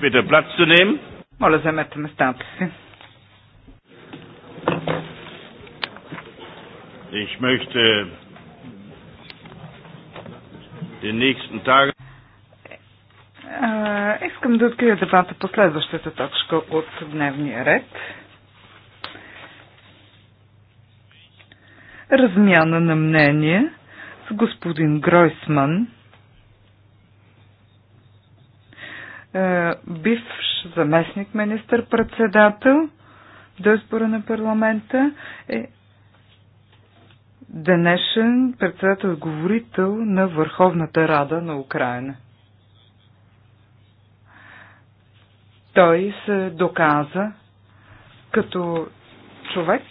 bitte Platz zu nehmen. Моля, заемете местата си. Ich möchte den nächsten Tagen искам да открия дебата по следващата точка от дневния ред. Размяна на мнение с господин Гройсман – Е, бивш заместник министър-председател до избора на парламента е днешен председател-говорител на Върховната Рада на Украина. Той се доказа като човек,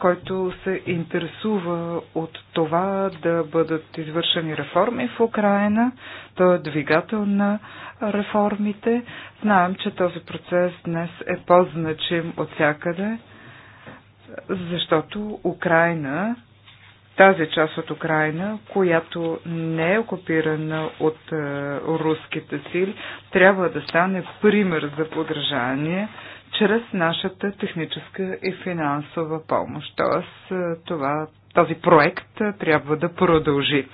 който се интересува от това да бъдат извършени реформи в Украина. Той е двигател на реформите. Знаем, че този процес днес е по-значим от всякъде, защото Украина, тази част от Украина, която не е окупирана от е, руските сили, трябва да стане пример за подражание чрез нашата техническа и финансова помощ. Тоест, е, това, този проект е, трябва да продължи. Е,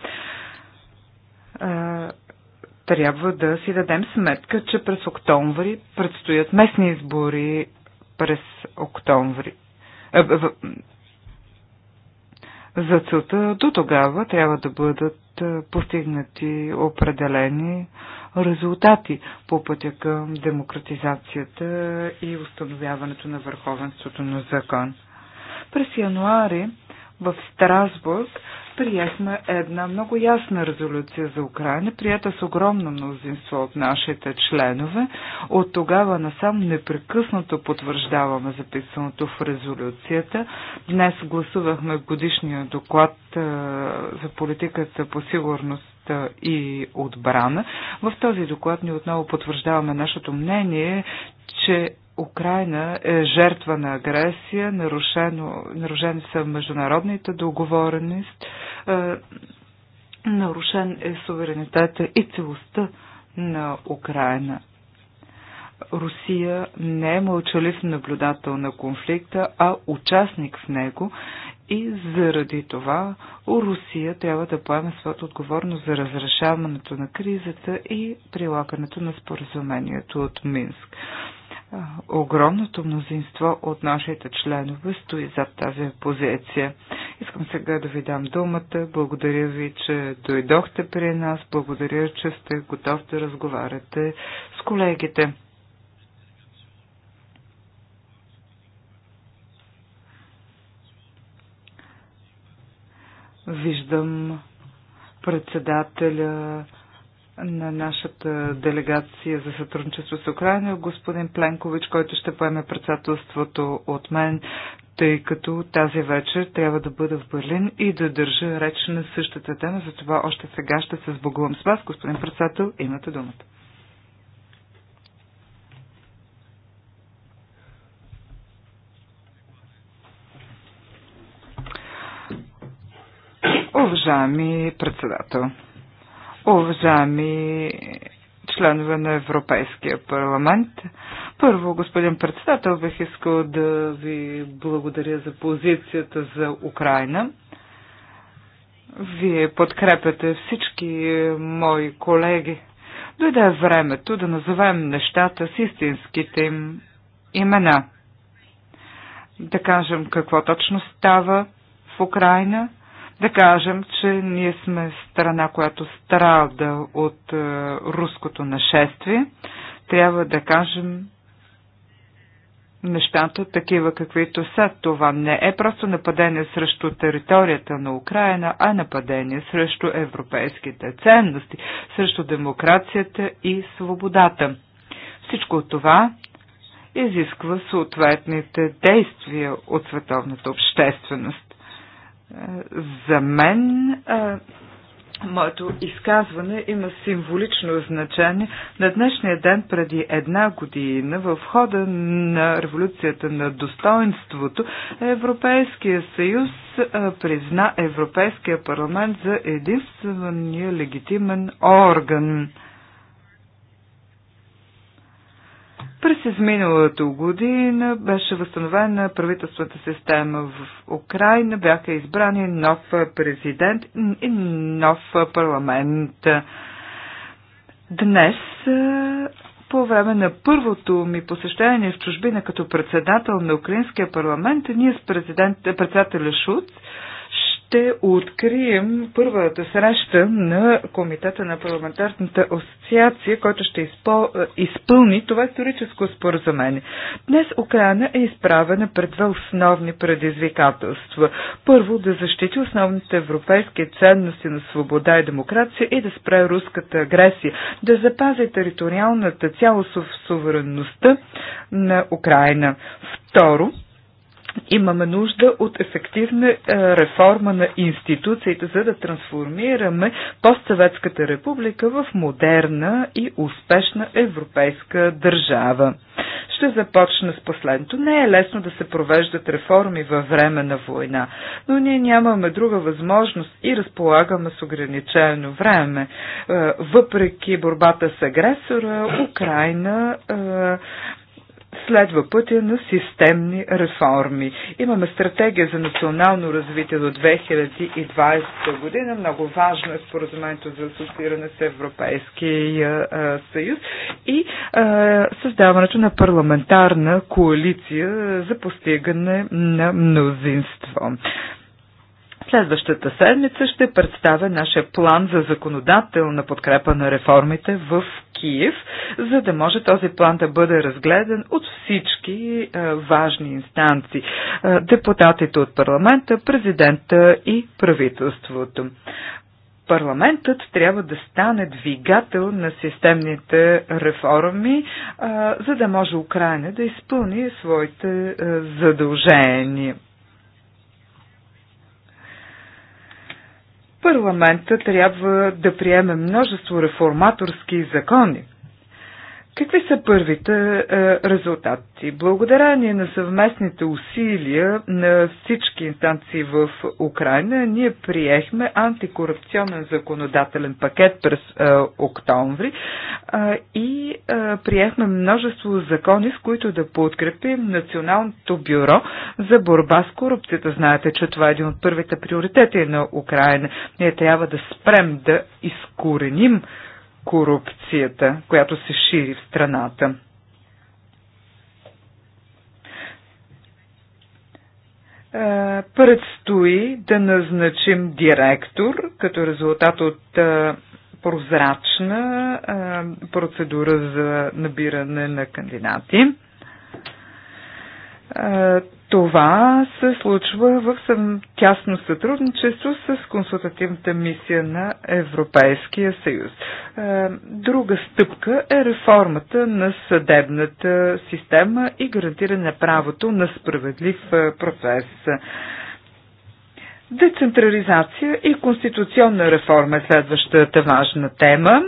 трябва да си дадем сметка, че през октомври предстоят местни избори през октомври. За целта до тогава трябва да бъдат постигнати определени резултати по пътя към демократизацията и установяването на върховенството на закон. През януари в Страсбург приехме една много ясна резолюция за Украина, прията с огромно мнозинство от нашите членове. От тогава насам непрекъснато потвърждаваме записаното в резолюцията. Днес гласувахме годишния доклад е, за политиката по сигурност и отбрана. В този доклад ни отново потвърждаваме нашето мнение, че Украина е жертва на агресия, нарушено, нарушени са международните договорености, е, нарушен е суверенитета и целостта на Украина. Русия не е мълчалив наблюдател на конфликта, а участник в него и заради това Русия трябва да поеме своята отговорност за разрешаването на кризата и прилагането на споразумението от Минск. Огромното мнозинство от нашите членове стои зад тази позиция. Искам сега да ви дам думата. Благодаря ви, че дойдохте при нас. Благодаря, че сте готов да разговаряте с колегите. Виждам председателя на нашата делегация за сътрудничество с Украина, господин Пленкович, който ще поеме председателството от мен, тъй като тази вечер трябва да бъда в Берлин и да държа реч на същата тема, затова още сега ще се сбогувам с вас. Господин председател, имате думата. Уважаеми председател, уважаеми членове на Европейския парламент. Първо, господин председател, бих искал да ви благодаря за позицията за Украина. Вие подкрепяте всички мои колеги. Дойде времето да назовем нещата с истинските им имена. Да кажем какво точно става в Украина – да кажем, че ние сме страна, която страда от е, руското нашествие. Трябва да кажем нещата такива каквито са. Това не е просто нападение срещу територията на Украина, а нападение срещу европейските ценности, срещу демокрацията и свободата. Всичко това изисква съответните действия от световната общественост. За мен моето изказване има символично значение. На днешния ден, преди една година, в хода на революцията на достоинството, Европейския съюз призна Европейския парламент за единствения легитимен орган През изминалата година беше възстановена правителствата система в Украина, бяха избрани нов президент и нов парламент. Днес, е, по време на първото ми посещение в чужбина като председател на Украинския парламент, ние с председателя Шуц ще открием първата среща на Комитета на парламентарната асоциация, който ще изпъл... Е, изпълни това историческо споразумение. Днес Украина е изправена пред две основни предизвикателства. Първо, да защити основните европейски ценности на свобода и демокрация и да спре руската агресия, да запази териториалната цялост в суверенността на Украина. Второ, Имаме нужда от ефективна е, реформа на институциите, за да трансформираме постсъветската република в модерна и успешна европейска държава. Ще започна с последното. Не е лесно да се провеждат реформи във време на война, но ние нямаме друга възможност и разполагаме с ограничено време. Е, въпреки борбата с агресора, Украина е, следва пътя на системни реформи. Имаме стратегия за национално развитие до 2020 година. Много важно е споразумението за асоцииране с Европейския съюз и създаването на парламентарна коалиция за постигане на мнозинство. Следващата седмица ще представя нашия план за законодателна подкрепа на реформите в Киев, за да може този план да бъде разгледан от всички е, важни инстанции е, депутатите от парламента, президента и правителството. Парламентът трябва да стане двигател на системните реформи, е, за да може Украина да изпълни своите е, задължения. парламента трябва да приеме множество реформаторски закони. Какви са първите е, резултати? Благодарение на съвместните усилия на всички инстанции в Украина, ние приехме антикорупционен законодателен пакет през е, октомври е, и е, приехме множество закони, с които да подкрепим Националното бюро за борба с корупцията. Знаете, че това е един от първите приоритети на Украина. Ние трябва да спрем да изкореним корупцията, която се шири в страната. Е, предстои да назначим директор като резултат от е, прозрачна е, процедура за набиране на кандидати това се случва в тясно сътрудничество с консултативната мисия на Европейския съюз. Е, друга стъпка е реформата на съдебната система и гарантиране на правото на справедлив е, процес. Децентрализация и конституционна реформа е следващата важна тема.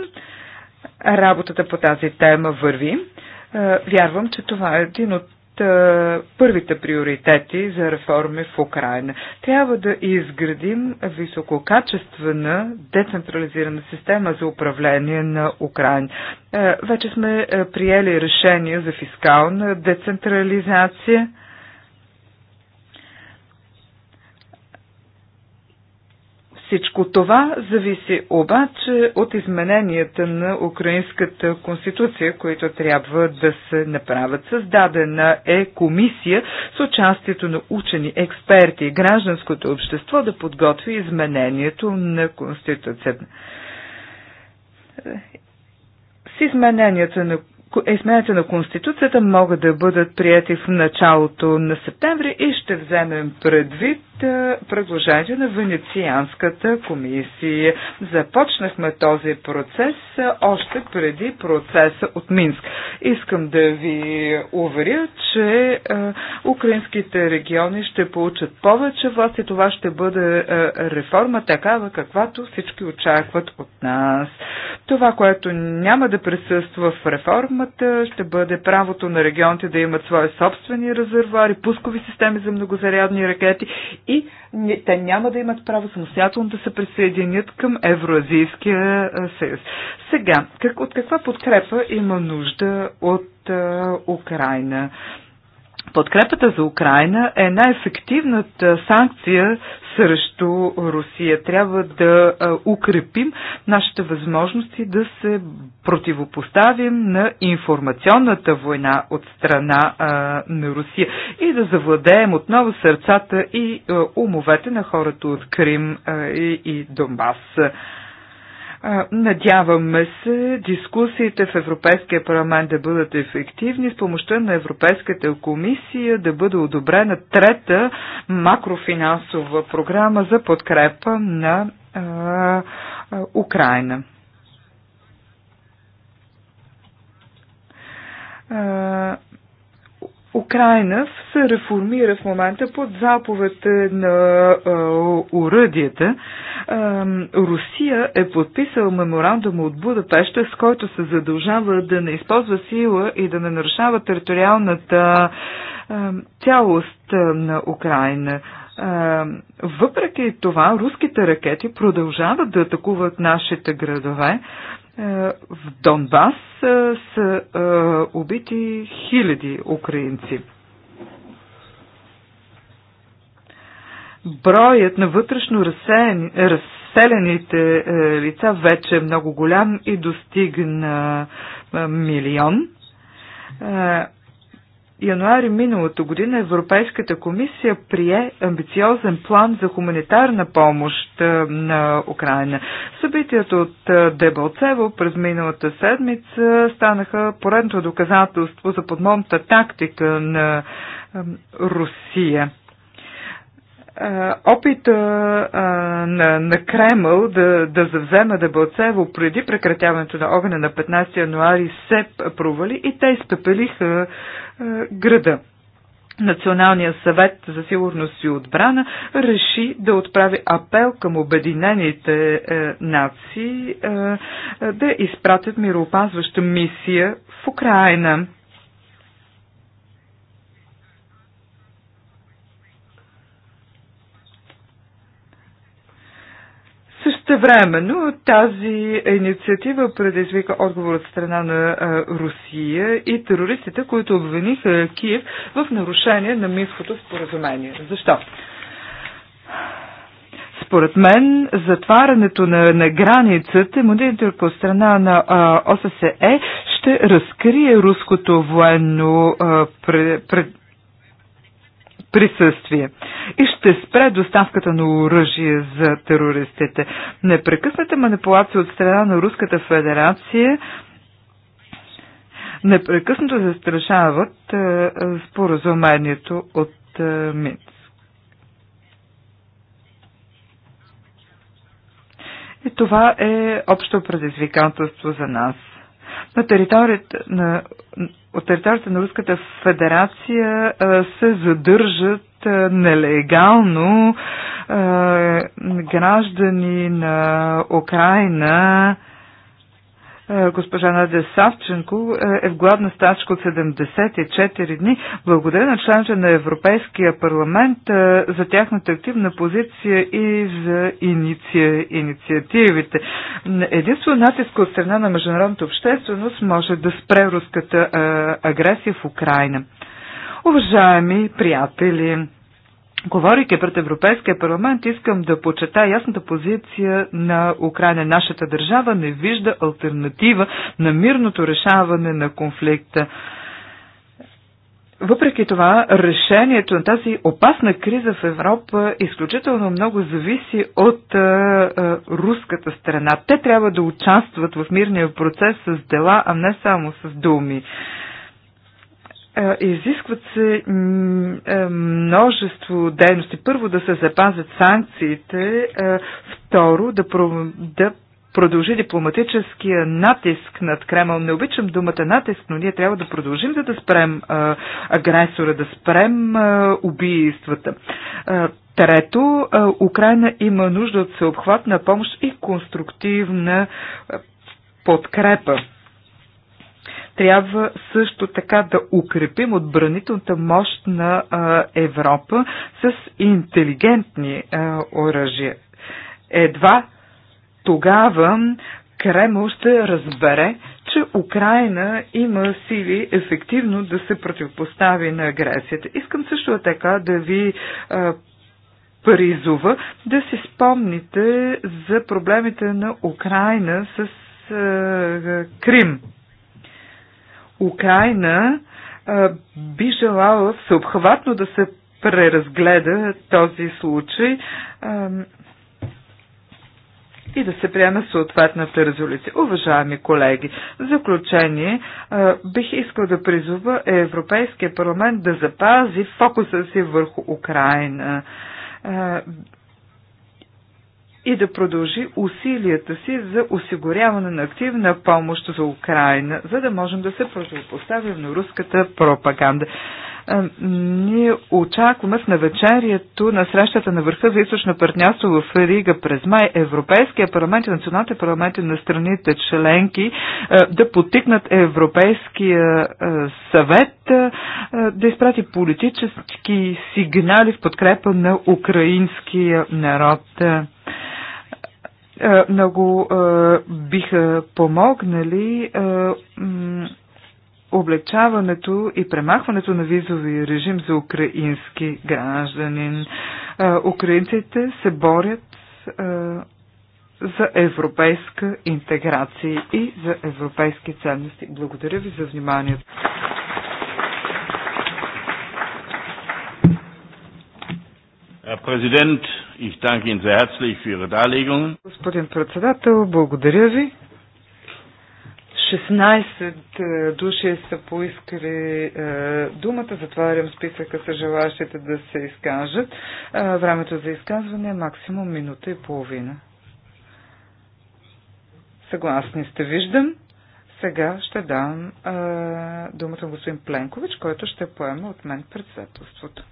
Работата по тази тема върви. Е, вярвам, че това е един от е, първите приоритети за реформи в Украина. Трябва да изградим висококачествена децентрализирана система за управление на Украина. Е, вече сме е, приели решение за фискална децентрализация Всичко това зависи обаче от измененията на украинската конституция, които трябва да се направят. Създадена е комисия с участието на учени, експерти и гражданското общество да подготви изменението на конституцията. С измененията на измененията на Конституцията могат да бъдат прияти в началото на септември и ще вземем предвид предложение на Венецианската комисия. Започнахме този процес още преди процеса от Минск. Искам да ви уверя, че украинските региони ще получат повече власт и това ще бъде реформа такава, каквато всички очакват от нас. Това, което няма да присъства в реформа, системата, ще бъде правото на регионите да имат свои собствени резервуари, пускови системи за многозарядни ракети и те няма да имат право самостоятелно да се присъединят към Евроазийския съюз. Сега, как, от каква подкрепа има нужда от а, Украина? Подкрепата за Украина е най-ефективната санкция срещу Русия. Трябва да укрепим нашите възможности да се противопоставим на информационната война от страна на Русия и да завладеем отново сърцата и умовете на хората от Крим и Донбас. Надяваме се дискусиите в Европейския парламент да бъдат ефективни с помощта на Европейската комисия да бъде одобрена трета макрофинансова програма за подкрепа на а, а, Украина. А, Украина се реформира в момента под заповед на уръдията. Русия е подписала меморандум от Будапеща, с който се задължава да не използва сила и да не нарушава териториалната цялост на Украина. Въпреки това, руските ракети продължават да атакуват нашите градове, е, в Донбас е, са е, убити хиляди украинци. Броят на вътрешно разсеяни, разселените лица вече е много голям и достигна милион януари миналото година Европейската комисия прие амбициозен план за хуманитарна помощ на Украина. Събитията от Дебалцево през миналата седмица станаха поредното доказателство за подмонта тактика на Русия опита на, на Кремъл да, да завзема Дебълцево преди прекратяването на огъня на 15 януари се провали и те изпепелиха града. Националният съвет за сигурност и отбрана реши да отправи апел към Обединените е, нации е, е да изпратят мироопазваща мисия в Украина. Същевременно тази инициатива предизвика отговор от страна на а, Русия и терористите, които обвиниха Киев в нарушение на Минското споразумение. Защо? Според мен, затварянето на, на границата, монитор от страна на а, ОССЕ ще разкрие руското военно а, пред, пред, присъствие. И ще спре доставката на оръжие за терористите. Непрекъсната манипулация от страна на Руската федерация непрекъснато застрашават е, споразумението от е, Минск. И това е общо предизвикателство за нас. На територията на от територията на Руската федерация се задържат нелегално граждани на Украина е, госпожа Надя Савченко е, е в гладна стачка от 74 дни. Благодаря на членове на Европейския парламент е, за тяхната активна позиция и за иниция, инициативите. Единствено натиск от страна на международната общественост може да спре руската агресия в Украина. Уважаеми приятели, Говорейки пред Европейския парламент, искам да почета ясната позиция на Украина. Нашата държава не вижда альтернатива на мирното решаване на конфликта. Въпреки това, решението на тази опасна криза в Европа изключително много зависи от а, а, руската страна. Те трябва да участват в мирния процес с дела, а не само с думи. А, Изискват се множество дейности. Първо да се запазят санкциите, второ да, да продължи дипломатическия натиск над Кремъл. Не обичам думата натиск, но ние трябва да продължим да, да спрем агресора, да спрем убийствата. трето, Украина има нужда от всеобхватна помощ и конструктивна подкрепа. Трябва също така да укрепим отбранителната мощ на Европа с интелигентни оръжия. Едва тогава Кремъл ще разбере, че Украина има сили ефективно да се противопостави на агресията. Искам също така да ви а, призува да си спомните за проблемите на Украина с а, Крим. Украина би желала съобхватно да се преразгледа този случай и да се приеме съответната резолюция. Уважаеми колеги, в заключение бих искал да призова Европейския парламент да запази фокуса си върху Украина и да продължи усилията си за осигуряване на активна помощ за Украина, за да можем да се противопоставим на руската пропаганда. Ние очакваме в навечерието на срещата на върха за източно партньорство в Рига през май Европейския парламент и националните парламенти на страните членки да потикнат Европейския съвет да изпрати политически сигнали в подкрепа на украинския народ. Е, много е, биха помогнали е, облегчаването и премахването на визови режим за украински гражданин. Украинците се борят за европейска интеграция и за европейски ценности. Благодаря ви за вниманието. Господин председател, благодаря ви. 16 е, души са поискали е, думата. Затварям списъка с желащите да се изкажат. Е, времето за изказване е максимум минута и половина. Съгласни сте, виждам. Сега ще дам е, думата на господин Пленкович, който ще поема от мен председателството.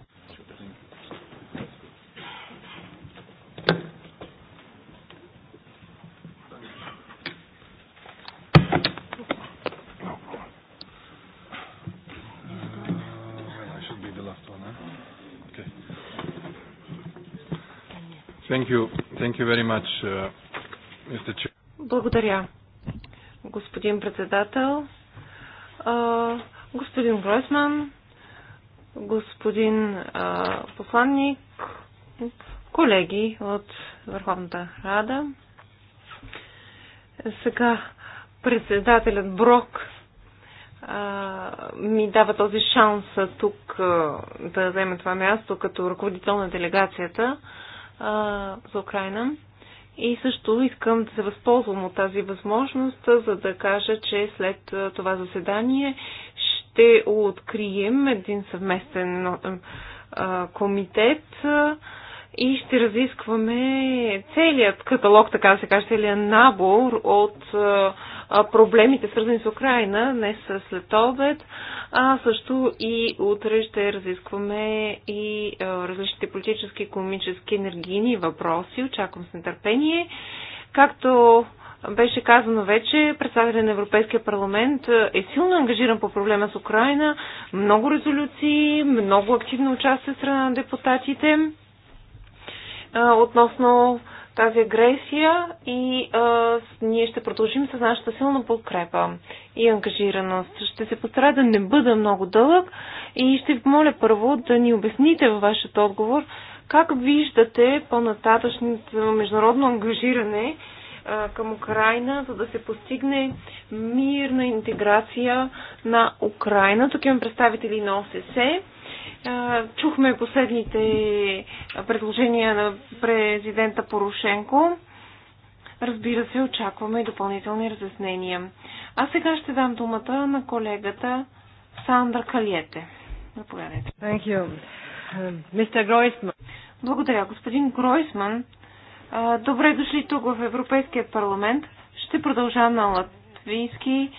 Thank you. Thank you very much, uh, Благодаря, господин председател. Uh, господин Гройсман, господин посланник, колеги от Върховната Рада. Сега председателят Брок ми дава този шанс тук да вземе това място като ръководител на делегацията а, за Украина. И също искам да се възползвам от тази възможност, за да кажа, че след това заседание ще открием един съвместен комитет и ще разискваме целият каталог, така да се каже, целият набор от проблемите, свързани с Украина, днес след обед, а също и утре ще разискваме и различните политически, економически, енергийни въпроси. Очаквам с нетърпение. Както беше казано вече, председателят на Европейския парламент е силно ангажиран по проблема с Украина. Много резолюции, много активно участие страна на депутатите относно тази агресия и а, ние ще продължим с нашата силна подкрепа и ангажираност. Ще се постарая да не бъда много дълъг и ще ви помоля първо да ни обясните във вашият отговор как виждате по-нататъчното международно ангажиране а, към Украина, за да се постигне мирна интеграция на Украина. Тук имам представители на ОССЕ Чухме последните предложения на президента Порошенко. Разбира се, очакваме и допълнителни разяснения. А сега ще дам думата на колегата Сандра Калиете. Заповядайте. Мистер Гройсман. Благодаря. Господин Гройсман, добре дошли тук в Европейския парламент. Ще продължа на латвийски,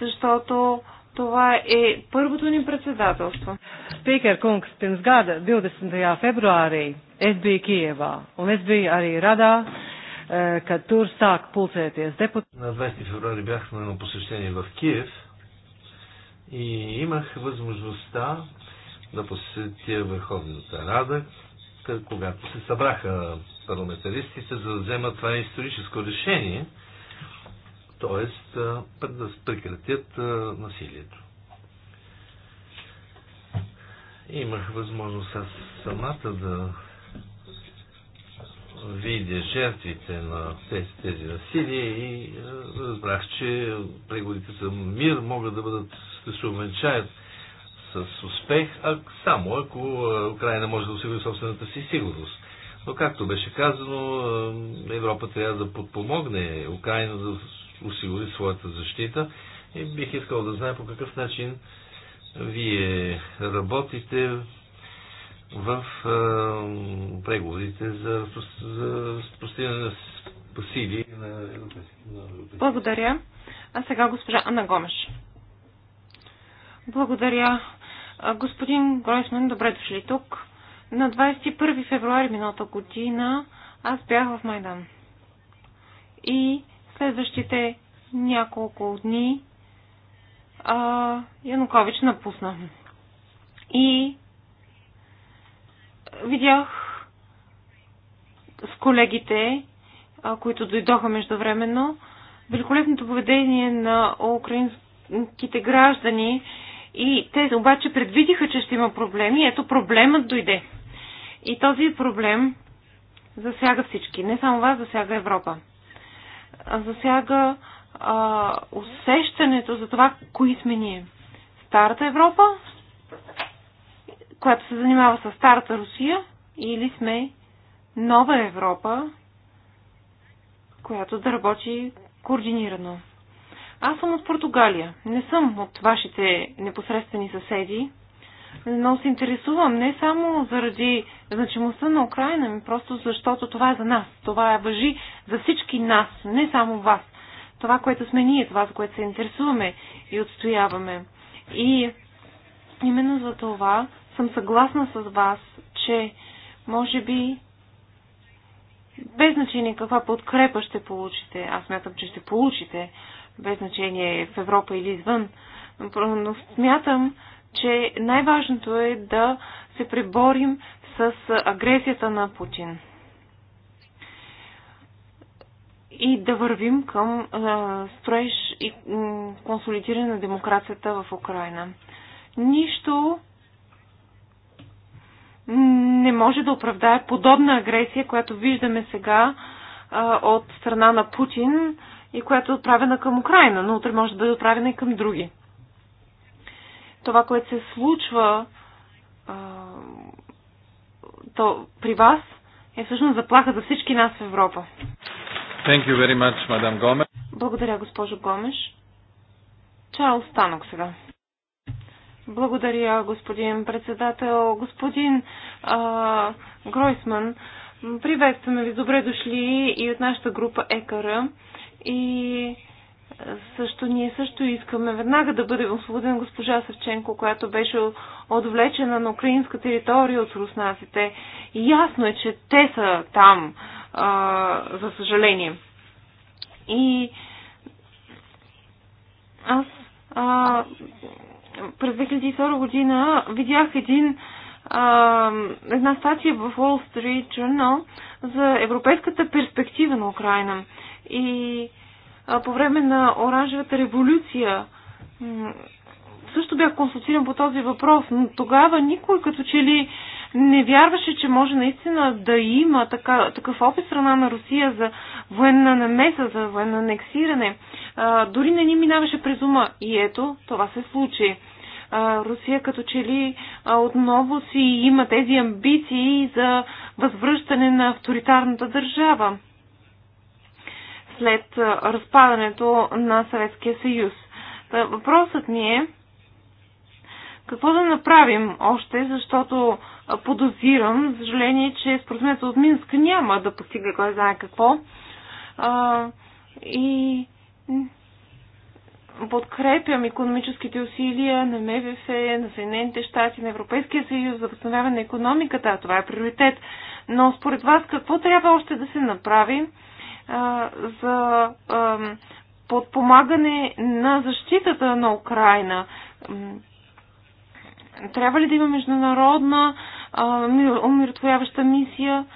защото това е първото ни председателство. Спикер Кунг, Спинсгада, gada 20. февруари, СБ biju Киева, un es biju arī Radā, kad tur На 20 февруари бяхме на посещение в Киев и имах възможността да посетя Върховната Рада, когато се събраха парламентаристите, за да вземат това историческо решение – т.е. да прекратят насилието. Имах възможност аз самата да видя жертвите на тези, тези насилия и разбрах, че преговорите за мир могат да бъдат, да се увенчаят с успех, а само ако Украина може да осигури собствената си сигурност. Но както беше казано, Европа трябва да подпомогне Украина да осигури своята защита. И бих искал да знае по какъв начин вие работите в а, преговорите за, за постигане на сили на европейските. Благодаря. А сега госпожа Анна Гомеш. Благодаря. Господин Гройсман, добре дошли тук. На 21 февруари миналата година аз бях в Майдан. И следващите няколко дни а, Янукович напусна. И видях с колегите, а, които дойдоха междувременно, великолепното поведение на украинските граждани и те обаче предвидиха, че ще има проблеми. Ето проблемът дойде. И този проблем засяга всички. Не само вас, засяга Европа засяга а, усещането за това, кои сме ние. Старата Европа, която се занимава с старата Русия, или сме нова Европа, която да работи координирано. Аз съм от Португалия. Не съм от вашите непосредствени съседи но се интересувам не само заради значимостта на Украина, ми просто защото това е за нас. Това е въжи за всички нас, не само вас. Това, което сме ние, това, за което се интересуваме и отстояваме. И именно за това съм съгласна с вас, че може би без значение каква подкрепа ще получите, аз мятам, че ще получите, без значение в Европа или извън, но смятам, че най-важното е да се преборим с агресията на Путин и да вървим към а, строеж и м, консолидиране на демокрацията в Украина. Нищо не може да оправдае подобна агресия, която виждаме сега а, от страна на Путин и която е отправена към Украина, но утре може да бъде отправена и към други това, което се случва а, то, при вас, е всъщност заплаха за всички нас в Европа. Thank you very much, мадам Благодаря, госпожо Гомеш. Чарлз Станок сега. Благодаря, господин председател. Господин а, Гройсман, приветстваме ви. Добре дошли и от нашата група ЕКР. И също ние също искаме веднага да бъде освободен госпожа Савченко, която беше отвлечена на украинска територия от руснаците. и Ясно е, че те са там, а, за съжаление. И аз а, през 2002 година видях един а, една статия в Wall Street Journal за европейската перспектива на Украина. И по време на Оранжевата революция също бях консултиран по този въпрос, но тогава никой като че ли не вярваше, че може наистина да има така, такъв опит страна на Русия за военна намеса, за военно анексиране. А, дори не ни минаваше през ума. И ето, това се случи. А, Русия като че ли а, отново си има тези амбиции за възвръщане на авторитарната държава след разпадането на Съветския съюз. Та, въпросът ми е какво да направим още, защото подозирам, за съжаление, че споразумението от Минска няма да постига, кой знае какво. А, и подкрепям економическите усилия на МВФ, на Съединените щати, на Европейския съюз за възстановяване на економиката. Това е приоритет. Но според вас какво трябва още да се направи, за подпомагане на защитата на Украина. Трябва ли да има международна умиротворяваща мисия?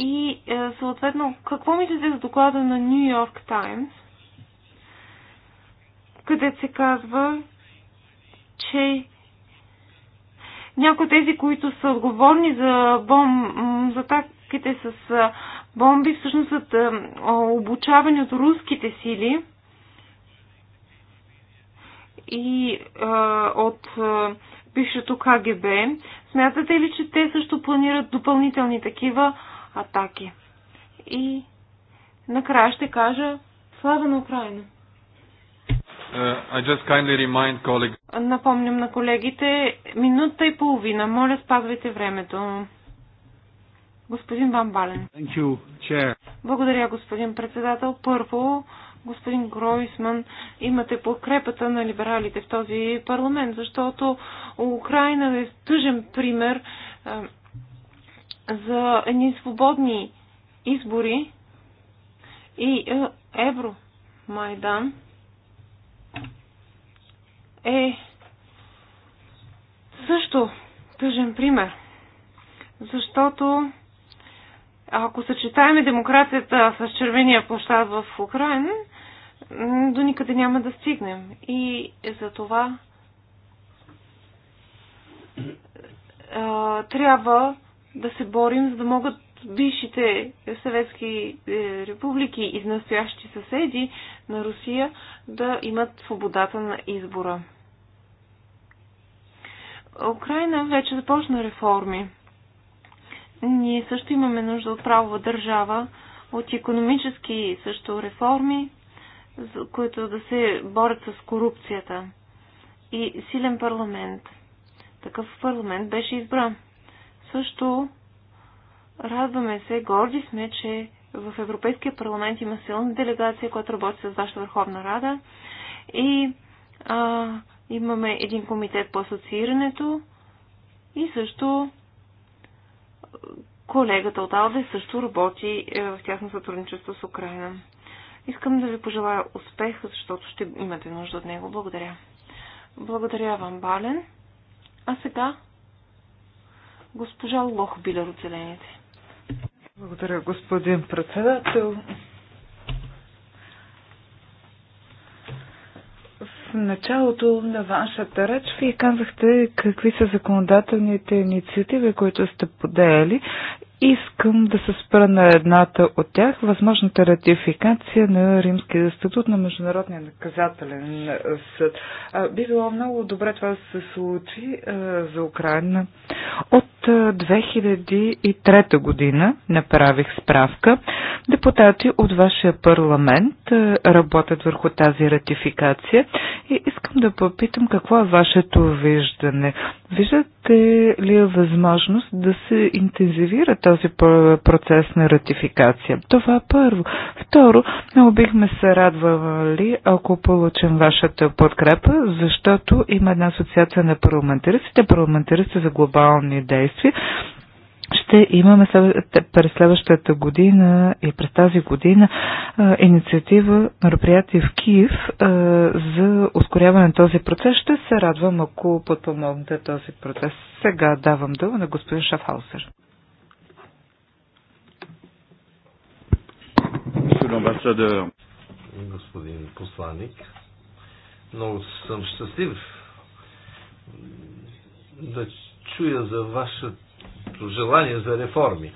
И е, съответно, какво мислите за доклада на Нью Йорк Таймс, където се казва, че някои от тези, които са отговорни за бомб, за атаките с бомби всъщност са обучавани от руските сили и а, от а, бившето КГБ. Смятате ли, че те също планират допълнителни такива атаки? И накрая ще кажа слава на Украина. Uh, Напомням на колегите, минута и половина. Моля, спазвайте времето. Господин Ван Бален. You, Благодаря, господин председател. Първо, господин Гройсман, имате подкрепата на либералите в този парламент, защото Украина е тъжен пример е, за едни свободни избори и е, Евро Майдан е също тъжен пример, защото ако съчетаеме демокрацията с червения площад в Украина, до никъде няма да стигнем. И за това трябва да се борим, за да могат бившите съветски е, републики и настоящи съседи на Русия да имат свободата на избора. Украина вече започна реформи. Ние също имаме нужда от правова държава, от економически също реформи, които да се борят с корупцията. И силен парламент. Такъв парламент беше избран. Също радваме се, горди сме, че в Европейския парламент има силна делегация, която работи с вашата Върховна Рада. И а, имаме един комитет по асоциирането и също колегата от Алде също работи е, в тяхно сътрудничество с Украина. Искам да ви пожелая успех, защото ще имате нужда от него. Благодаря. Благодаря вам, Бален. А сега госпожа Лох Билер от Зелените. Благодаря, господин председател. началото на вашата реч вие казахте какви са законодателните инициативи, които сте подели Искам да се спра на едната от тях, възможната ратификация на Римския статут на Международния наказателен съд. Би било много добре това да се случи за Украина. От 2003 година направих справка. Депутати от вашия парламент работят върху тази ратификация и искам да попитам какво е вашето виждане. Виждате ли е възможност да се интензивира този процес на ратификация? Това първо. Второ, много бихме се радвали, ако получим вашата подкрепа, защото има една асоциация на парламентаристите, парламентаристи за глобални действия, ще имаме през следващата година и през тази година инициатива, мероприятие в Киев за ускоряване на този процес. Ще се радвам, ако подпомогнете този процес. Сега давам дума на господин Шафхаусер. Господин посланник, много съм щастлив да чуя за вашата нашето желание за реформи,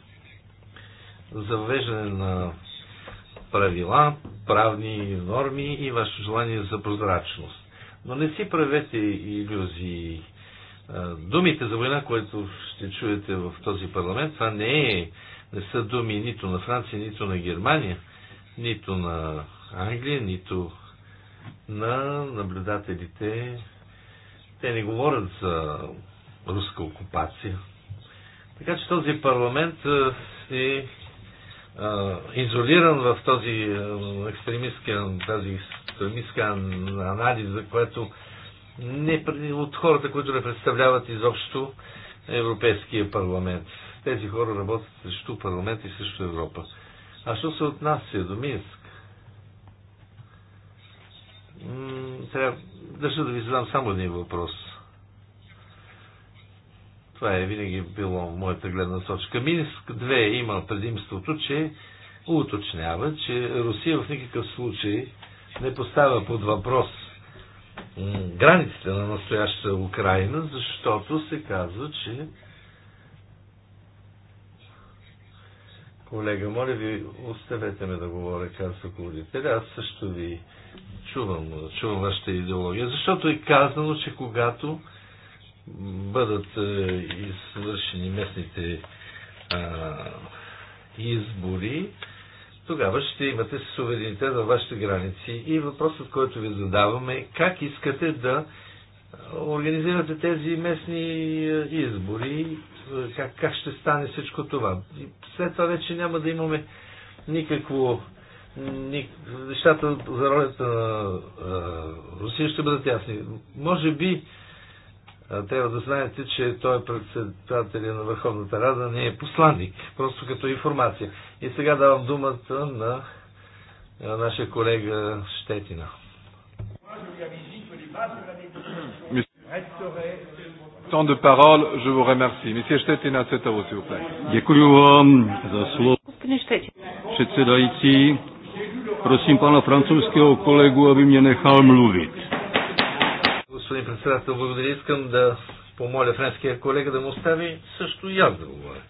за въвеждане на правила, правни норми и ваше желание за прозрачност. Но не си правете иллюзии. Думите за война, които ще чуете в този парламент, това не, е, не са думи нито на Франция, нито на Германия, нито на Англия, нито на наблюдателите. Те не говорят за руска окупация. Така че този парламент е изолиран в този екстремистска, тази екстремистска анализа, която не от хората, които не представляват изобщо Европейския парламент. Тези хора работят срещу парламент и срещу Европа. А що се отнася до Минск? Трябва, държа да ви задам само един въпрос – това е винаги било моята гледна точка. Минск 2 има предимството, че уточнява, че Русия в никакъв случай не поставя под въпрос границите на настояща Украина, защото се казва, че Колега, моля ви, оставете ме да говоря, казва говорителя. Аз също ви чувам, чувам вашата идеология, защото е казано, че когато бъдат е, извършени местните а, избори, тогава ще имате суверенитет във вашите граници. И въпросът, който ви задаваме е как искате да организирате тези местни е, избори, е, как, как ще стане всичко това. И след това вече няма да имаме никакво нещата за ролята на Русия ще бъдат ясни. Може би трябва да знаете, че той е председателя на Върховната Рада, не е посланник, просто като информация. И сега давам думата на нашия колега Щетина. Tant de parole, je vous remercie. Monsieur Щетина, c'est à vous, s'il vous plaît. Děkuji vám za slovo. Předsedající, prosím pana francouzského kolegu, aby mě nechal mluvit господин председател. Благодаря. Искам да помоля френския колега да му остави също и аз да говоря.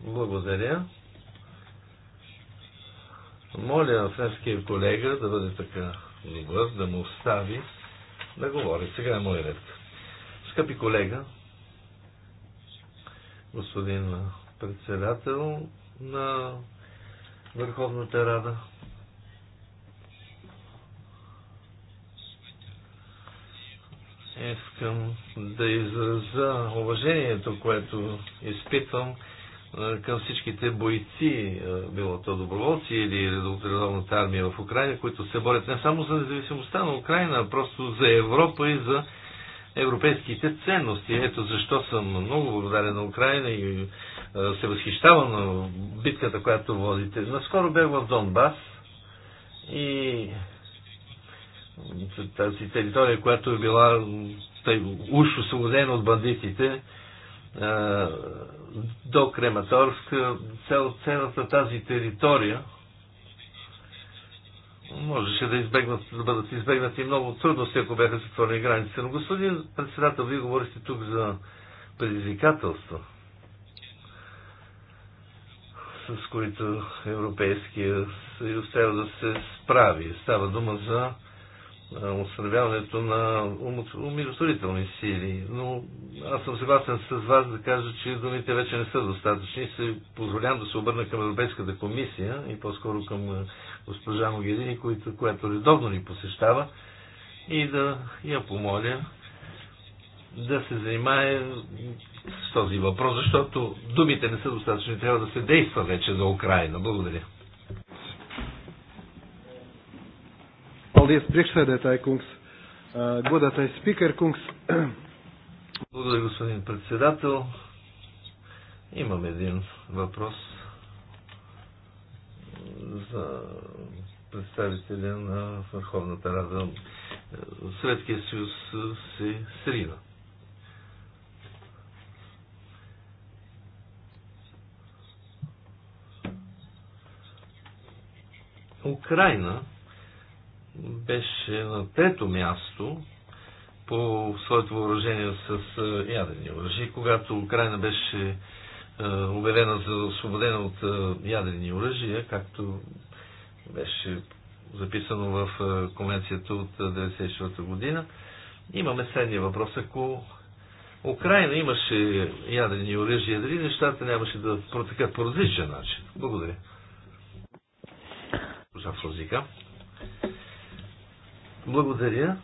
Благодаря. Моля френския колега да бъде така добър, да му остави да говори. Сега е моя ред. Скъпи колега, господин председател на Върховната Рада, искам да изразя уважението, което изпитвам към всичките бойци, било то доброволци или редовната армия в Украина, които се борят не само за независимостта на Украина, а просто за Европа и за европейските ценности. Ето защо съм много благодарен на Украина и се възхищавам на битката, която водите. Наскоро бях в Донбас и тази територия, която е била тъй, уж освободена от бандитите до Крематорск, цял, цялата тази територия можеше да, избегнат, да бъдат избегнати много трудности, ако бяха затворени границите. Но господин председател, вие говорите тук за предизвикателства, с които Европейския съюз трябва да се справи. Става дума за осъдяването на умиротворителни сили. Но аз съм съгласен с вас да кажа, че думите вече не са достатъчни. Се позволявам да се обърна към Европейската комисия и по-скоро към госпожа Могедини, която, която редовно ни посещава и да я помоля да се занимае с този въпрос, защото думите не са достатъчни. Трябва да се действа вече за Украина. Благодаря. Paldies, priekšsēdētāji kungs, uh, godātais speaker kungs. Благодаря, господин председател. Имам един въпрос за представители на Върховната Рада. Съветския съюз се срина. Украина беше на трето място по своето въоръжение с е, ядрени оръжия. Когато Украина беше е, обявена за освободена от е, ядрени оръжия, както беше записано в конвенцията от 1994 година, имаме следния въпрос. Ако Украина имаше ядрени оръжия, дали нещата нямаше да протекат по различен начин? Благодаря. Госпожа Фрозика. Благодаря,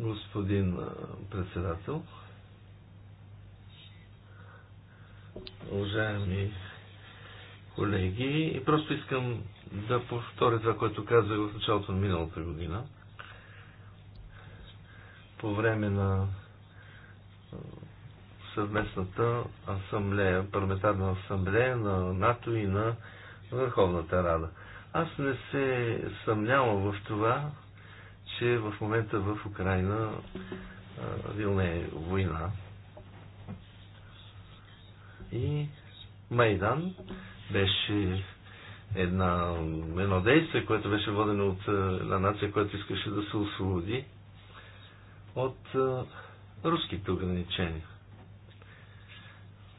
господин председател. Уважаеми колеги, и просто искам да повторя това, което казах в началото на миналата година. По време на съвместната асамблея, парламентарна асамблея на НАТО и на Върховната рада. Аз не се съмнявам в това, че в момента в Украина вилне война. И Майдан беше една, едно действие, което беше водено от една нация, която искаше да се освободи от а, руските ограничения.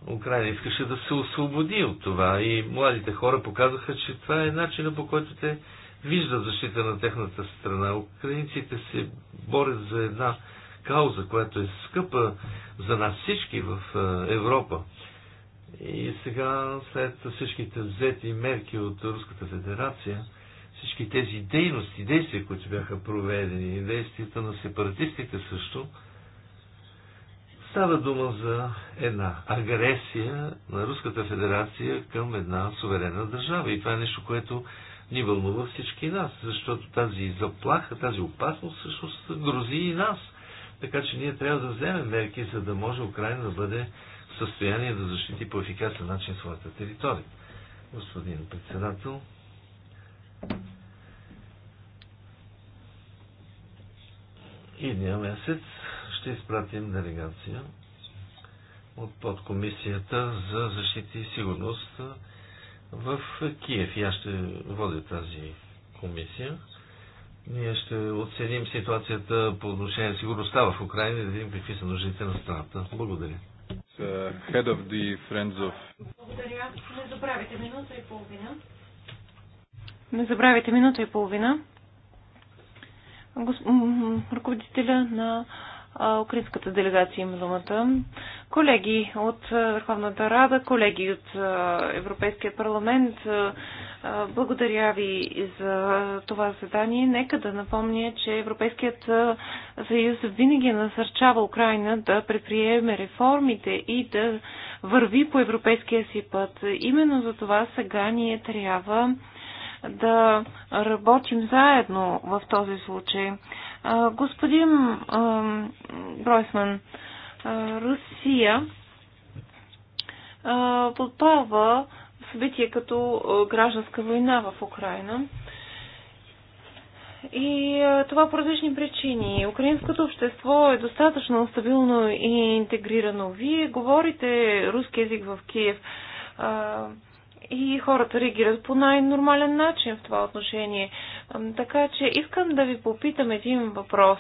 Украина искаше да се освободи от това и младите хора показаха, че това е начина по който те виждат защита на техната страна. Украинците се борят за една кауза, която е скъпа за нас всички в е, Европа. И сега, след всичките взети мерки от Руската федерация, всички тези дейности, действия, които бяха проведени, действията на сепаратистите също, Става дума за една агресия на Руската федерация към една суверена държава. И това е нещо, което ни вълнува всички нас, защото тази заплаха, тази опасност всъщност грози и нас. Така че ние трябва да вземем мерки, за да може Украина да бъде в състояние да защити по ефикасен начин своята територия. Господин председател, идния месец ще изпратим делегация от подкомисията за защита и сигурност в Киев. И аз ще водя тази комисия. Ние ще оценим ситуацията по отношение на сигурността в Украина и да видим какви са нуждите на страната. Благодаря. Uh, head of the Friends of... Благодаря. Не забравяйте минута и половина. Не забравяйте минута и половина. Ръководителя на Украинската делегация има думата. Колеги от Върховната Рада, колеги от Европейския парламент, благодаря ви за това задание. Нека да напомня, че Европейският съюз винаги е насърчава Украина да предприеме реформите и да върви по европейския си път. Именно за това сега ние трябва да работим заедно в този случай. Господин Бройсман, Русия подпалва събитие като гражданска война в Украина. И това по различни причини. Украинското общество е достатъчно стабилно и интегрирано. Вие говорите руски язик в Киев и хората реагират по най-нормален начин в това отношение. Така че искам да ви попитам един въпрос.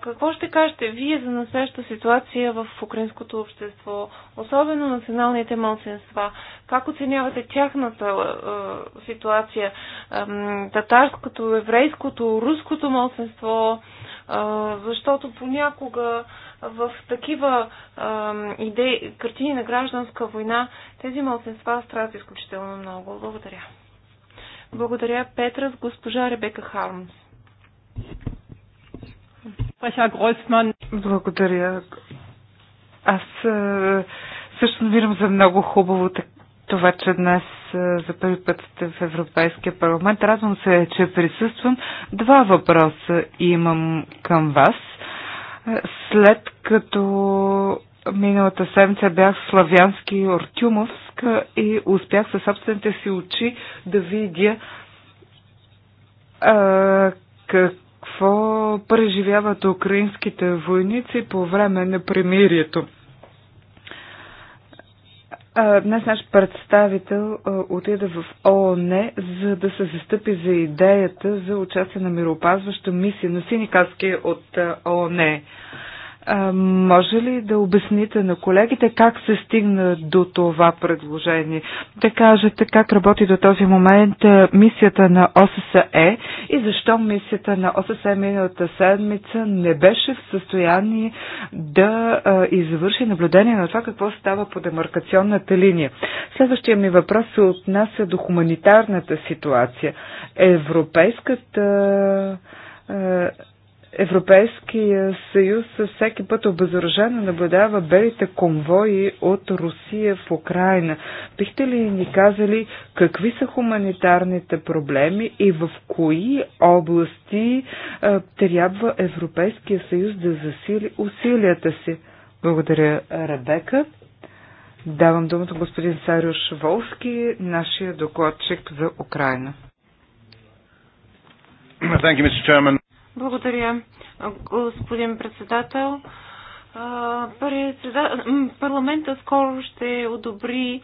Какво ще кажете вие за насеща ситуация в украинското общество, особено националните малцинства? Как оценявате тяхната ситуация? Татарското, еврейското, руското малцинство? Защото понякога в такива а, идеи, картини на гражданска война, тези мълцинства страдат изключително много. Благодаря. Благодаря Петра с госпожа Ребека Хармс. Благодаря. Аз също намирам за много хубаво това, че днес за първи път сте в Европейския парламент. Радвам се, че присъствам. Два въпроса имам към вас. След като миналата седмица бях в Славянски Ортюмовск и успях със собствените си очи да видя а, какво преживяват украинските войници по време на премирието. Днес наш представител отида в ООН, за да се застъпи за идеята за участие на мироопазваща мисия на синикаски от ООН. А, може ли да обясните на колегите как се стигна до това предложение? Да кажете как работи до този момент мисията на ОССЕ и защо мисията на ОССЕ миналата седмица не беше в състояние да а, извърши наблюдение на това какво става по демаркационната линия. Следващия ми въпрос се отнася до хуманитарната ситуация. Европейската Европейския съюз всеки път обезоръжено наблюдава белите конвои от Русия в Украина. Бихте ли ни казали какви са хуманитарните проблеми и в кои области а, трябва Европейския съюз да засили усилията си? Благодаря, Ребека. Давам думата господин Сариош Волски, нашия докладчик за Украина. Thank you, Mr. Chairman. Благодаря, господин председател. Парламента скоро ще одобри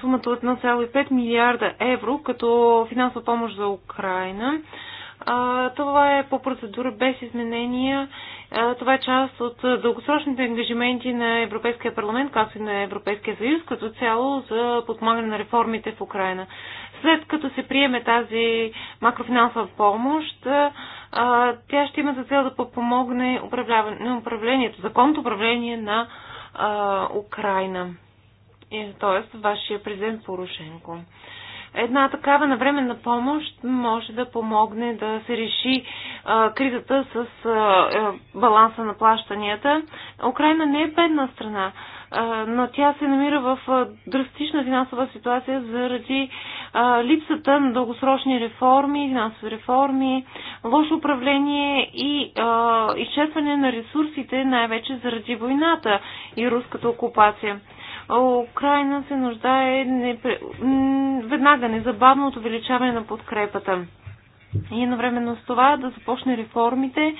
сумата от 1,5 милиарда евро като финансова помощ за Украина. Това е по процедура без изменения. Това е част от дългосрочните ангажименти на Европейския парламент, както и на Европейския съюз, като цяло за подмагане на реформите в Украина след като се приеме тази макрофинансова помощ, тя ще има за цел да подпомогне управлението, законното управление на Украина. Тоест, вашия президент Порошенко. Една такава навременна помощ може да помогне да се реши а, кризата с а, баланса на плащанията. Украина не е бедна страна но тя се намира в драстична финансова ситуация заради липсата на дългосрочни реформи, финансови реформи, лошо управление и изчезване на ресурсите, най-вече заради войната и руската окупация. Украина се нуждае непре... веднага незабавно от увеличаване на подкрепата. И едновременно с това да започне реформите,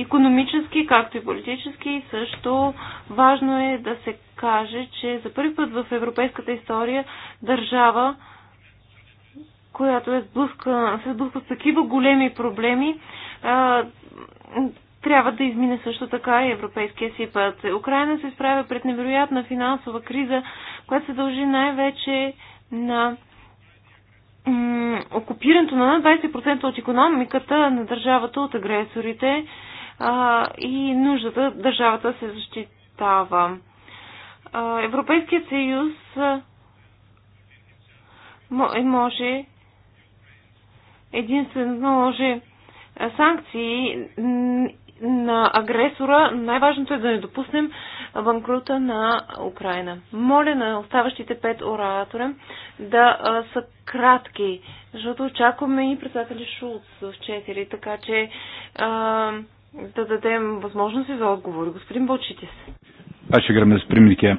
економически, както и политически. Също важно е да се каже, че за първи път в европейската история държава, която е сблъска, се сблъска с такива големи проблеми, а, трябва да измине също така и европейския си път. Украина се справя пред невероятна финансова криза, която се дължи най-вече на окупирането на 20% от економиката на държавата от агресорите а, и нуждата държавата се защитава. А, Европейският съюз е, може единствено може санкции на агресора. Най-важното е да не допуснем банкрута на Украина. Моля на оставащите пет оратора да а, са кратки, защото очакваме и председателя Шулц в 4, така че а, да дадем възможности за отговор. Господин Бълчитис. Ačiū, gerbiamas pirmininkė.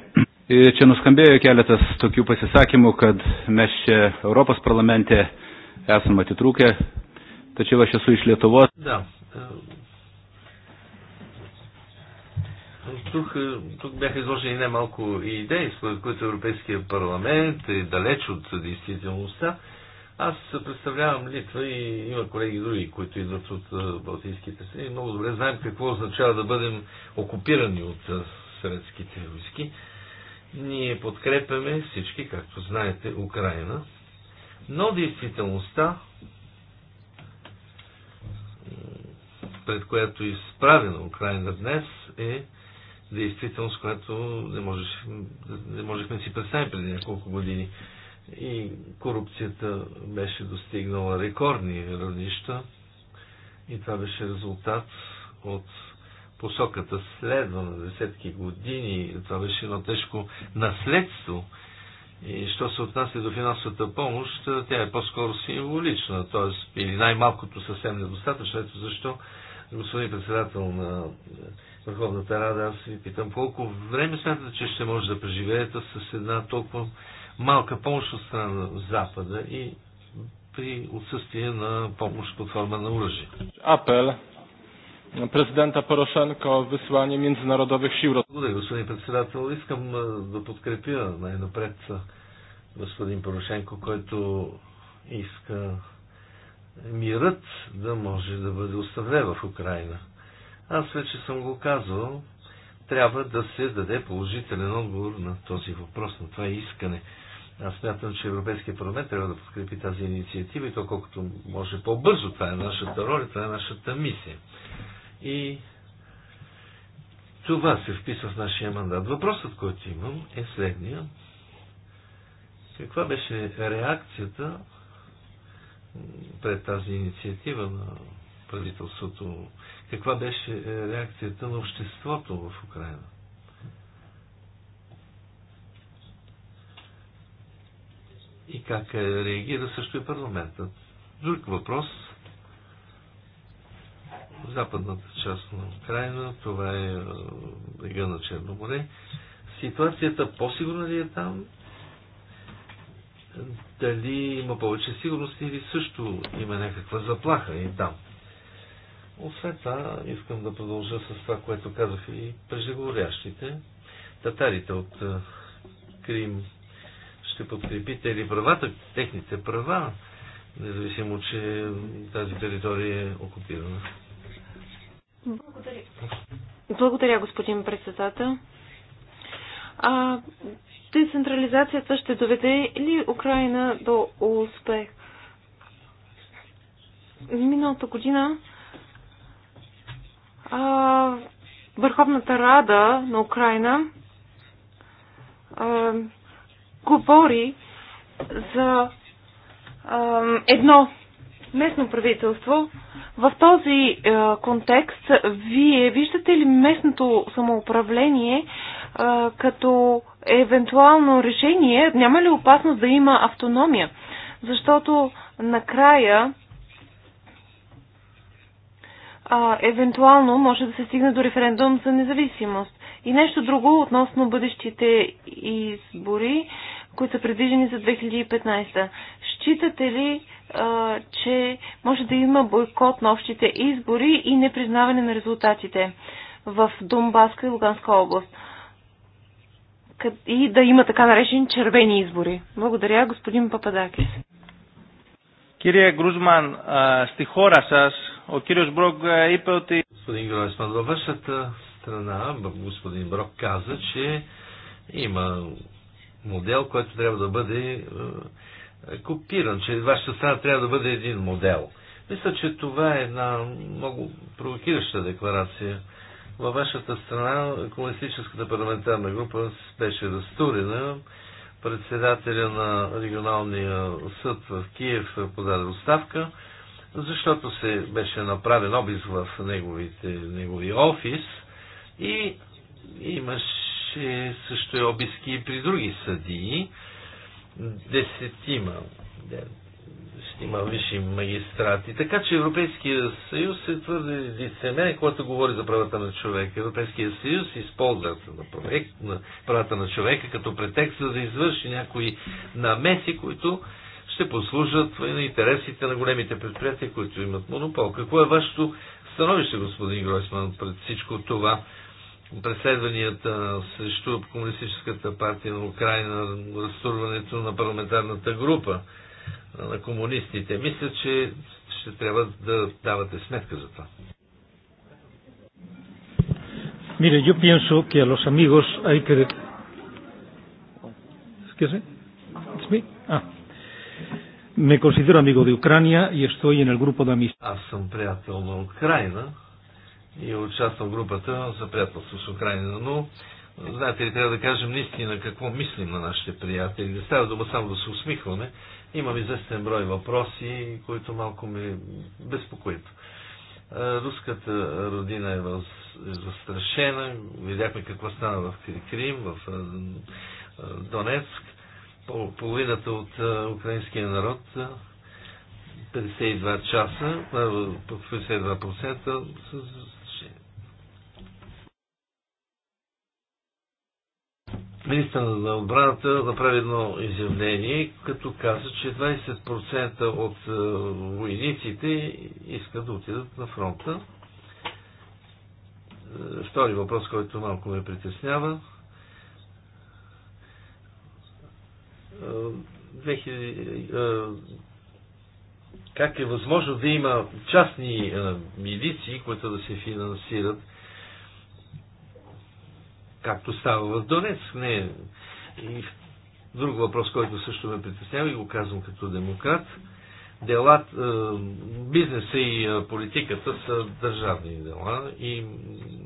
Čia nuskambėjo keletas tokių pasisakymų, kad mes čia Europos parlamente esame atitrūkę, tačiau aš esu iš Lietuvos. Да. Тук, тук бяха изложени немалко идеи, според които Европейския парламент е далеч от действителността. Аз представлявам Литва и има колеги други, които идват от Балтийските страни. Много добре знаем какво означава да бъдем окупирани от съветските войски. Ние подкрепяме всички, както знаете, Украина. Но действителността, пред която е изправена Украина днес, е действителност, която не, можеш, не можехме да си представим преди няколко години и корупцията беше достигнала рекордни равнища и това беше резултат от посоката на десетки години. Това беше едно тежко наследство. И що се отнася до финансовата помощ, тя е по-скоро символична, т.е. или най-малкото съвсем недостатъчно. Ето защо, господин председател на Върховната Рада, аз ви питам колко време смятате, че ще може да преживеете с една толкова малка помощ от страна на Запада и при отсъствие на помощ под форма на оръжие. Апел на президента Порошенко висване международних сил. Благодаря, господин председател. Искам да подкрепя най-напред господин Порошенко, който иска мирът да може да бъде установен в Украина. Аз вече съм го казвал, трябва да се даде положителен отговор на този въпрос, на това искане. Аз смятам, че Европейския парламент трябва да подкрепи тази инициатива и то колкото може по-бързо. Това е нашата роля, това е нашата мисия. И това се вписва в нашия мандат. Въпросът, който имам е следния. Каква беше реакцията пред тази инициатива на правителството? Каква беше реакцията на обществото в Украина? и как е реагира също и парламентът. Друг въпрос. В западната част на Украина, това е брега на Черно море. Ситуацията по-сигурна ли е там? Дали има повече сигурност или също има някаква заплаха и там? Освен това, искам да продължа с това, което казах и преждеговорящите. Татарите от Крим ще подкрепите ли правата, техните права, независимо, че тази територия е окупирана? Благодаря. Благодаря, господин председател. А, децентрализацията ще доведе ли Украина до успех? Миналата година а, Върховната рада на Украина а, говори за е, едно местно правителство. В този е, контекст, вие виждате ли местното самоуправление е, като евентуално решение? Няма ли опасност да има автономия? Защото накрая евентуално може да се стигне до референдум за независимост. И нещо друго относно бъдещите избори, които са предвижени за 2015. Считате ли, а, че може да има бойкот на общите избори и непризнаване на резултатите в Донбаска и Луганска област? И да има така наречени червени избори. Благодаря, господин Пападакис. Кирия Грузман, Γκρούσμαν, хора с σας ο κύριος Μπρόγκ и Пълти Господин Грузман, във вашата страна, господин Брок каза, че има модел, който трябва да бъде е, е, копиран, че вашата страна трябва да бъде един модел. Мисля, че това е една много провокираща декларация. Във вашата страна комунистическата парламентарна група беше разтурена. Председателя на регионалния съд в Киев подаде оставка, защото се беше направен обиск в неговите, негови офис – и имаше също и обиски и при други съдии. Десетима, десетима висши магистрати. Така че Европейския съюз е твърде лицемерен, когато говори за правата на човека. Европейския съюз използва на, проект, на правата на човека като претекст, за да извърши някои намеси, които ще послужат на интересите на големите предприятия, които имат монопол. Какво е вашето становище, господин Гройсман, пред всичко това? преследванията срещу Комунистическата партия на Украина, разтурването на парламентарната група на комунистите. Мисля, че ще трябва да давате сметка за това. Mire, yo pienso que a los amigos hay que... Excuse me? It's me? Ah. Me considero amigo de Ucrania y estoy en el grupo de amistad. Аз съм приятел на Украина и участвам в групата за приятелство с Украина. Но, знаете ли, трябва да кажем наистина какво мислим на нашите приятели. Не става дума само да се усмихваме. Имам известен брой въпроси, които малко ме безпокоят. Руската родина е, е застрашена. Видяхме какво стана в Крим, в Донецк. Половината от украинския народ 52 часа, 52% са министър на отбраната направи едно изявление, като каза, че 20% от е, войниците искат да отидат на фронта. Е, втори въпрос, който малко ме притеснява. 2000, е, как е възможно да има частни милиции, които да се финансират както става в Донецк. Не. Е. И друг въпрос, който също ме притеснява и го казвам като демократ. Делат, е, бизнеса и е, политиката са държавни дела и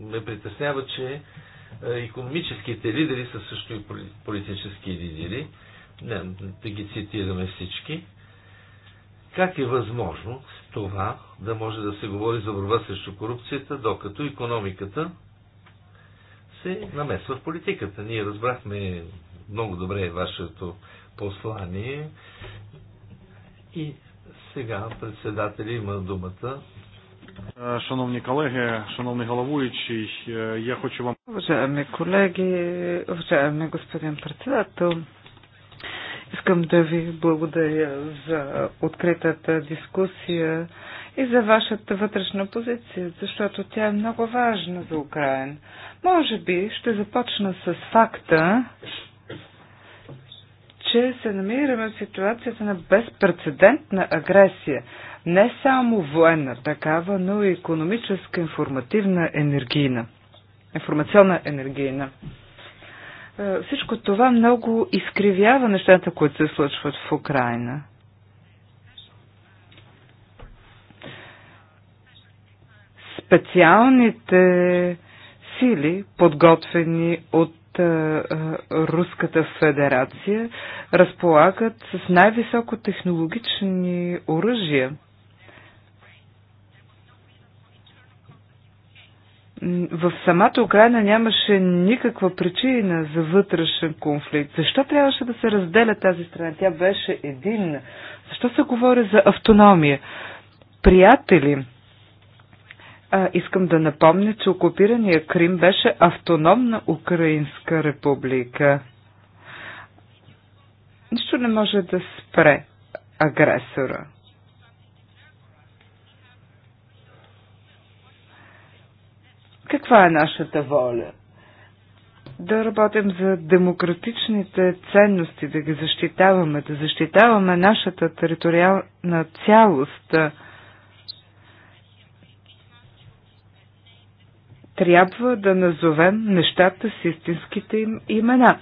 ме притеснява, че економическите лидери са също и политически лидери. Не, да ги цитираме всички. Как е възможно това да може да се говори за борба срещу корупцията, докато економиката се намесва в политиката. Ние разбрахме много добре вашето послание и сега председателя има думата. Е, шановни колеги, шановни головуючи, е, я хочу вам... Уважаеми колеги, уважаеми господин председател, искам да ви благодаря за откритата дискусия и за вашата вътрешна позиция, защото тя е много важна за Украина. Може би ще започна с факта, че се намираме в ситуацията на безпредседентна агресия. Не само военна такава, но и економическа, информативна, енергийна. Информационна енергийна. Е, всичко това много изкривява нещата, които се случват в Украина. специалните сили, подготвени от е, е, Руската федерация, разполагат с най-високо технологични оръжия. в самата Украина нямаше никаква причина за вътрешен конфликт. Защо трябваше да се разделя тази страна? Тя беше единна. Защо се говори за автономия? Приятели, а, искам да напомня, че окупирания Крим беше автономна Украинска република. Нищо не може да спре агресора. Каква е нашата воля? Да работим за демократичните ценности, да ги защитаваме, да защитаваме нашата териториална цялост – трябва да назовем нещата с истинските им имена.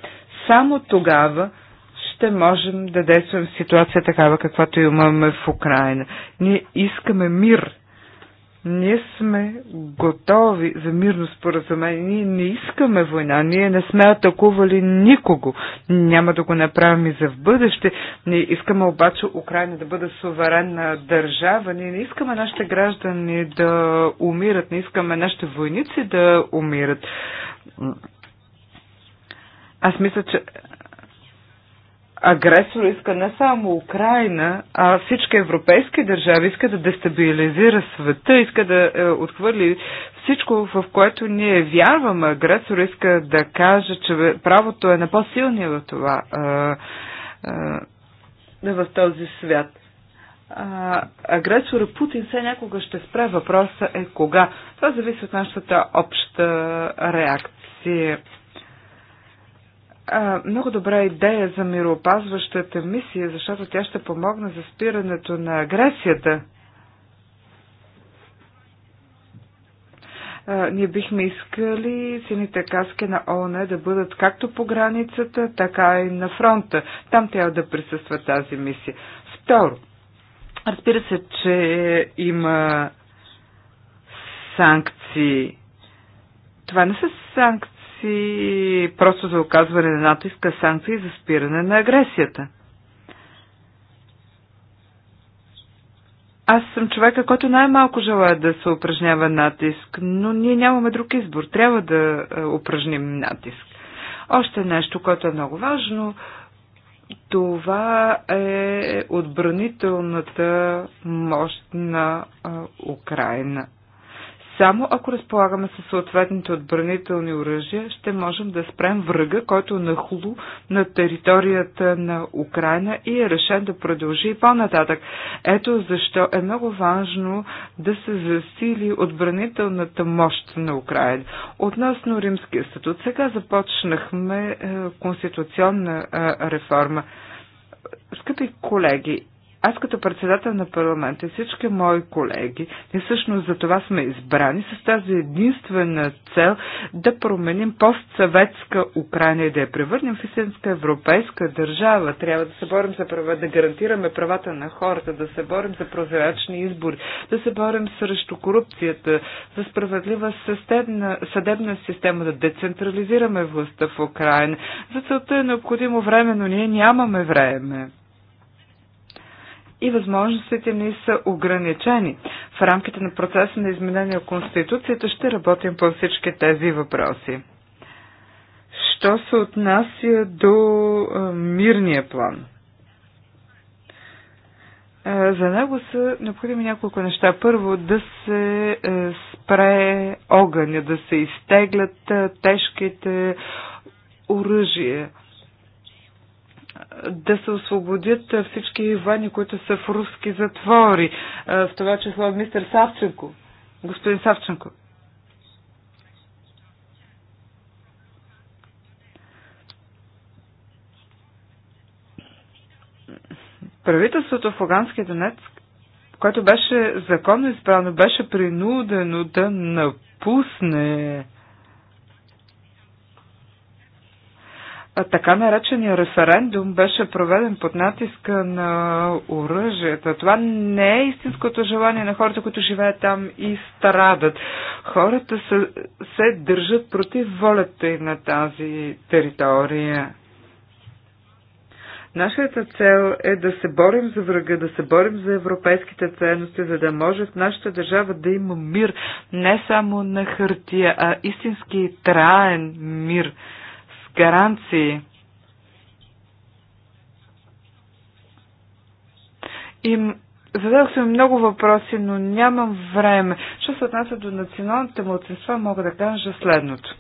Само тогава ще можем да действаме в ситуация такава, каквато имаме в Украина. Ние искаме мир, ние сме готови за мирно споразумение. Ние не искаме война. Ние не сме атакували никого. Няма да го направим и за в бъдеще. Ние искаме обаче Украина да бъде суверенна държава. Ние не искаме нашите граждани да умират. Не искаме нашите войници да умират. Аз мисля, че агресор иска не само Украина, а всички европейски държави иска да дестабилизира света, иска да е, отхвърли всичко, в което ние вярваме. Агресор иска да каже, че правото е на по-силния в това, е, е, в този свят. А, агресора Путин все някога ще спре. Въпроса е кога. Това зависи от нашата обща реакция а, много добра идея за мироопазващата мисия, защото тя ще помогне за спирането на агресията. А, ние бихме искали сините каски на ОНЕ да бъдат както по границата, така и на фронта. Там трябва да присъства тази мисия. Второ, разбира се, че има санкции. Това не са санкции си просто за оказване на натиска, санкции за спиране на агресията. Аз съм човека, който най-малко желая да се упражнява натиск, но ние нямаме друг избор. Трябва да е, упражним натиск. Още нещо, което е много важно, това е отбранителната мощ на е, Украина. Само ако разполагаме със съответните отбранителни оръжия, ще можем да спрем врага, който е нахлу на територията на Украина и е решен да продължи и по-нататък. Ето защо е много важно да се засили отбранителната мощ на Украина. Относно римския статут, сега започнахме е, конституционна е, реформа. Скъпи колеги, аз като председател на парламента и всички мои колеги, и всъщност за това сме избрани с тази единствена цел да променим постсъветска Украина и да я превърнем в истинска европейска държава. Трябва да се борим за права, да гарантираме правата на хората, да се борим за прозрачни избори, да се борим срещу корупцията, за справедлива съдебна, съдебна система, да децентрализираме властта в Украина. За целта е необходимо време, но ние нямаме време и възможностите ни са ограничени. В рамките на процеса на изменение на Конституцията ще работим по всички тези въпроси. Що се отнася до а, мирния план? за него са необходими няколко неща. Първо, да се спре огъня, да се изтеглят тежките оръжия да се освободят всички военни, които са в руски затвори, в това число мистер Савченко, господин Савченко. Правителството в Луганския Донецк, което беше законно избрано, беше принудено да напусне така наречения референдум беше проведен под натиска на оръжията. Това не е истинското желание на хората, които живеят там и страдат. Хората се, се държат против волята и на тази територия. Нашата цел е да се борим за врага, да се борим за европейските ценности, за да може в нашата държава да има мир, не само на хартия, а истински траен мир гаранции. И зададох се много въпроси, но нямам време. Що се отнася до националните младсинства, мога да кажа следното.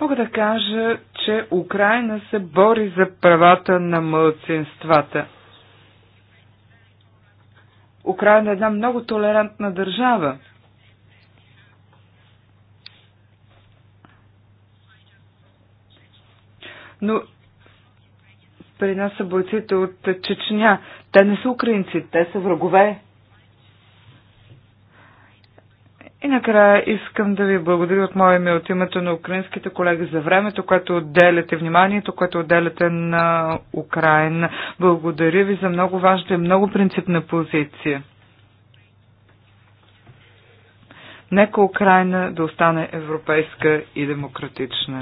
Мога да кажа, че Украина се бори за правата на младсинствата – Украина е една много толерантна държава. Но при нас са бойците от Чечня. Те не са украинци, те са врагове И накрая искам да ви благодаря от мое име от името на украинските колеги за времето, което отделяте, вниманието, което отделяте на Украина. Благодаря ви за много важна и много принципна позиция. Нека Украина да остане европейска и демократична.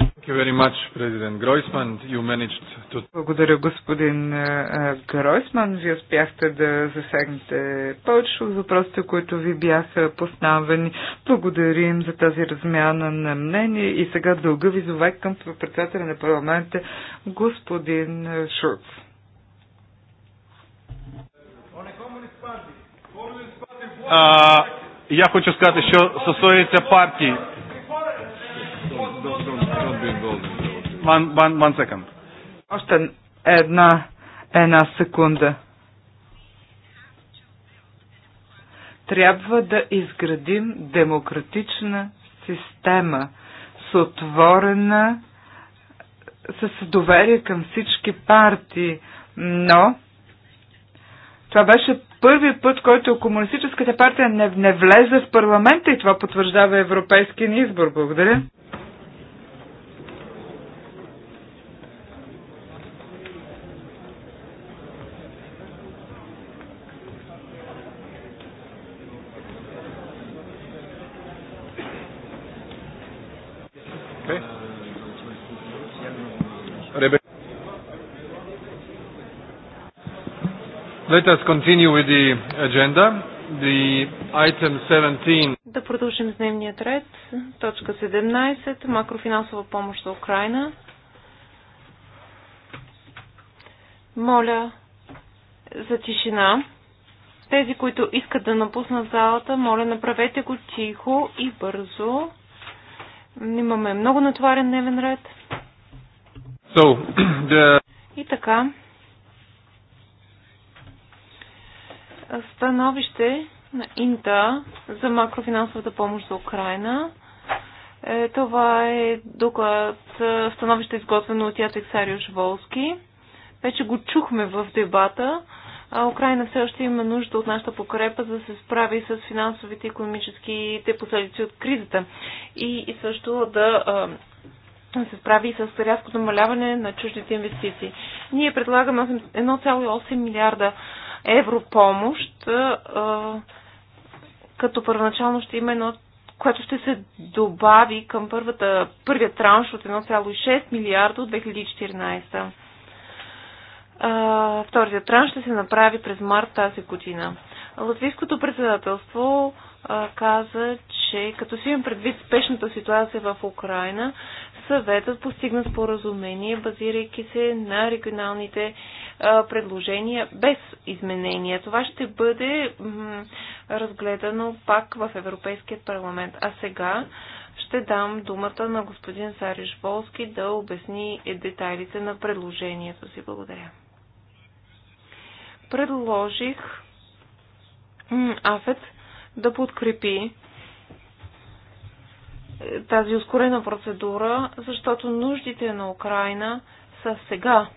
Благодаря, господин е, Гройсман. Вие успяхте да засегнете повече от въпросите, които ви бяха поставени. Благодарим за тази размяна на мнение и сега дълга ви зове към председателя на парламента, господин е, Шурц. Uh, я хочу сказати, що стосується партій. One, one, one second. Още една, една секунда. Трябва да изградим демократична система с отворена, с доверие към всички партии, но това беше първият път, който комунистическата партия не, не влезе в парламента и това потвърждава европейския избор. Благодаря. Let us continue with the agenda. The item 17. Да продължим с дневният ред. Точка 17. Макрофинансова помощ за Украина. Моля за тишина. Тези, които искат да напуснат залата, моля направете го тихо и бързо. Имаме много натварен дневен ред. So, the... И така, становище на Инта за макрофинансовата помощ за Украина. Е, това е доклад, е, становище изготвено от Ятек Сариош Волски. Вече го чухме в дебата. А Украина все още има нужда от нашата покрепа, за да се справи с финансовите и економическите последици от кризата. И, и също да а, се справи и с рязкото намаляване на чуждите инвестиции. Ние предлагаме 1,8 милиарда европомощ, като първоначално ще има едно, което ще се добави към първата, първия транш от 1,6 милиарда от 2014. Втория транш ще се направи през март тази година. Латвийското председателство каза, че като си имам предвид спешната ситуация в Украина, съветът постигна споразумение, базирайки се на регионалните предложения без изменения. Това ще бъде разгледано пак в Европейския парламент. А сега ще дам думата на господин Сариш Волски да обясни детайлите на предложението си. Благодаря. Предложих Афет да подкрепи е, тази ускорена процедура, защото нуждите на Украина са сега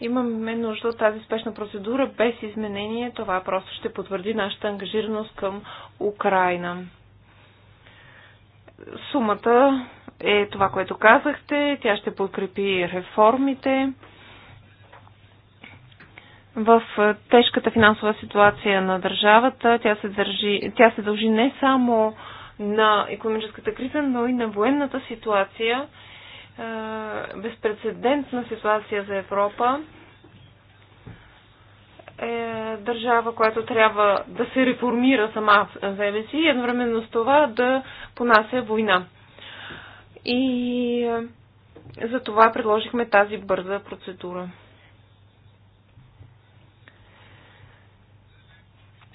имаме нужда от тази спешна процедура без изменение. Това просто ще потвърди нашата ангажираност към Украина. Сумата е това, което казахте. Тя ще подкрепи реформите. В тежката финансова ситуация на държавата тя се, държи, тя се дължи не само на економическата криза, но и на военната ситуация е, безпредседентна ситуация за Европа. Е държава, която трябва да се реформира сама себе си и едновременно с това да понася война. И е, за това предложихме тази бърза процедура.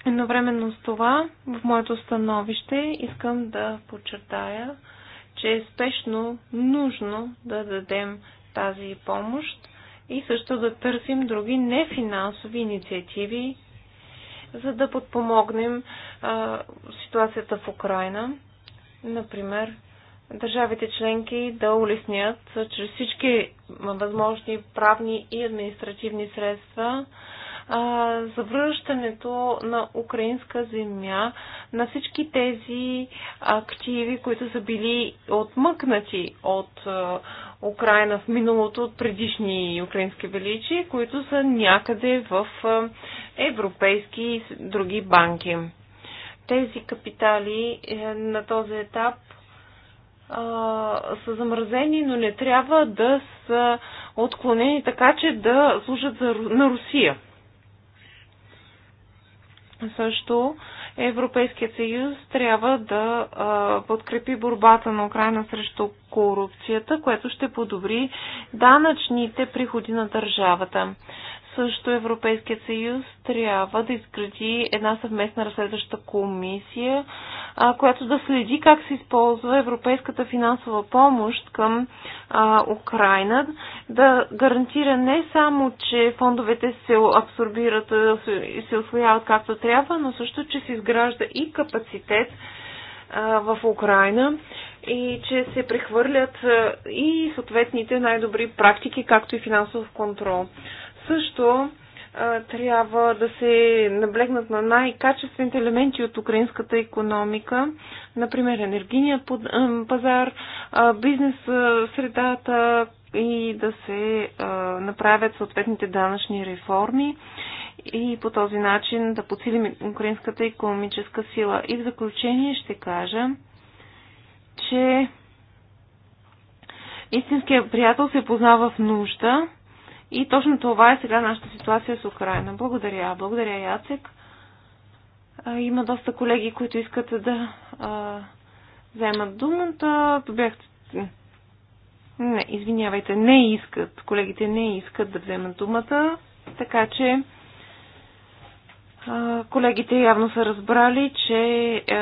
Едновременно с това, в моето становище искам да подчертая, че е спешно нужно да дадем тази помощ и също да търсим други нефинансови инициативи, за да подпомогнем а, ситуацията в Украина. Например, държавите членки да улеснят чрез всички възможни правни и административни средства а, завръщането на украинска земя на всички тези активи, които са били отмъкнати от а, Украина в миналото, от предишни украински величия, които са някъде в а, европейски и други банки. Тези капитали е, на този етап са замразени, но не трябва да са отклонени така, че да служат за, на Русия. Също Европейският съюз трябва да а, подкрепи борбата на Украина срещу корупцията, което ще подобри данъчните приходи на държавата. Също Европейският съюз трябва да изгради една съвместна разследваща комисия, а, която да следи как се използва европейската финансова помощ към а, Украина, да гарантира не само, че фондовете се абсорбират и се освояват както трябва, но също, че се изгражда и капацитет в Украина и че се прехвърлят и съответните най-добри практики, както и финансов контрол също а, трябва да се наблегнат на най-качествените елементи от украинската економика, например енергийният пазар, а, бизнес а, средата и да се направят съответните данъчни реформи и по този начин да подсилим украинската економическа сила. И в заключение ще кажа, че истинският приятел се е познава в нужда и точно това е сега нашата ситуация с Украина. Благодаря. Благодаря, Яцек. Има доста колеги, които искат да а, вземат думата. Бяхте... Не, извинявайте, не искат. Колегите не искат да вземат думата. Така че Колегите явно са разбрали, че е,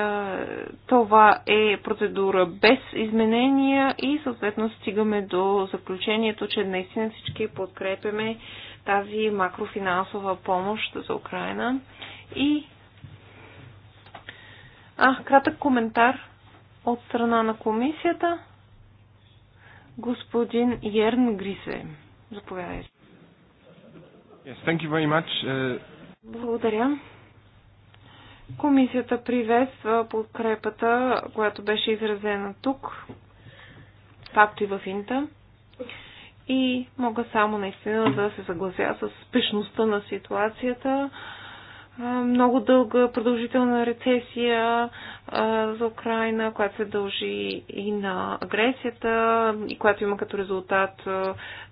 това е процедура без изменения и съответно стигаме до заключението, че наистина всички подкрепяме тази макрофинансова помощ за Украина. И а, кратък коментар от страна на комисията. Господин Ерн Грисе. Заповядайте. Yes, thank you very much. Uh... Благодаря. Комисията приветства подкрепата, която беше изразена тук, както и в Инта. И мога само наистина да се съглася с спешността на ситуацията. Много дълга продължителна рецесия за Украина, която се дължи и на агресията, и която има като резултат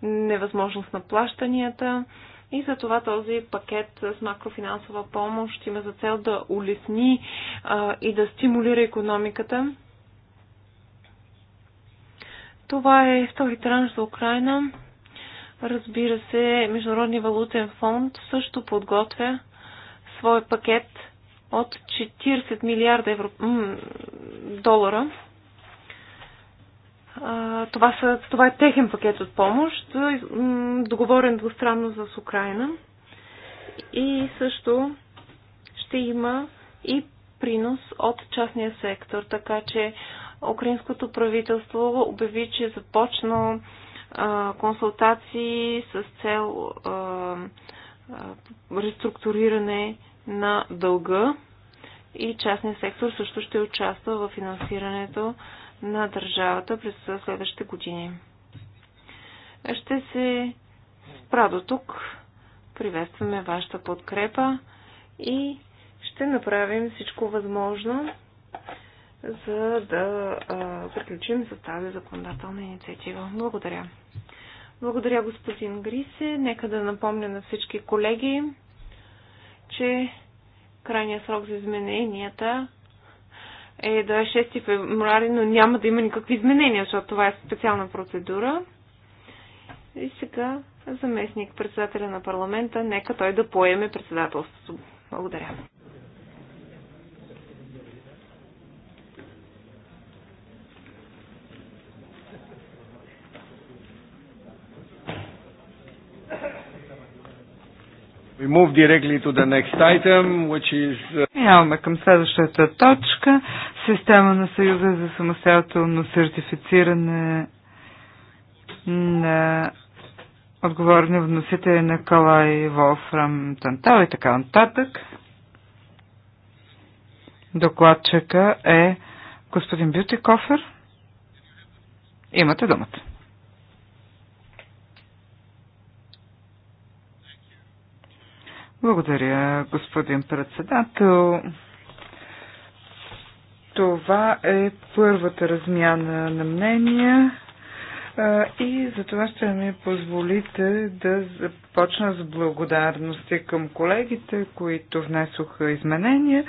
невъзможност на плащанията. И за това този пакет с макрофинансова помощ има за цел да улесни а, и да стимулира економиката. Това е втори транш за Украина. Разбира се, Международния валутен фонд също подготвя свой пакет от 40 милиарда евро... долара това, са, това е техен пакет от помощ, договорен двустранно с Украина. И също ще има и принос от частния сектор, така че украинското правителство обяви, че започна консултации с цел реструктуриране на дълга и частния сектор също ще участва в финансирането на държавата през следващите години. Ще се спра до тук. Приветстваме вашата подкрепа и ще направим всичко възможно, за да а, приключим с тази законодателна инициатива. Благодаря. Благодаря, господин Грисе. Нека да напомня на всички колеги, че крайният срок за измененията е до 6 е февруари, но няма да има никакви изменения, защото това е специална процедура. И сега заместник председателя на парламента, нека той да поеме председателството. Благодаря. Uh, Минаваме към следващата точка. Система на Съюза за самостоятелно сертифициране на отговорни вносители на Калай, Волфрам, Тантал и така нататък. Докладчика е господин Бютикофер. Имате думата. Благодаря, господин председател. Това е първата размяна на мнения и за това ще ми позволите да започна с благодарности към колегите, които внесоха изменения.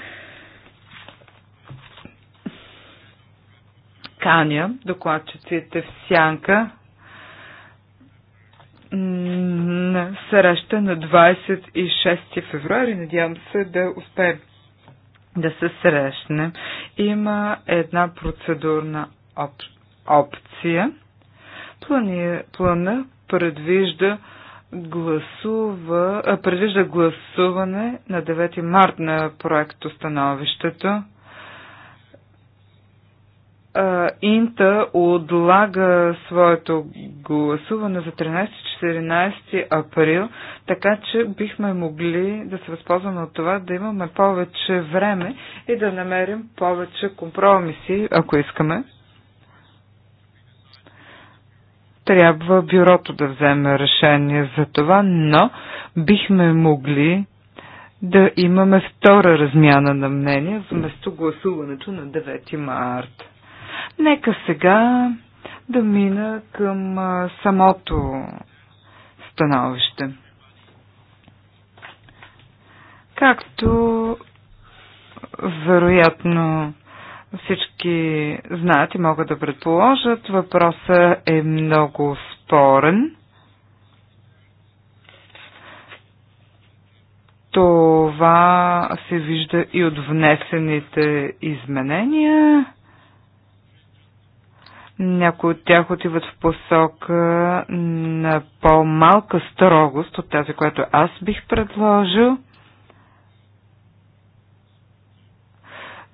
Каня, докладчиците в сянка, на среща на 26 февруари. Надявам се да успеем да се срещнем. Има една процедурна оп- опция. Плани... Плана предвижда гласува, предвижда гласуване на 9 март на проекто становището. Инта отлага своето гласуване за 13-14 април, така че бихме могли да се възползваме от това да имаме повече време и да намерим повече компромиси, ако искаме. Трябва бюрото да вземе решение за това, но бихме могли да имаме втора размяна на мнения вместо гласуването на 9 марта. Нека сега да мина към самото становище. Както вероятно всички знаят и могат да предположат, въпросът е много спорен. Това се вижда и от внесените изменения. Някои от тях отиват в посока на по-малка строгост от тази, която аз бих предложил.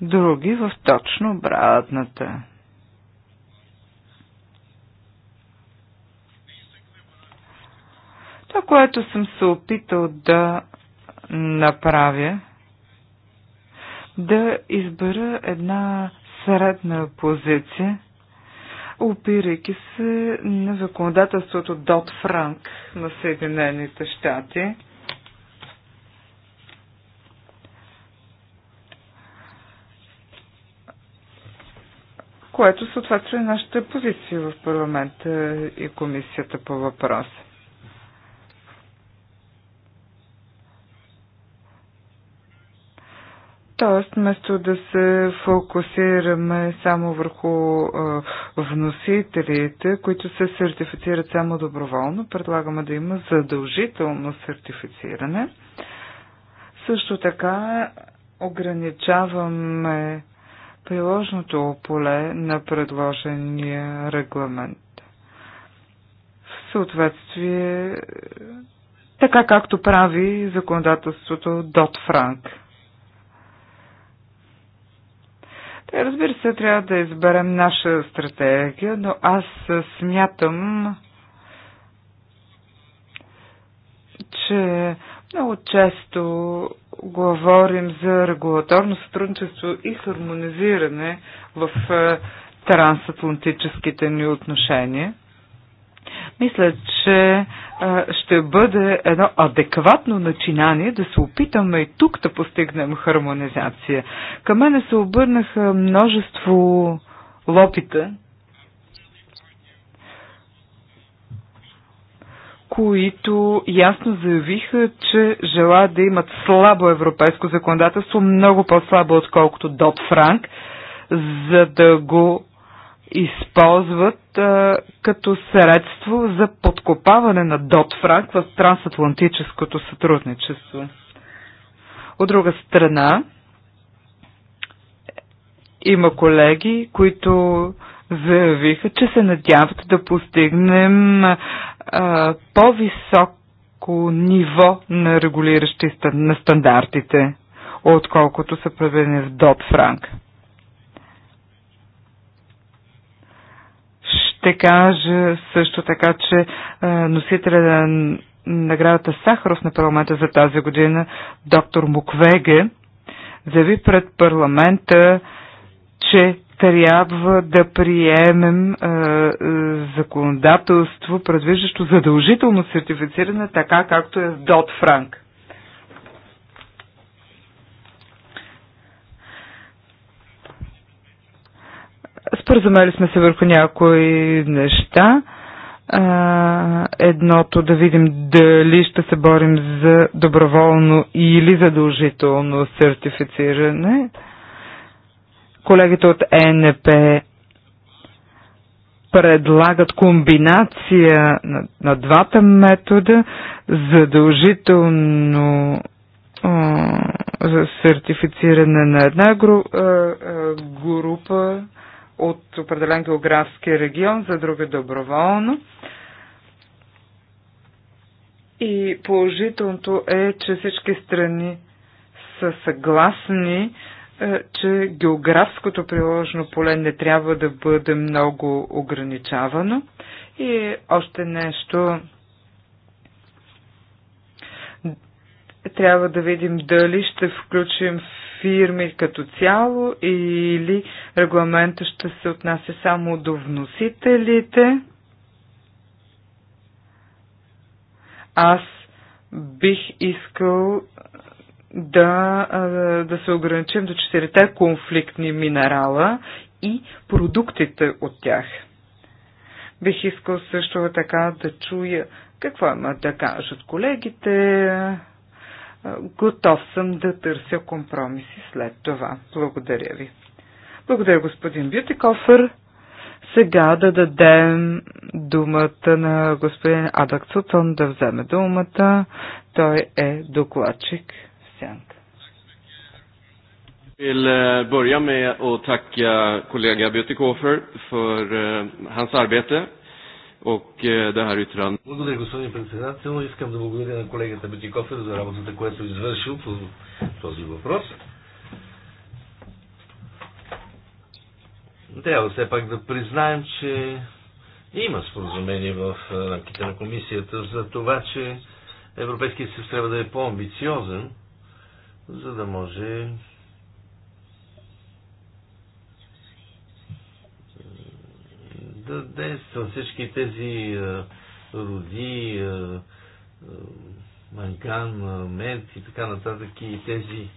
Други в точно обратната. Това, което съм се опитал да направя, да избера една средна позиция – опирайки се на законодателството Дот Франк на Съединените щати. което съответства и нашата позиция в парламента и комисията по въпроса. Тоест, вместо да се фокусираме само върху а, вносителите, които се сертифицират само доброволно, предлагаме да има задължително сертифициране. Също така ограничаваме приложното поле на предложения регламент в съответствие така както прави законодателството Дот Франк. Разбира се, трябва да изберем наша стратегия, но аз смятам, че много често говорим за регулаторно сътрудничество и хармонизиране в е, трансатлантическите ни отношения. Мисля, че ще бъде едно адекватно начинание да се опитаме и тук да постигнем хармонизация. Към мене се обърнаха множество лопита, които ясно заявиха, че желаят да имат слабо европейско законодателство, много по-слабо отколкото Дот Франк, за да го използват а, като средство за подкопаване на Дотфранк в трансатлантическото сътрудничество. От друга страна, има колеги, които заявиха, че се надяват да постигнем а, по-високо ниво на регулиращи на стандартите, отколкото са правени в Дот Франк. Ще кажа също така, че носителя на наградата Сахаров на парламента за тази година, доктор Муквеге, заяви пред парламента, че трябва да приемем е, е, законодателство, предвиждащо задължително сертифициране, така както е в Дот Франк. Споразумели сме се върху някои неща. Едното да видим дали ще се борим за доброволно или задължително сертифициране. Колегите от ЕНП предлагат комбинация на, на двата метода, задължително за сертифициране на една гру, а, а, група от определен географски регион, за друга е доброволно. И положителното е, че всички страни са съгласни, е, че географското приложено поле не трябва да бъде много ограничавано. И още нещо. Трябва да видим дали ще включим фирми като цяло или регламента ще се отнася само до вносителите? Аз бих искал да, да се ограничим до четирите конфликтни минерала и продуктите от тях. Бих искал също така да чуя какво имат да кажат колегите, готов съм да търся компромиси след това. Благодаря ви. Благодаря, господин Бютикофър. Сега да дадем думата на господин Адаксутон да вземе думата. Той е докладчик в Сянка. vill eh, börja med att tacka kollega Butikofer för eh, hans arbete Och eh, det här yttrandet... Благодаря, господин председател. Искам да благодаря на колегата Бетикофер за работата, която е извършил по този въпрос. Трябва все пак да признаем, че има споразумение в рамките на комисията за това, че Европейския съюз трябва да е по-амбициозен, за да може да действа. Всички тези роди, манган, мент и така нататък и тези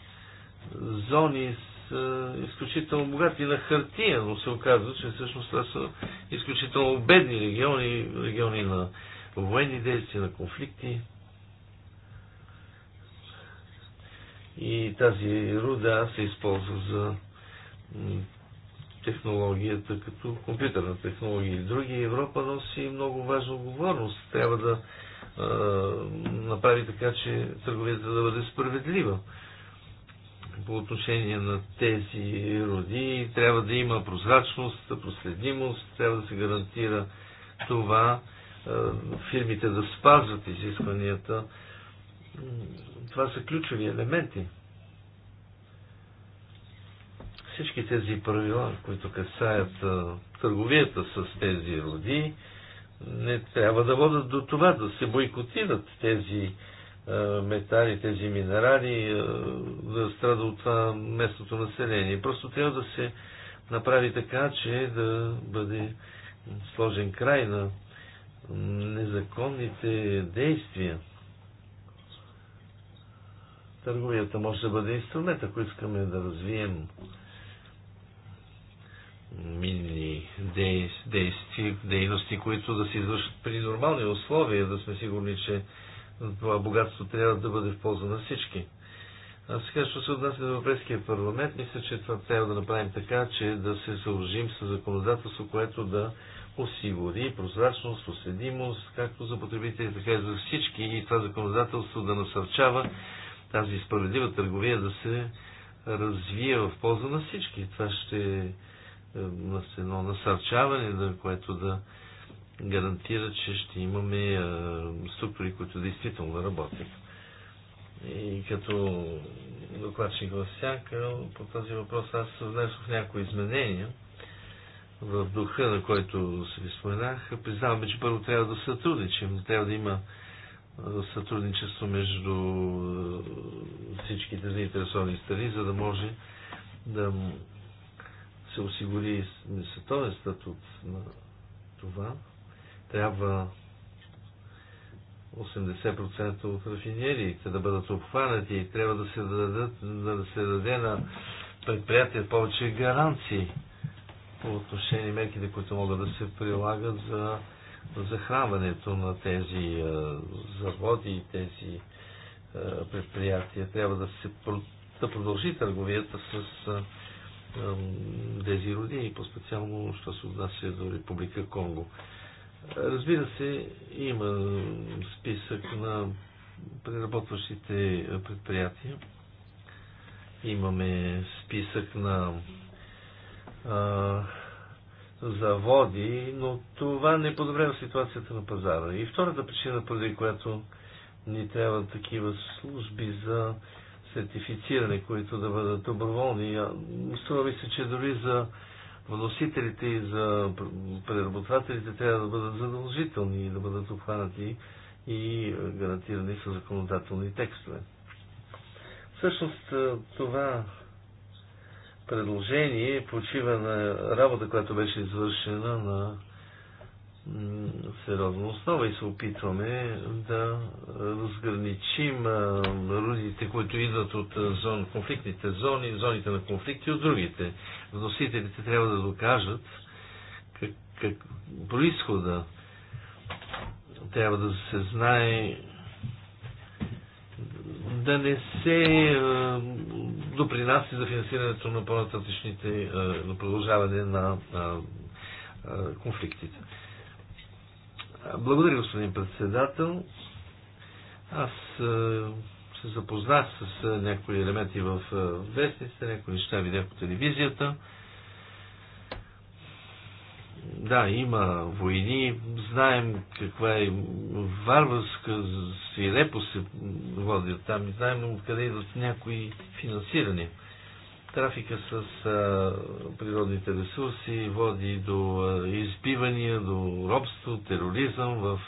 зони са изключително богати на хартия, но се оказва, че всъщност това са изключително бедни региони, региони на военни действия, на конфликти. И тази руда се използва за технологията, като компютърна технология и други, Европа носи много важна отговорност. Трябва да а, направи така, че търговията да бъде справедлива по отношение на тези роди. Трябва да има прозрачност, проследимост, трябва да се гарантира това а, фирмите да спазват изискванията. Това са ключови елементи. Всички тези правила, които касаят търговията с тези роди, не трябва да водят до това, да се бойкотират тези метали, тези минерали, да страда от това местното население. Просто трябва да се направи така, че да бъде сложен край на незаконните действия. Търговията може да бъде инструмент, ако искаме да развием минни действия, дейности, които да се извършат при нормални условия, да сме сигурни, че това богатство трябва да бъде в полза на всички. А сега, що се отнася до Европейския парламент, мисля, че това трябва да направим така, че да се съоръжим с законодателство, което да осигури прозрачност, уседимост, както за потребителите, така и за всички. И това законодателство да насърчава тази справедлива търговия да се развие в полза на всички. Това ще на едно насърчаване, да, което да гарантира, че ще имаме структури, които действително да работят. И като докладчик във всяка, по този въпрос аз внесох някои изменения в духа, на който се ви споменах. Признаваме, че първо трябва да сътрудничим, трябва да има сътрудничество между всичките заинтересовани страни, за да може да се осигури световен статут на това, трябва 80% от рафинериите да бъдат обхванати и трябва да се, дадат, да се даде на предприятия повече гаранции по отношение мерките, които могат да се прилагат за захранването на тези заводи и тези предприятия. Трябва да се да продължи търговията с тези родини, по-специално, що се отнася до Република Конго. Разбира се, има списък на преработващите предприятия. Имаме списък на а, заводи, но това не подобрява ситуацията на пазара. И втората причина, поради която ни трябва такива служби за сертифициране, които да бъдат доброволни. Струва ми се, че дори за вносителите и за преработвателите трябва да бъдат задължителни и да бъдат обхванати и е, гарантирани с законодателни текстове. Всъщност е, това предложение почива на работа, която беше извършена на сериозна основа и се опитваме да разграничим рудите, които идват от зон, конфликтните зони, зоните на конфликти от другите. Вносителите трябва да докажат как, как происхода трябва да се знае да не се е, допринася за финансирането на по-нататъчните, на продължаване на конфликтите. Благодаря, господин председател. Аз е, се запознах с е, някои елементи в е, вестниците, някои неща видях по телевизията. Да, има войни, знаем каква е варварска свирепост се води там и знаем откъде идват някои финансирания. Трафика с а, природните ресурси води до а, избивания, до робство, тероризъм в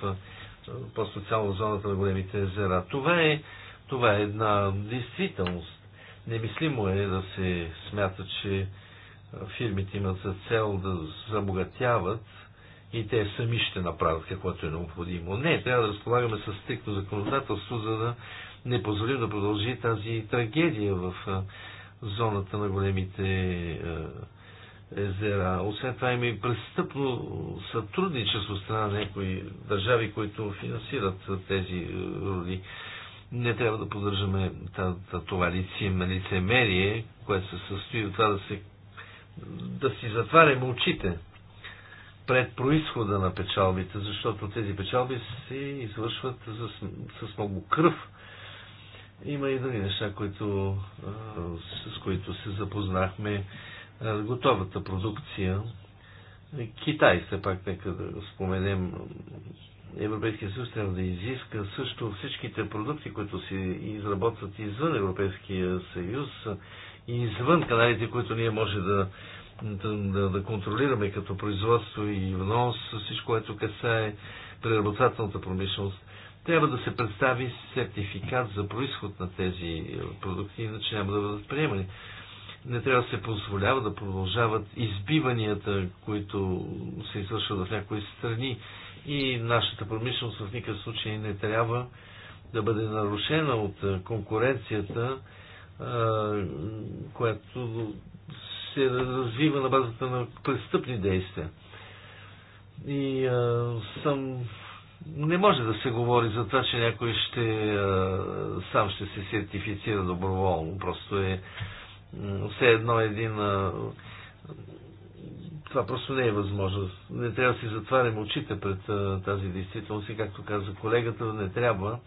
по-специално зоната на големите езера. Това е, това е една действителност. Немислимо е да се смята, че фирмите имат за цел да забогатяват и те сами ще направят каквото е необходимо. Не, трябва да разполагаме с стрикно законодателство, за да не позволим да продължи тази трагедия в зоната на големите е, езера. Освен това има и престъпно сътрудничество страна на някои държави, които финансират тези роди. Не трябва да поддържаме това лицемерие, което се състои от това да, се, да си затваряме очите пред происхода на печалбите, защото тези печалби се извършват с, с много кръв има и други неща, които, с които се запознахме. Готовата продукция. Китай, все пак, нека да споменем, Европейския съюз трябва да изиска също всичките продукти, които се изработват извън Европейския съюз и извън каналите, които ние може да, да, да, да контролираме като производство и внос, всичко, което касае преработвателната промишленост трябва да се представи сертификат за происход на тези продукти, иначе няма да бъдат приемани. Не трябва да се позволява да продължават избиванията, които се извършват в някои страни и нашата промишленост в никакъв случай не трябва да бъде нарушена от конкуренцията, която се развива на базата на престъпни действия. И съм не може да се говори за това, че някой ще, сам ще се сертифицира доброволно. Просто е все едно един... Това просто не е възможно. Не трябва да си затваряме очите пред тази действителност и, както каза колегата, не трябва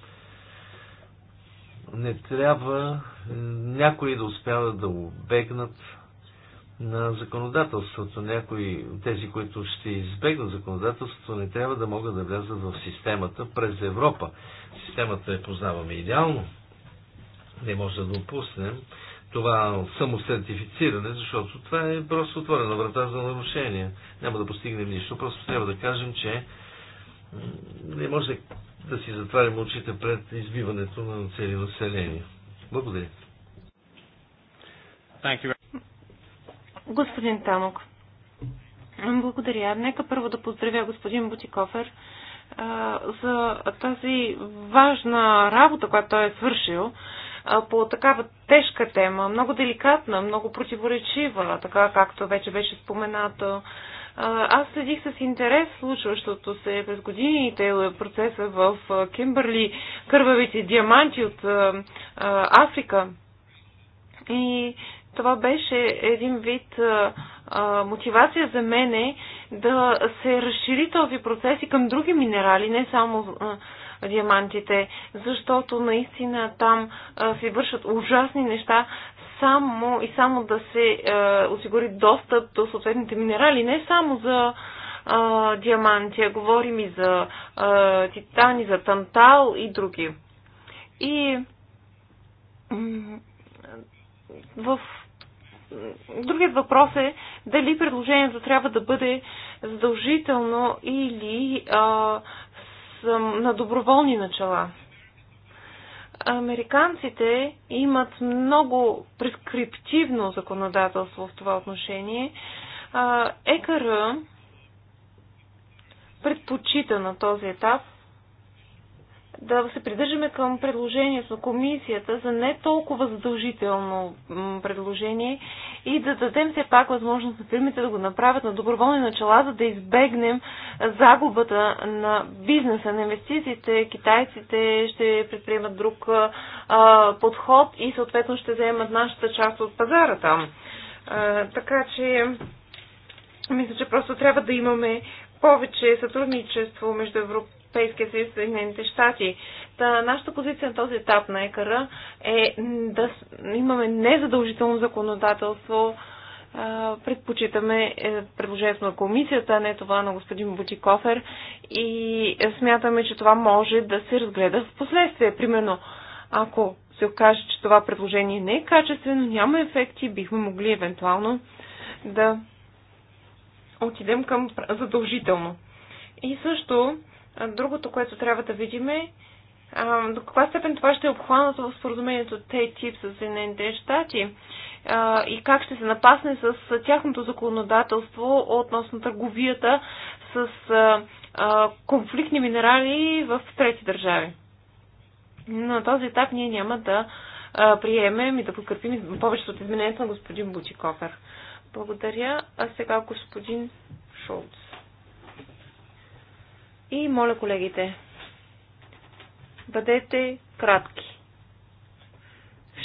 не трябва някои да успяват да обегнат на законодателството. Някои от тези, които ще избегнат законодателството, не трябва да могат да влязат в системата през Европа. Системата я познаваме идеално. Не може да допуснем това самосертифициране, защото това е просто отворена врата за нарушения. Няма да постигнем нищо. Просто трябва да кажем, че не може да си затварям очите пред избиването на цели населения. Благодаря. Thank you. Господин Танок. Благодаря. Нека първо да поздравя господин Бутикофер за тази важна работа, която той е свършил по такава тежка тема, много деликатна, много противоречива, така както вече беше споменато. Аз следих с интерес случващото се през годините процеса в Кимбърли, кървавите диаманти от Африка. И това беше един вид а, а, мотивация за мене да се разшири този процес и към други минерали, не само а, диамантите, защото наистина там а, се вършат ужасни неща, само и само да се а, осигури достъп до съответните минерали, не само за а, диаманти, а говорим и за а, титани, за тантал и други. И в Другият въпрос е дали предложението трябва да бъде задължително или а, с, на доброволни начала. Американците имат много прескриптивно законодателство в това отношение. ЕКР предпочита на този етап да се придържаме към предложението на комисията за не толкова задължително предложение и да дадем все пак възможност на фирмите да го направят на доброволни начала, за да избегнем загубата на бизнеса, на инвестициите. Китайците ще предприемат друг а, подход и съответно ще вземат нашата част от пазара там. А, така че мисля, че просто трябва да имаме повече сътрудничество между Европа Европейския съюз и Съединените щати. Та, нашата позиция на този етап на ЕКАРА е да имаме незадължително законодателство. Предпочитаме е, предложението на комисията, а не това на господин Бутикофер и смятаме, че това може да се разгледа в последствие. Примерно, ако се окаже, че това предложение не е качествено, няма ефекти, бихме могли евентуално да отидем към задължително. И също Другото, което трябва да видим е до каква степен това ще е обхванато в споразумението ТТИП с Съединените щати и как ще се напасне с тяхното законодателство относно търговията с конфликтни минерали в трети държави. На този етап ние няма да приемем и да подкрепим повечето от измененията на господин Бутикофер. Благодаря. А сега господин Шолц. И моля колегите, бъдете кратки.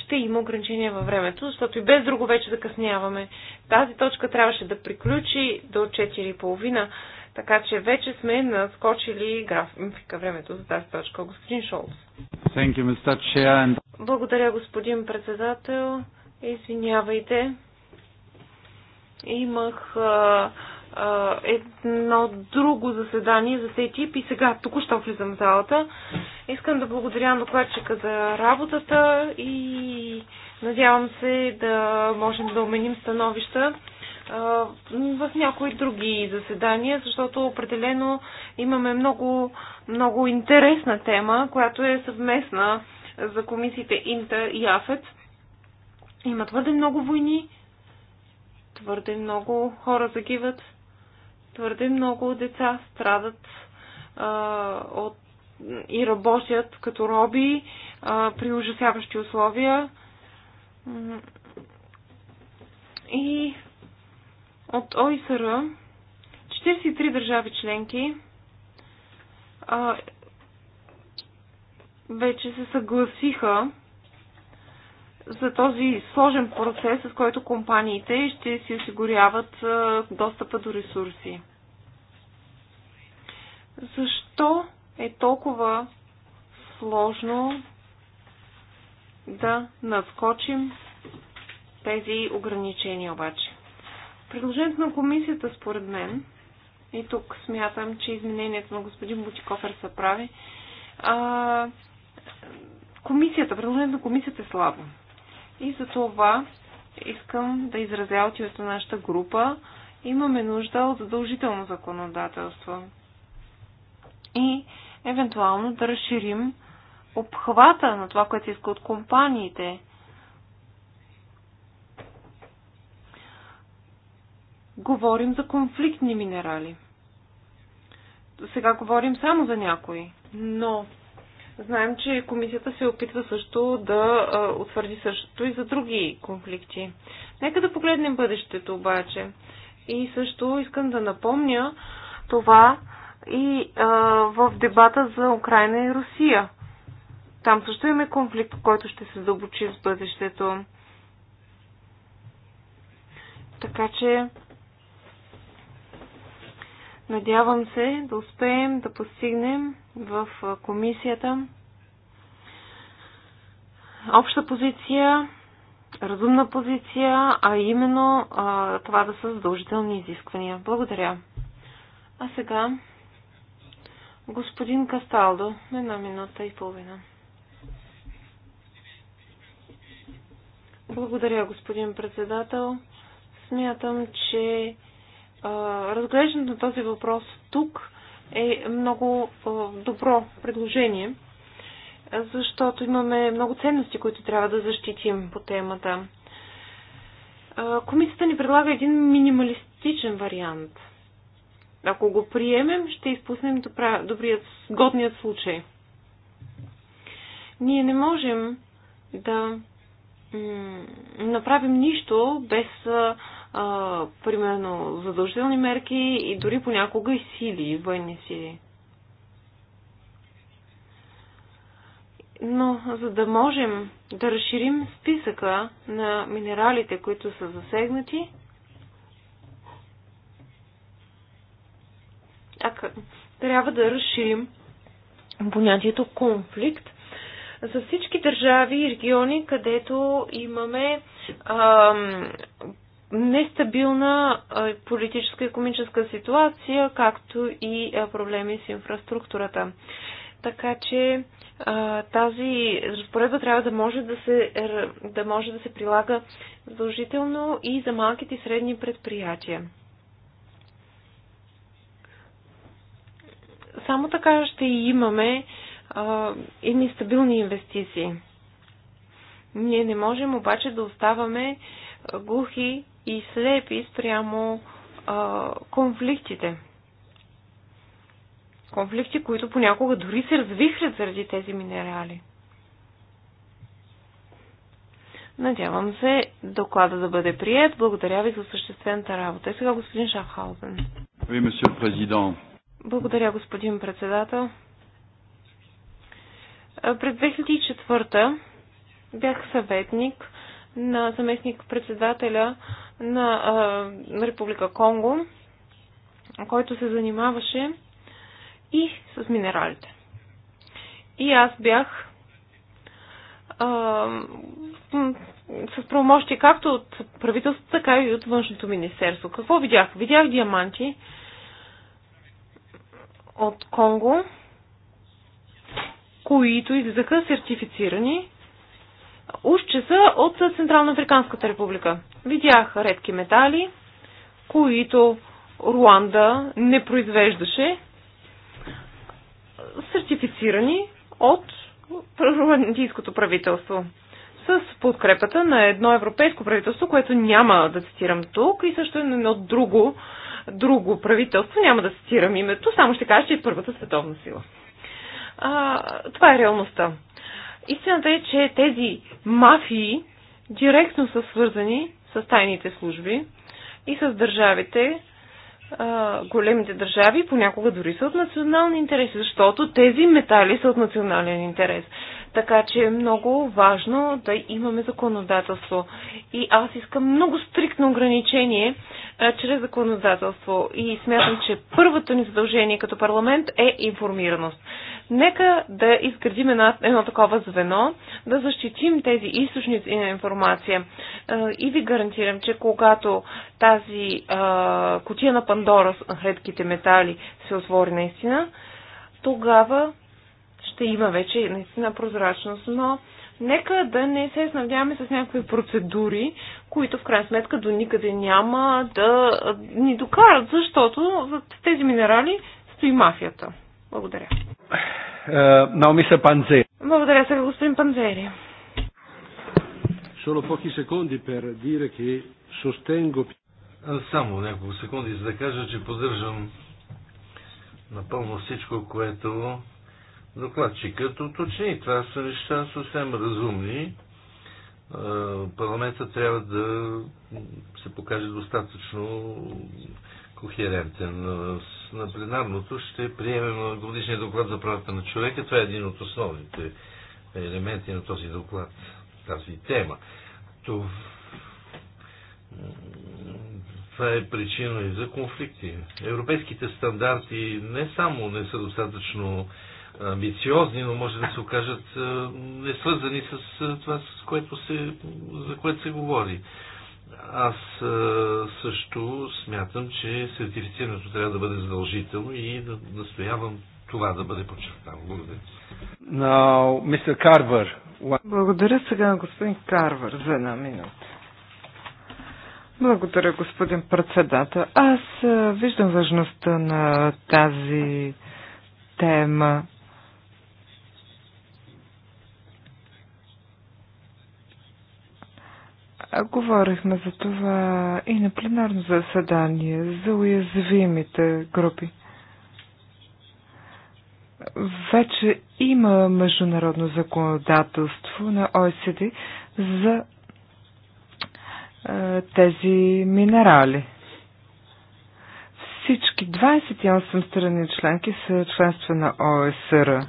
Ще има ограничения във времето, защото и без друго вече закъсняваме. Тази точка трябваше да приключи до 4.30, така че вече сме наскочили графика времето за тази точка. Господин Шолц. Благодаря, господин председател. Извинявайте. Имах uh, едно друго заседание за сей тип и сега току-що влизам в залата. Искам да благодаря на докладчика за работата и надявам се да можем да уменим становища в някои други заседания, защото определено имаме много, много интересна тема, която е съвместна за комисиите Инта и Афет. Има твърде много войни, твърде много хора загиват Твърде много деца страдат а, от, и работят като роби а, при ужасяващи условия. И от ОИСР 43 държави членки а, вече се съгласиха за този сложен процес, с който компаниите ще си осигуряват достъпа до ресурси. Защо е толкова сложно да надскочим тези ограничения обаче? Предложението на комисията, според мен, и тук смятам, че изменението на господин Бутикофер са прави, а, комисията, предложението на комисията е слабо. И за това искам да изразя от името на нашата група. Имаме нужда от задължително законодателство. И евентуално да разширим обхвата на това, което иска от компаниите. Говорим за конфликтни минерали. Сега говорим само за някои, но Знаем, че комисията се опитва също да утвърди същото и за други конфликти. Нека да погледнем бъдещето обаче. И също искам да напомня това и а, в дебата за Украина и Русия. Там също имаме конфликт, който ще се задълбочи с бъдещето. Така че Надявам се да успеем да постигнем в комисията обща позиция, разумна позиция, а именно а, това да са задължителни изисквания. Благодаря. А сега господин Касталдо, една минута и половина. Благодаря, господин председател. Смятам, че разглеждането на този въпрос тук е много добро предложение, защото имаме много ценности, които трябва да защитим по темата. Комисията ни предлага един минималистичен вариант. Ако го приемем, ще изпуснем добрият, годният случай. Ние не можем да направим нищо без а, примерно задължителни мерки и дори понякога и сили, военни сили. Но за да можем да разширим списъка на минералите, които са засегнати, а, трябва да разширим понятието конфликт за всички държави и региони, където имаме ам, нестабилна политическа и економическа ситуация, както и проблеми с инфраструктурата. Така че тази разпоредба трябва да може да се, да може да се прилага задължително и за малките и средни предприятия. Само така ще имаме и едни стабилни инвестиции. Ние не можем обаче да оставаме глухи и слепи спрямо а, конфликтите. Конфликти, които понякога дори се развихрят заради тези минерали. Надявам се доклада да бъде прият. Благодаря ви за съществената работа. И сега господин Шафхаузен. Oui, Благодаря, господин председател. През 2004 бях съветник на заместник председателя на а, Република Конго, който се занимаваше и с минералите. И аз бях а, с правомощи както от правителството, така и от външното министерство. Какво видях? Видях диаманти от Конго, които излизаха сертифицирани уж че са от Централноафриканската Африканската република видях редки метали, които Руанда не произвеждаше, сертифицирани от руандийското правителство с подкрепата на едно европейско правителство, което няма да цитирам тук и също едно друго, друго правителство, няма да цитирам името, само ще кажа, че е първата световна сила. А, това е реалността. Истината е, че тези мафии директно са свързани с тайните служби и с държавите, големите държави, понякога дори са от национални интереси, защото тези метали са от национален интерес. Така че е много важно да имаме законодателство. И аз искам много стриктно ограничение а, чрез законодателство. И смятам, че първото ни задължение като парламент е информираност. Нека да изградим едно, едно такова звено, да защитим тези източници на информация. А, и ви гарантирам, че когато тази а, кутия на Пандора с редките метали се отвори наистина, тогава ще има вече наистина прозрачност, но нека да не се снабдяваме с някакви процедури, които в крайна сметка до никъде няма да ни докарат, защото за тези минерали стои мафията. Благодаря. Е, Наоми се Панзери. Благодаря се, господин Панзери. Соло поки секунди пер дире, che sostengo... Само няколко секунди, за да кажа, че поддържам напълно всичко, което Докладчикът уточни. Това са неща съвсем разумни. Е, Парламента трябва да се покаже достатъчно кохерентен. Е, на пленарното ще приемем годишния доклад за правата на човека. Това е един от основните елементи на този доклад, тази тема. Това е причина и за конфликти. Европейските стандарти не само не са достатъчно амбициозни, но може да се окажат не свързани с това, с което се, за което се говори. Аз също смятам, че сертифицирането трябва да бъде задължително и да настоявам това да бъде подчертано. Благодаря. Now, Mr. Carver. What... Благодаря сега на господин Карвар за една минута. Благодаря, господин председател. Аз виждам важността на тази тема. Говорихме за това и на пленарно заседание, за уязвимите групи. Вече има международно законодателство на ОСД за е, тези минерали. Всички 28 страни членки са членства на ОСР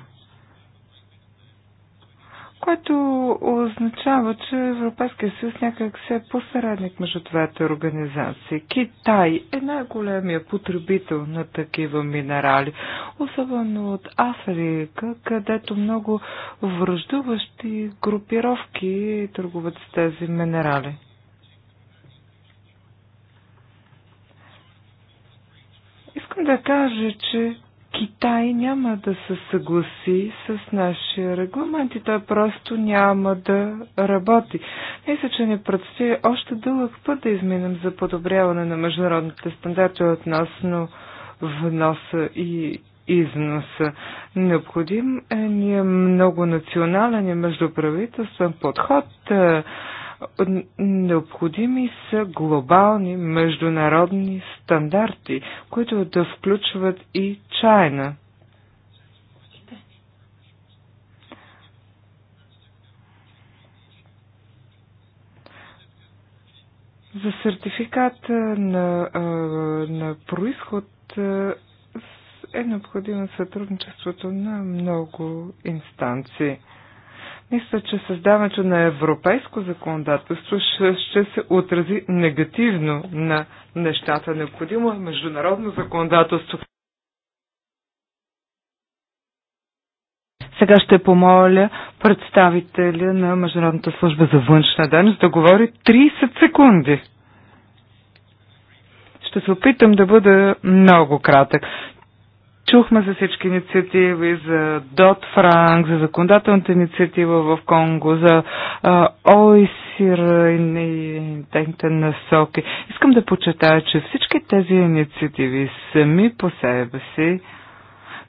което означава, че Европейския съюз някак се е посредник между двете организации. Китай е най-големия потребител на такива минерали, особено от Африка, където много връждуващи групировки търгуват с тези минерали. Искам да кажа, че Китай няма да се съгласи с нашия регламент и той просто няма да работи. Мисля, че ни предстои още дълъг път да изминем за подобряване на международните стандарти относно вноса и износа. Необходим е ни е много национален и междуправителствен подход. Е, Необходими са глобални международни стандарти, които да включват и чайна. За сертификат на, на происход е необходимо сътрудничеството на много инстанции. Мисля, че създаването на европейско законодателство ще, ще се отрази негативно на нещата. Необходимо е международно законодателство. Сега ще помоля представителя на Международната служба за външна дейност да говори 30 секунди. Ще се опитам да бъда много кратък. Чухме за всички инициативи, за Дот Франк, за законодателната инициатива в Конго, за ОИСИР и техните насоки. Искам да почетая, че всички тези инициативи сами по себе си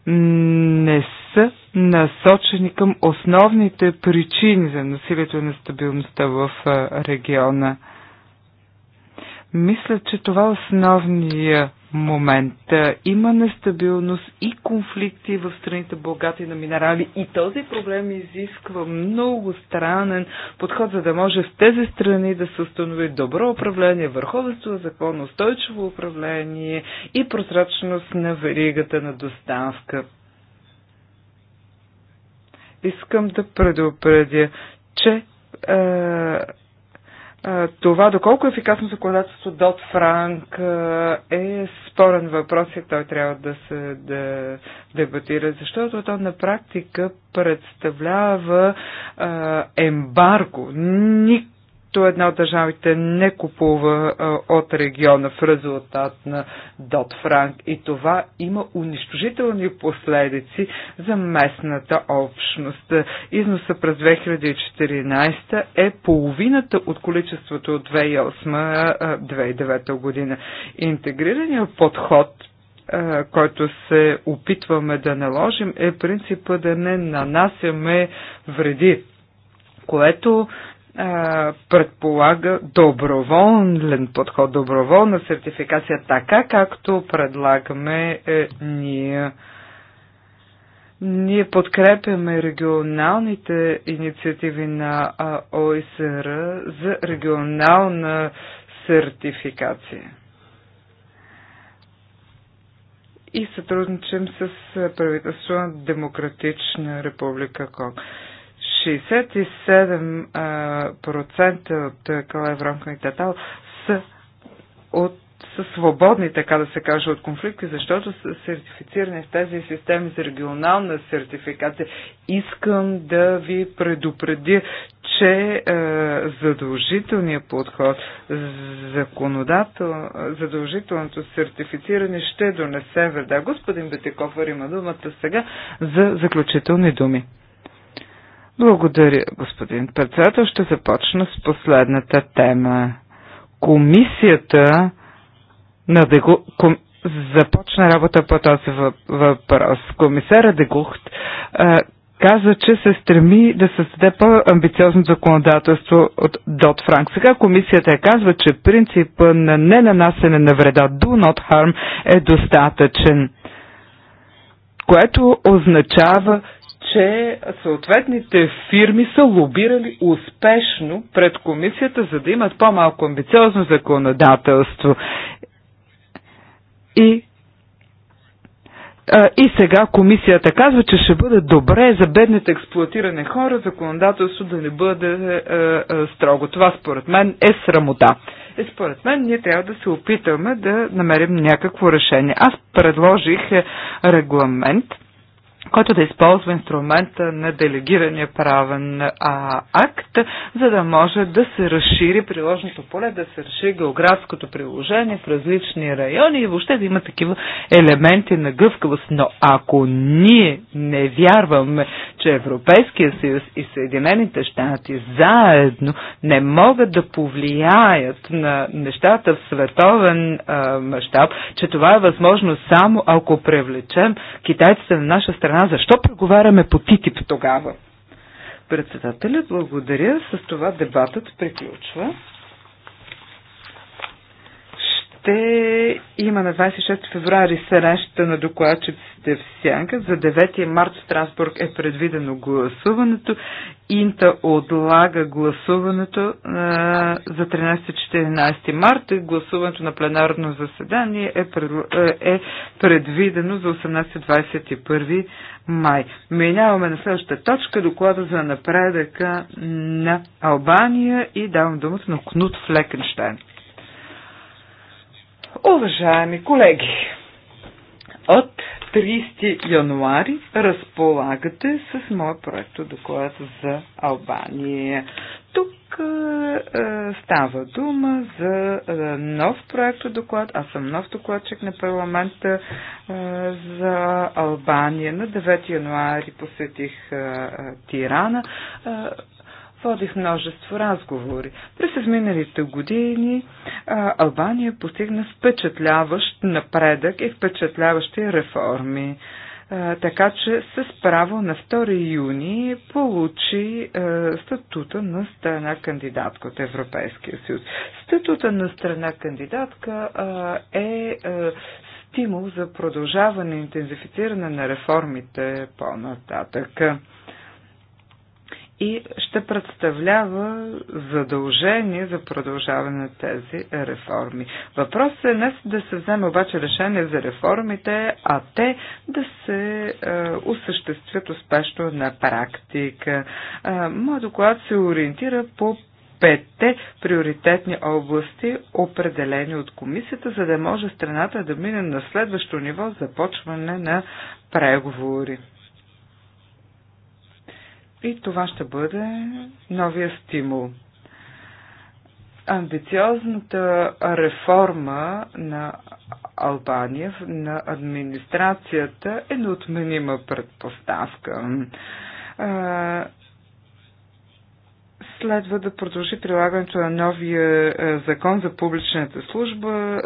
не са насочени към основните причини за насилието и нестабилността в региона. Мисля, че това е основният момент. Има нестабилност и конфликти в страните богати на минерали и този проблем изисква много странен подход, за да може в тези страни да се установи добро управление, върховенство законно, закон, устойчиво управление и прозрачност на веригата на доставка. Искам да предупредя, че е, това доколко е ефикасно законодателство Дот Франк е спорен въпрос и той трябва да се да дебатира, защото то на практика представлява а, ембарго. Ник нито е една от държавите не купува а, от региона в резултат на Дот Франк и това има унищожителни последици за местната общност. Износа през 2014 е половината от количеството от 2008-2009 година. Интегрираният подход който се опитваме да наложим, е принципа да не нанасяме вреди, което предполага доброволен подход, доброволна сертификация, така както предлагаме е, ние. Ние подкрепяме регионалните инициативи на ОСР за регионална сертификация. И сътрудничим с правителството на Демократична република Конг. 67% от Калевронка и Татал са от са свободни, така да се каже, от конфликти, защото са сертифицирани в тези системи за регионална сертификация. Искам да ви предупредя, че е, задължителният подход, законодател, задължителното сертифициране ще донесе вреда. Господин Бетеков, има думата сега за заключителни думи. Благодаря, господин председател. Ще започна с последната тема. Комисията на Дегу... Ком... започна работа по този въпрос. Комисара Дегухт а, каза, че се стреми да създаде по-амбициозно законодателство от Дот Франк. Сега комисията е казва, че принципа на ненанасене на вреда do not harm е достатъчен, което означава, че съответните фирми са лобирали успешно пред комисията, за да имат по-малко амбициозно законодателство. И и сега комисията казва, че ще бъде добре за бедните експлуатирани хора законодателство да не бъде а, е, а, е, строго. Това според мен е срамота. И според мен ние трябва да се опитаме да намерим някакво решение. Аз предложих е, регламент, който да използва инструмента на делегирания правен а, акт, за да може да се разшири приложното поле, да се разшири географското приложение в различни райони и въобще да има такива елементи на гъвкавост. Но ако ние не вярваме, че Европейския съюз и Съединените щати заедно не могат да повлияят на нещата в световен мащаб, че това е възможно само ако привлечем китайците на наша страна, страна. Защо преговаряме по ТИТИП тогава? Председателят, благодаря. С това дебатът приключва ще има на 26 феврари среща на докладчиците в Сянка. За 9 март в Страсбург е предвидено гласуването. Инта отлага гласуването а, за 13-14 март. Гласуването на пленарно заседание е, пред, е, е предвидено за 18-21 май. Минаваме на следващата точка, доклада за напредъка на Албания и давам думата на Кнут Флекенштайн. Уважаеми колеги, от 30 януари разполагате с моя проект доклад за Албания. Тук а, е, е, става дума за а, е, нов проект доклад. Аз съм нов докладчик на парламента а, за Албания. На 9 януари посетих а, а, Тирана. А, водих множество разговори. През изминалите години а, Албания постигна впечатляващ напредък и впечатляващи реформи. А, така че с право на 2 юни получи а, статута на страна кандидатка от Европейския съюз. Статута на страна кандидатка а, е а, стимул за продължаване и интензифициране на реформите по-нататък и ще представлява задължение за продължаване на тези реформи. Въпросът е не да се вземе обаче решение за реформите, а те да се е, осъществят успешно на практика. Е, Моят доклад се ориентира по петте приоритетни области, определени от комисията, за да може страната да мине на следващо ниво започване на преговори. И това ще бъде новия стимул. Амбициозната реформа на Албания на администрацията е неотменима предпоставка Следва да продължи прилагането на новия е, закон за публичната служба, е,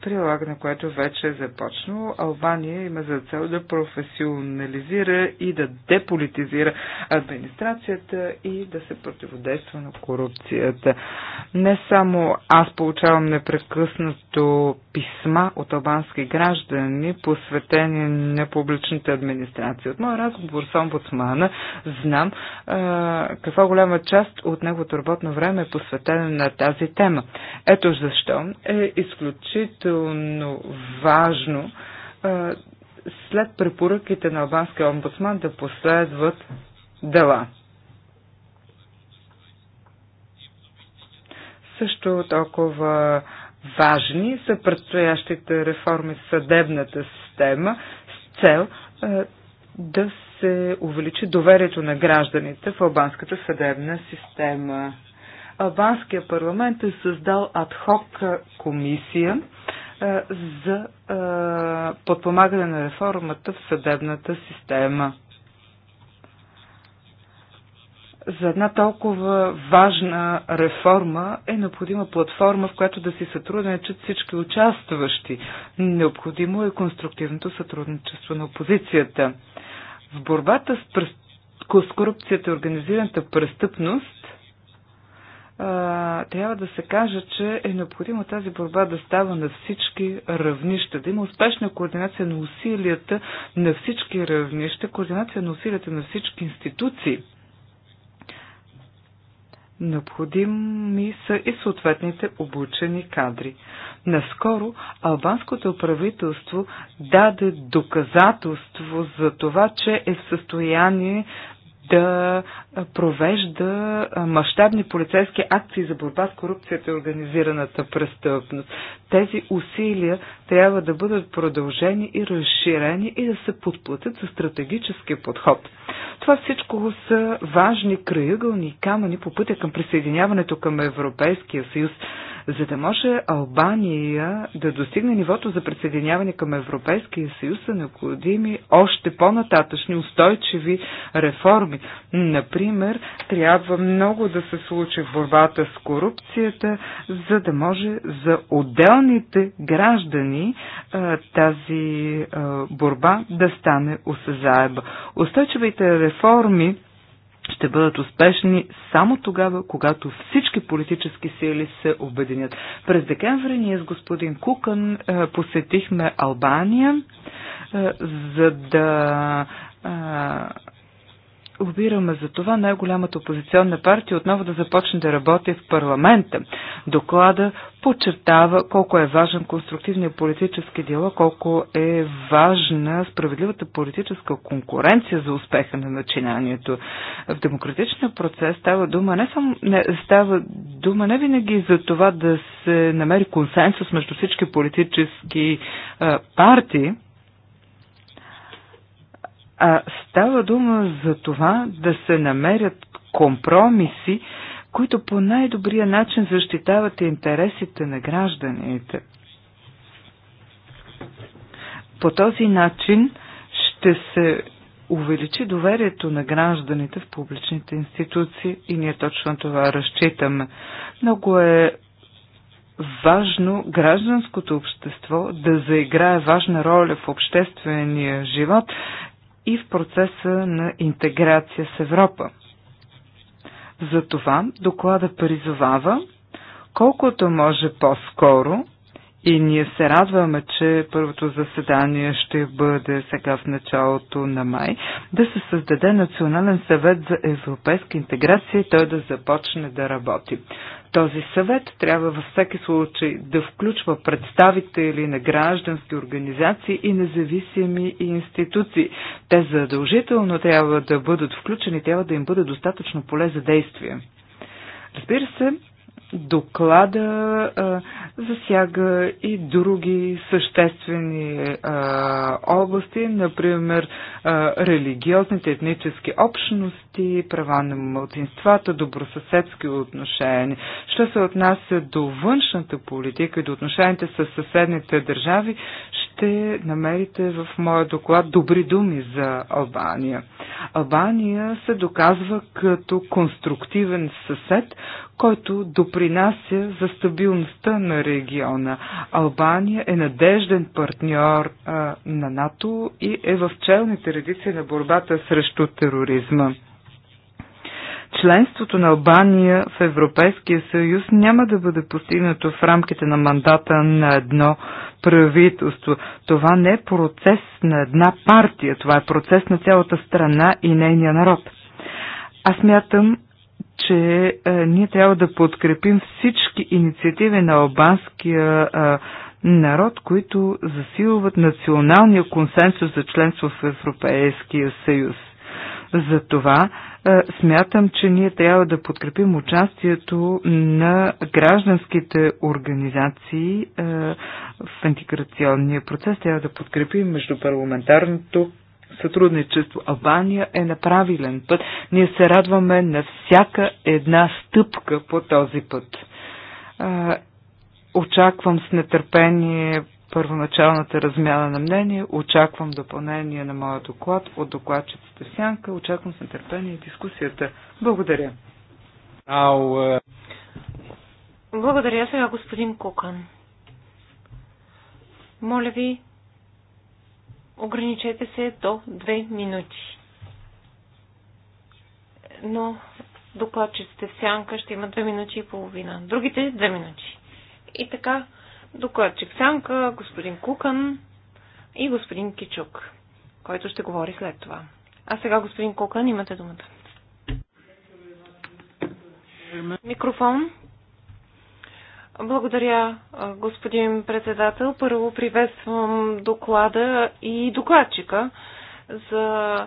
прилагане, което вече е започнало. Албания има за цел да професионализира и да деполитизира администрацията и да се противодейства на корупцията. Не само аз получавам непрекъснато писма от албански граждани, посветени на публичната администрация. От моя разговор с омбудсмана знам е, каква голяма част от неговото работно време е посветено на тази тема. Ето защо е изключително важно след препоръките на албанския омбудсман да последват дела. Също толкова важни са предстоящите реформи в съдебната система с цел да се увеличи доверието на гражданите в албанската съдебна система. Албанския парламент е създал адхок комисия е, за е, подпомагане на реформата в съдебната система. За една толкова важна реформа е необходима платформа, в която да си сътрудничат всички участващи. Необходимо е конструктивното сътрудничество на опозицията. В борбата с, пръст... с корупцията и организираната престъпност а, трябва да се каже, че е необходимо тази борба да става на всички равнища, да има успешна координация на усилията на всички равнища, координация на усилията на всички институции. Необходими са и съответните обучени кадри. Наскоро албанското правителство даде доказателство за това, че е в състояние да провежда мащабни полицейски акции за борба с корупцията и организираната престъпност. Тези усилия трябва да бъдат продължени и разширени и да се подплатят за стратегически подход. Това всичко са важни краъгълни камъни по пътя към присъединяването към Европейския съюз. За да може Албания да достигне нивото за присъединяване към Европейския съюз са необходими още по-нататъчни устойчиви реформи. Например, например, трябва много да се случи в борбата с корупцията, за да може за отделните граждани тази борба да стане осъзаема. Устойчивите реформи ще бъдат успешни само тогава, когато всички политически сили се обединят. През декември ние с господин Кукън посетихме Албания, за да лобираме за това най-голямата опозиционна партия отново да започне да работи в парламента. Доклада подчертава колко е важен конструктивният политически диалог, колко е важна справедливата политическа конкуренция за успеха на начинанието. В демократичния процес става дума не, само, не, става дума не винаги за това да се намери консенсус между всички политически а, партии, а става дума за това да се намерят компромиси, които по най-добрия начин защитават интересите на гражданите. По този начин ще се увеличи доверието на гражданите в публичните институции и ние точно това разчитаме. Много е важно гражданското общество да заиграе важна роля в обществения живот и в процеса на интеграция с Европа. Затова доклада призовава, колкото може по-скоро, и ние се радваме, че първото заседание ще бъде сега в началото на май, да се създаде Национален съвет за европейска интеграция и той да започне да работи. Този съвет трябва във всеки случай да включва представители на граждански организации и независими институции. Те задължително трябва да бъдат включени, трябва да им бъде достатъчно поле за действие. Разбира се, доклада а, засяга и други съществени а, области, например а, религиозните, етнически общности, права на младсинствата, добросъседски отношения. Що се отнася до външната политика и до отношенията с съседните държави, ще намерите в моя доклад добри думи за Албания. Албания се доказва като конструктивен съсед, който допринася за стабилността на региона. Албания е надежден партньор а, на НАТО и е в челните редици на борбата срещу тероризма. Членството на Албания в Европейския съюз няма да бъде постигнато в рамките на мандата на едно правителство. Това не е процес на една партия, това е процес на цялата страна и нейния народ. Аз мятам, че е, ние трябва да подкрепим всички инициативи на албанския е, народ, които засилват националния консенсус за членство в Европейския съюз. Затова е, смятам, че ние трябва да подкрепим участието на гражданските организации е, в интеграционния процес. Трябва да подкрепим междупарламентарното сътрудничество. Албания е на правилен път. Ние се радваме на всяка една стъпка по този път. Е, очаквам с нетърпение първоначалната размяна на мнение. Очаквам допълнение на моя доклад от докладчицата Сянка. Очаквам с нетърпение дискусията. Благодаря. Ау, е... Благодаря сега, господин Кукан. Моля ви, ограничете се до две минути. Но докладчиците сянка ще има две минути и половина. Другите две минути. И така, докладчик Сянка, господин Кукан и господин Кичук, който ще говори след това. А сега, господин Кукан, имате думата. Микрофон. Благодаря, господин председател. Първо приветствам доклада и докладчика за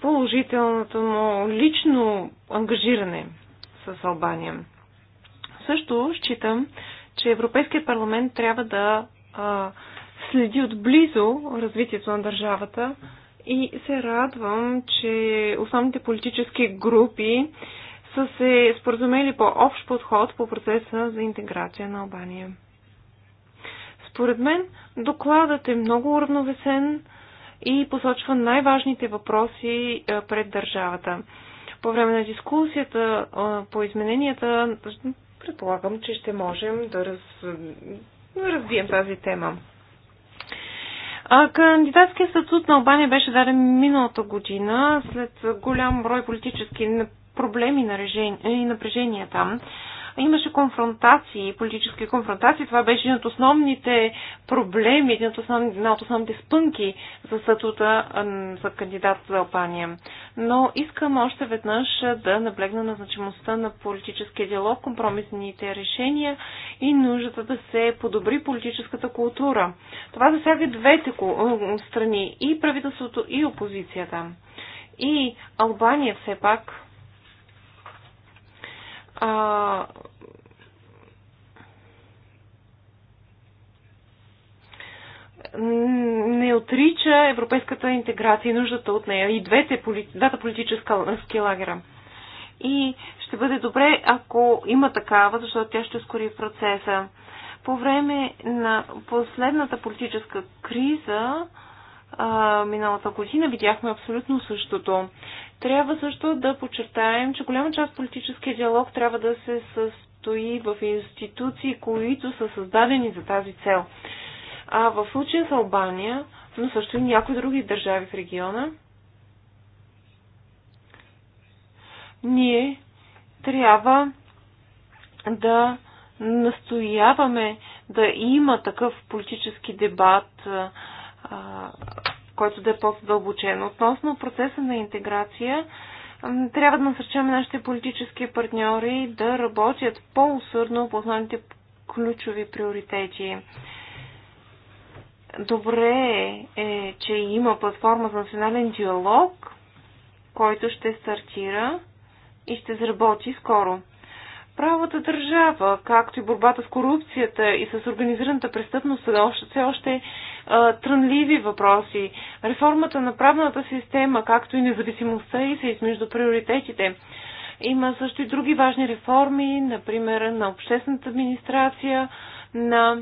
положителното му лично ангажиране с Албания. Също считам, че Европейският парламент трябва да а, следи отблизо развитието на държавата и се радвам, че основните политически групи са се споразумели по общ подход по процеса за интеграция на Албания. Според мен докладът е много уравновесен и посочва най-важните въпроси пред държавата. По време на дискусията по измененията предполагам, че ще можем да, раз, да развием тази тема. А, кандидатският статут на Албания беше даден миналата година след голям брой политически проблеми и напрежения там. Имаше конфронтации, политически конфронтации. Това беше един от основните проблеми, един от основните, една от основните спънки за статута за кандидат за Албания. Но искам още веднъж да наблегна на значимостта на политическия диалог, компромисните решения и нуждата да се подобри политическата култура. Това засяга двете страни и правителството, и опозицията. И Албания все пак а, не отрича европейската интеграция и нуждата от нея и двете, двата политически лагера. И ще бъде добре, ако има такава, защото тя ще ускори процеса. По време на последната политическа криза, а, миналата година видяхме абсолютно същото. Трябва също да подчертаем, че голяма част политическия диалог трябва да се състои в институции, които са създадени за тази цел. А в случая с Албания, но също и някои други държави в региона, ние трябва да настояваме да има такъв политически дебат, който да е по-задълбочен. Относно процеса на интеграция, трябва да насърчаме нашите политически партньори да работят по-усърдно по основните ключови приоритети. Добре е, че има платформа за национален диалог, който ще стартира и ще заработи скоро. Правата държава, както и борбата с корупцията и с организираната престъпност, все още трънливи въпроси. Реформата на правната система, както и независимостта и се, измежду приоритетите. Има също и други важни реформи, например на обществената администрация, на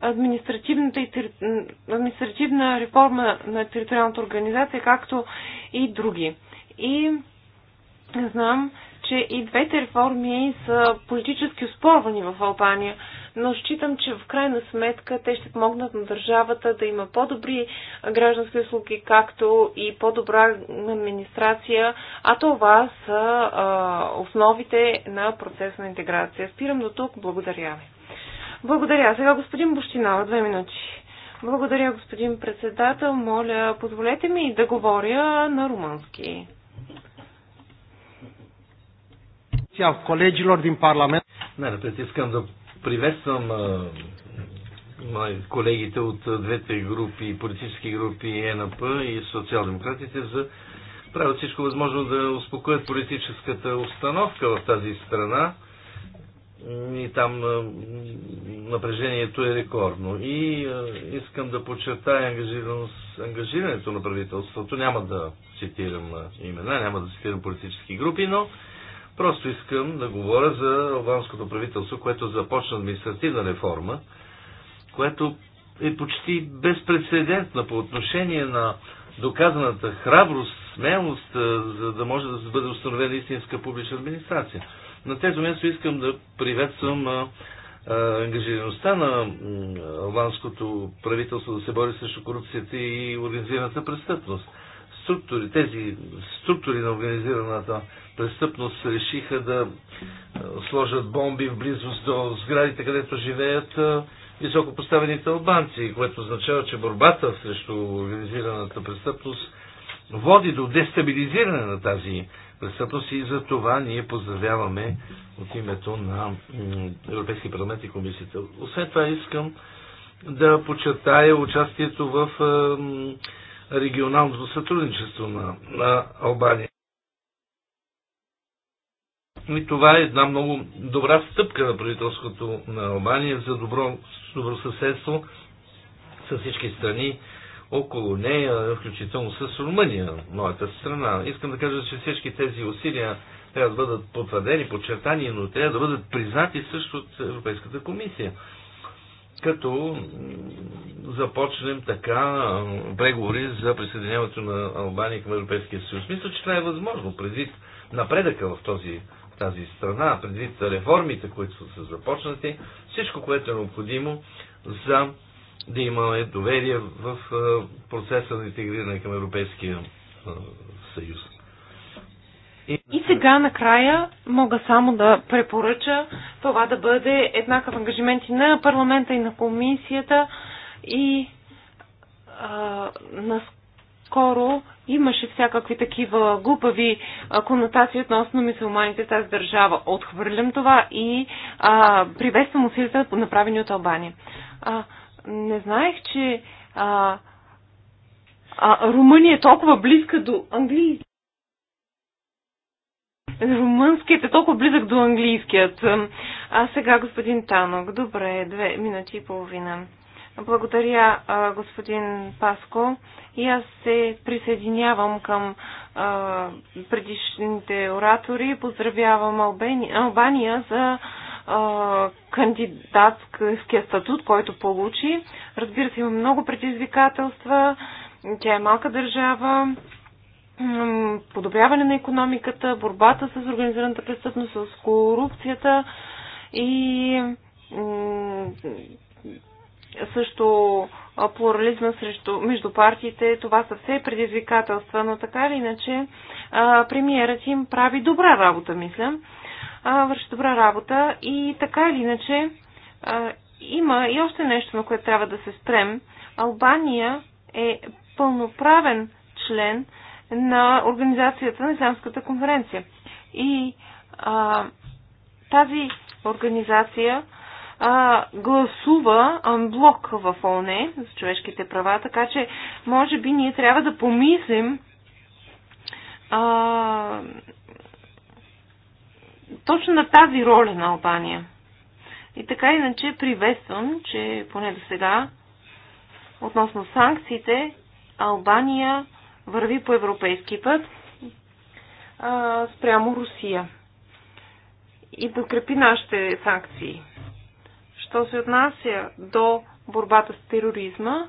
административната, и, тери... административна реформа на териториалната организация, както и други. И знам, че и двете реформи са политически успорвани в Албания но считам, че в крайна сметка те ще помогнат на държавата да има по-добри граждански услуги, както и по-добра администрация, а това са а, основите на процес на интеграция. Спирам до тук. Благодаря ви. Благодаря. Сега господин Бощинава, две минути. Благодаря, господин председател. Моля, позволете ми да говоря на румънски. Колеги, colegilor din Parlament. да, искам да Приветствам колегите от двете групи, политически групи ЕНП и социал-демократите за правят всичко възможно да успокоят политическата установка в тази страна и там напрежението е рекордно. И искам да подчертая ангажирането на правителството. Няма да цитирам имена, няма да цитирам политически групи, но Просто искам да говоря за албанското правителство, което започна административна реформа, което е почти безпредседентна по отношение на доказаната храброст, смелост, за да може да бъде установена истинска публична администрация. На тези място искам да приветствам ангажираността на албанското правителство да се бори срещу корупцията и организираната престъпност структури, тези структури на организираната престъпност решиха да сложат бомби в близост до сградите, където живеят високопоставените албанци, което означава, че борбата срещу организираната престъпност води до дестабилизиране на тази престъпност и за това ние поздравяваме от името на Европейския парламент и комисията. Освен това искам да подчертая участието в регионалното сътрудничество на, на Албания. И това е една много добра стъпка на правителството на Албания за добро, добро съседство с всички страни около нея, включително с Румъния, моята страна. Искам да кажа, че всички тези усилия трябва да бъдат потвърдени, подчертани, но трябва да бъдат признати също от Европейската комисия като започнем така преговори за присъединяването на Албания към Европейския съюз. Мисля, че това е възможно предвид напредъка в този, тази страна, предвид реформите, които са започнати, всичко, което е необходимо за да имаме доверие в е, процеса на интегриране към Европейския е, съюз. И сега накрая мога само да препоръча това да бъде еднакъв ангажимент и на парламента и на комисията и а, наскоро имаше всякакви такива глупави конотации относно мисулманите тази държава. Отхвърлям това и а, приветствам усилията, направени от Албания. А, не знаех, че а, а, Румъния е толкова близка до Англия румънският е толкова близък до английският. А сега господин Танок. Добре, две минути и половина. Благодаря, господин Паско. И аз се присъединявам към предишните оратори. Поздравявам Албания, Албания за кандидатския статут, който получи. Разбира се, има много предизвикателства. Тя е малка държава подобряване на економиката, борбата с организираната престъпност, с корупцията и също плурализма срещу, между партиите. Това са все предизвикателства, но така или иначе премиерът им прави добра работа, мисля. Върши добра работа и така или иначе има и още нещо, на което трябва да се спрем. Албания е пълноправен член на Организацията на Исламската конференция. И а, тази организация а, гласува блок в ОНЕ за човешките права, така че може би ние трябва да помислим а, точно на тази роля на Албания. И така иначе приветствам, че поне до сега, относно санкциите, Албания върви по европейски път а, спрямо Русия и подкрепи нашите санкции. Що се отнася до борбата с тероризма,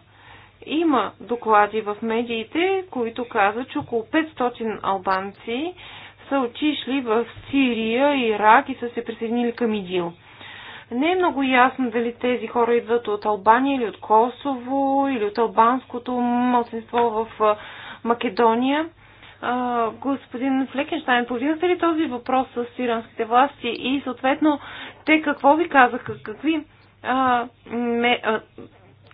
има доклади в медиите, които казват, че около 500 албанци са отишли в Сирия, Ирак и са се присъединили към ИДИЛ. Не е много ясно дали тези хора идват от Албания или от Косово или от албанското младсинство в Македония. А, господин Флекенштайн, повдигате ли този въпрос с иранските власти и съответно те какво ви казаха, какви, а, ме, а,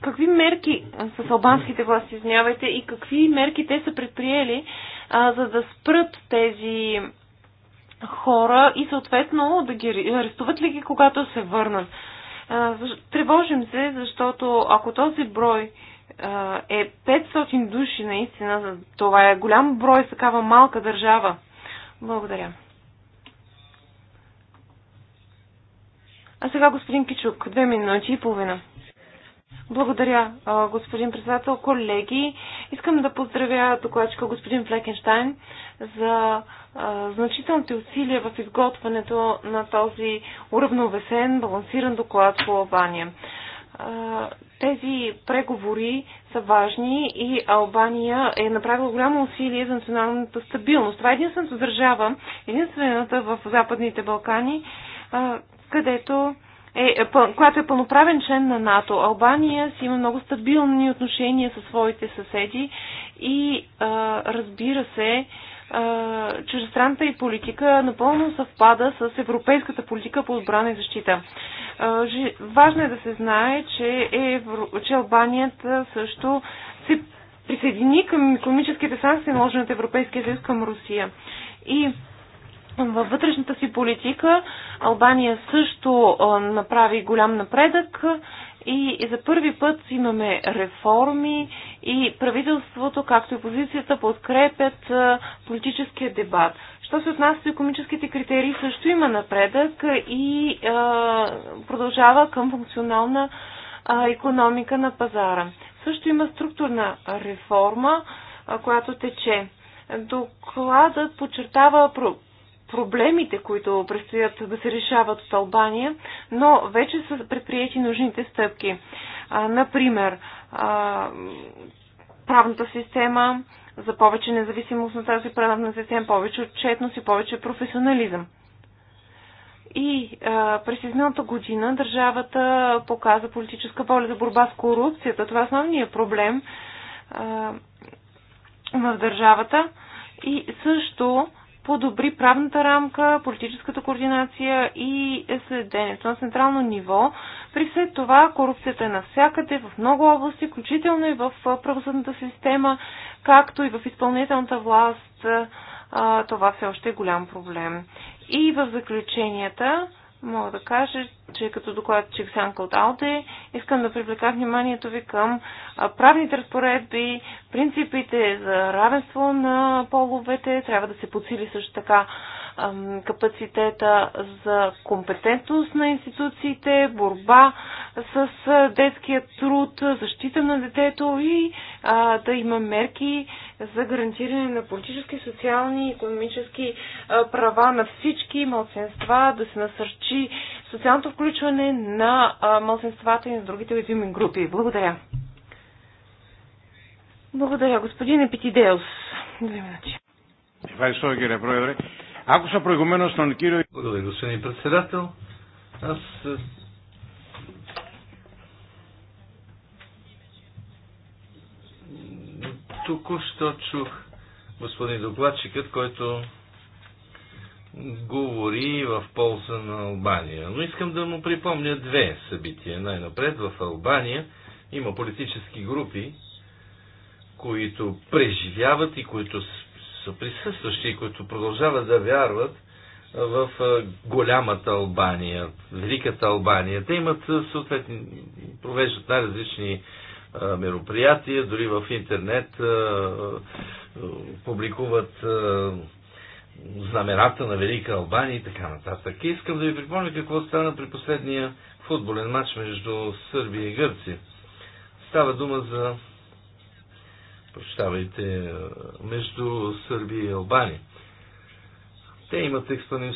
какви мерки с албанските власти, извинявайте, и какви мерки те са предприели, а, за да спрат тези хора и съответно да ги арестуват ли ги, когато се върнат. Тревожим се, защото ако този брой е 500 души наистина. Това е голям брой с такава малка държава. Благодаря. А сега господин Кичук, две минути и половина. Благодаря, господин председател, колеги. Искам да поздравя докладчика господин Флекенштайн за значителните усилия в изготвянето на този уравновесен, балансиран доклад по Албания тези преговори са важни и Албания е направила голямо усилие за националната стабилност. Това е единствената държава, единствената в Западните Балкани, където е, която е пълноправен член на НАТО. Албания си има много стабилни отношения със своите съседи и разбира се, чуждестранната и политика напълно съвпада с европейската политика по отбрана и защита. Важно е да се знае, че, Евро... че Албанията също се присъедини към економическите санкции, наложени от Европейския съюз към Русия. И във вътрешната си политика Албания също направи голям напредък и за първи път имаме реформи и правителството, както и опозицията, подкрепят политическия дебат. Що се отнася до економическите критерии, също има напредък и а, продължава към функционална а, економика на пазара. Също има структурна реформа, а, която тече. Докладът подчертава про проблемите, които предстоят да се решават от Албания, но вече са предприяти нужните стъпки. А, например, а, правната система, за повече независимост на тази правна система, повече отчетност и повече професионализъм. И а, през изминалата година държавата показа политическа воля за борба с корупцията. Това е основният проблем а, в държавата. И също подобри правната рамка, политическата координация и следенето на централно ниво. При след това корупцията е навсякъде, в много области, включително и в правосъдната система, както и в изпълнителната власт. Това все още е голям проблем. И в заключенията мога да кажа, че като докладчик Сянка от Алде, искам да привлека вниманието ви към правните разпоредби, принципите за равенство на половете, трябва да се подсили също така капацитета за компетентност на институциите, борба с детския труд, защита на детето и а, да има мерки за гарантиране на политически, социални и економически а, права на всички малцинства, да се насърчи социалното включване на а, малцинствата и на другите уязвими групи. Благодаря. Благодаря, господин Епитидеус. Две минути. Άκουσα προηγουμένως τον κύριο... Благодаря, господин председател. Аз е, току-що чух господин докладчикът, който говори в полза на Албания. Но искам да му припомня две събития. Най-напред в Албания има политически групи, които преживяват и които са присъстващи, които продължават да вярват в голямата Албания, великата Албания. Те имат съответни, провеждат най-различни мероприятия, дори в интернет публикуват знамената на Велика Албания и така нататък. И искам да ви припомня какво стана при последния футболен матч между Сърбия и Гърция. Става дума за прощавайте, е, между Сърбия и Албания. Те имат експансивни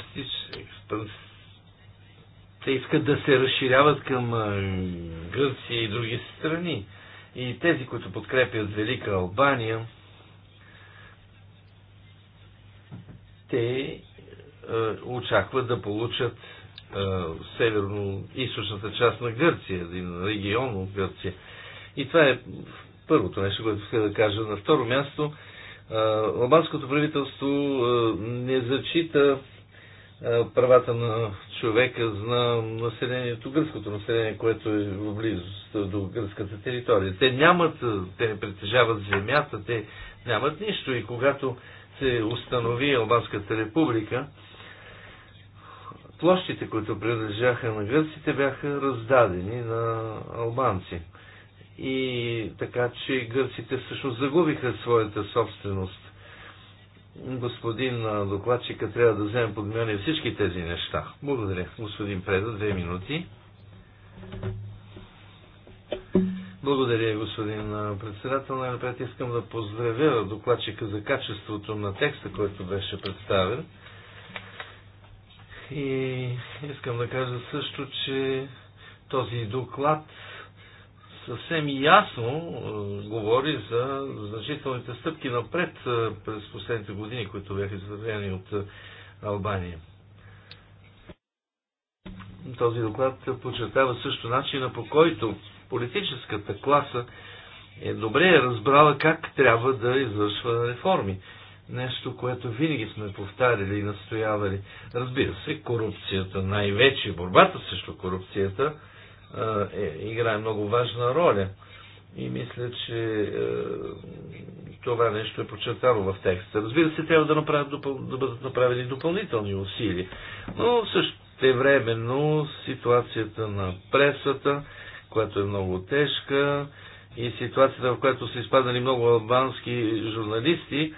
те искат да се разширяват към е, Гърция и други страни. И тези, които подкрепят Велика Албания, те е, очакват да получат е, северно-источната част на Гърция, един регион от Гърция. И това е първото нещо, което иска да кажа. На второ място, албанското правителство не зачита правата на човека на населението, гръцкото население, което е в близост до гръцката територия. Те нямат, те не притежават земята, те нямат нищо и когато се установи Албанската република, площите, които принадлежаха на гръците, бяха раздадени на албанци. И така, че гърците всъщност загубиха своята собственост. Господин докладчика трябва да вземе под внимание всички тези неща. Благодаря. Господин Преда, две минути. Благодаря, господин председател. Най-напред искам да поздравя докладчика за качеството на текста, който беше представен. И искам да кажа също, че този доклад съвсем ясно е, говори за значителните стъпки напред е, през последните години, които бяха извървени от е, Албания. Този доклад подчертава също начина по който политическата класа е добре е разбрала как трябва да извършва реформи. Нещо, което винаги сме повтаряли и настоявали. Разбира се, корупцията, най-вече борбата срещу корупцията – е, играе много важна роля. И мисля, че е, това нещо е подчертано в текста. Разбира се, трябва да, направят, да бъдат направени допълнителни усилия. Но също времено ситуацията на пресата, която е много тежка, и ситуацията, в която са изпаднали много албански журналисти,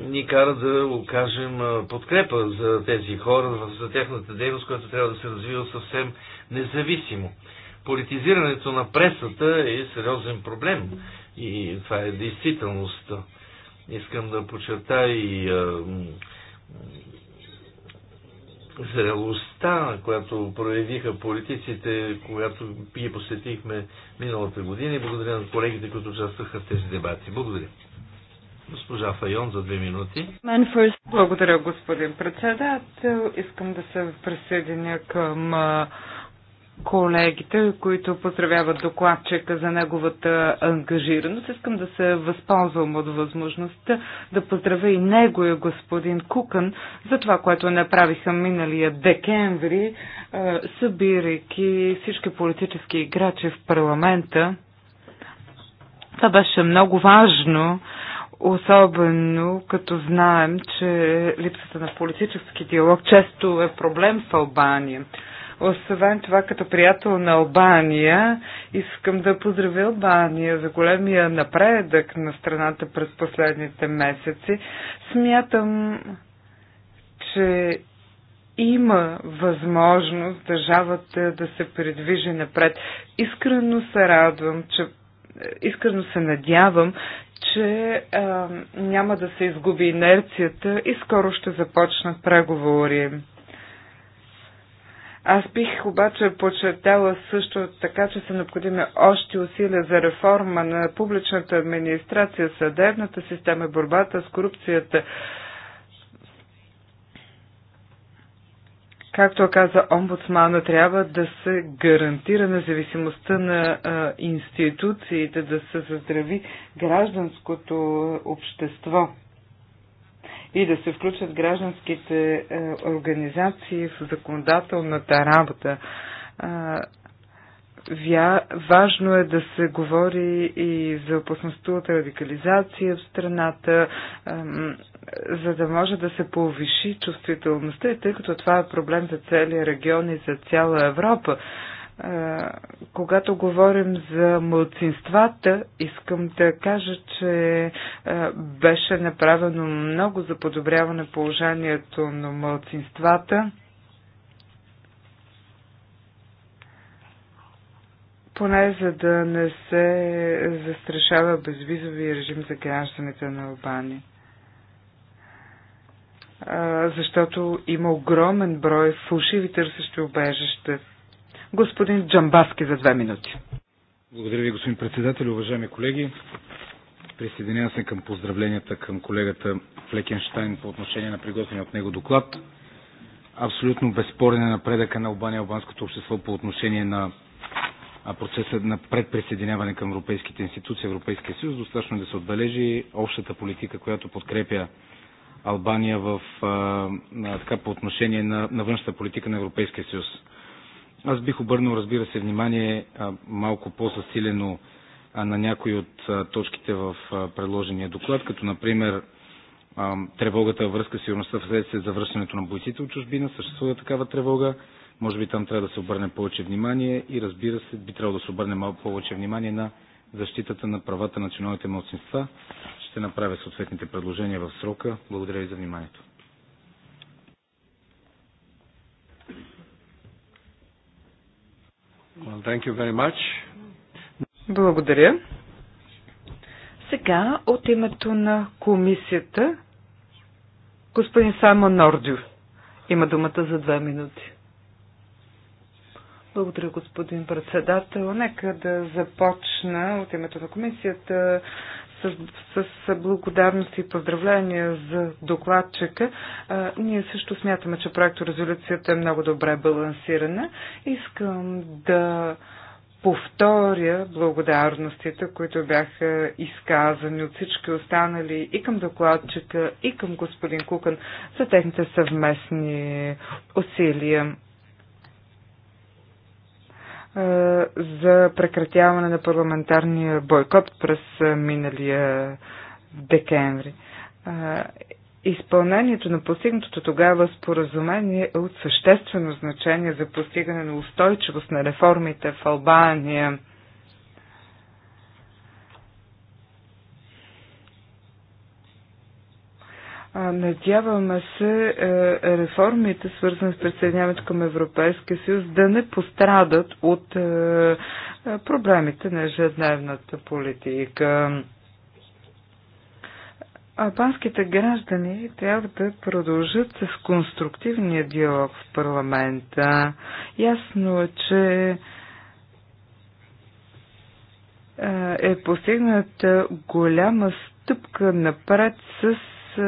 ни кара да окажем подкрепа за тези хора, за тяхната дейност, която трябва да се развива съвсем независимо. Политизирането на пресата е сериозен проблем и това е действителност. Искам да почерта и а, зрелостта, която проявиха политиците, когато ги посетихме миналата година и благодаря на колегите, които участваха в тези дебати. Благодаря. Госпожа Файон за две минути. Благодаря, господин председател. Искам да се присъединя към колегите, които поздравяват докладчика за неговата ангажираност. Искам да се възползвам от възможността да поздравя и него и господин Кукън за това, което направиха миналия декември, събирайки всички политически играчи в парламента. Това беше много важно, Особено като знаем, че липсата на политически диалог често е проблем в Албания. Освен това, като приятел на Албания, искам да поздравя Албания за големия напредък на страната през последните месеци. Смятам, че има възможност държавата да се придвижи напред. Искрено се радвам, че искрено се надявам, че а, няма да се изгуби инерцията и скоро ще започнат преговори. Аз бих обаче подчертала също така, че са необходими още усилия за реформа на публичната администрация, съдебната система, борбата с корупцията, Както каза омбудсмана, трябва да се гарантира независимостта на а, институциите, да се заздрави гражданското общество и да се включат гражданските а, организации в законодателната работа. А, Вя... Важно е да се говори и за опасността от радикализация в страната, за да може да се повиши чувствителността, и тъй като това е проблем за целия регион и за цяла Европа когато говорим за мълцинствата, искам да кажа, че беше направено много за подобряване положението на мълцинствата. поне за да не се застрашава безвизовия режим за гражданите на Албания. Защото има огромен брой фалшиви търсещи обежище. Господин Джамбаски за две минути. Благодаря ви, господин председател. Уважаеми колеги, присъединявам се към поздравленията към колегата Флекенштайн по отношение на приготвения от него доклад. Абсолютно безспорен е напредъка на Албания албанското общество по отношение на процеса на предприсъединяване към европейските институции, Европейския съюз, достатъчно е да се отбележи общата политика, която подкрепя Албания в, а, така, по отношение на, на външната политика на Европейския съюз. Аз бих обърнал, разбира се, внимание а, малко по-засилено на някои от а, точките в а, предложения доклад, като например а, тревогата във връзка с сигурността в следствие за връщането на бойците от чужбина. Съществува такава тревога. Може би там трябва да се обърне повече внимание и разбира се, би трябвало да се обърне малко повече внимание на защитата на правата на националните младсинства. Ще направя съответните предложения в срока. Благодаря ви за вниманието. Well, Благодаря. Сега от името на комисията господин Саймон Нордю има думата за две минути. Благодаря, господин председател. Нека да започна от името на комисията с, с благодарност и поздравления за докладчика. А, ние също смятаме, че резолюцията е много добре балансирана. Искам да повторя благодарностите, които бяха изказани от всички останали и към докладчика, и към господин Кукън за техните съвместни усилия за прекратяване на парламентарния бойкот през миналия декември. Изпълнението на постигнатото тогава споразумение е от съществено значение за постигане на устойчивост на реформите в Албания – Надяваме се е, реформите, свързани с присъединяването към Европейския съюз, да не пострадат от е, е, проблемите на ежедневната политика. Албанските граждани трябва да продължат с конструктивния диалог в парламента. Ясно е, че е постигната голяма стъпка напред с е,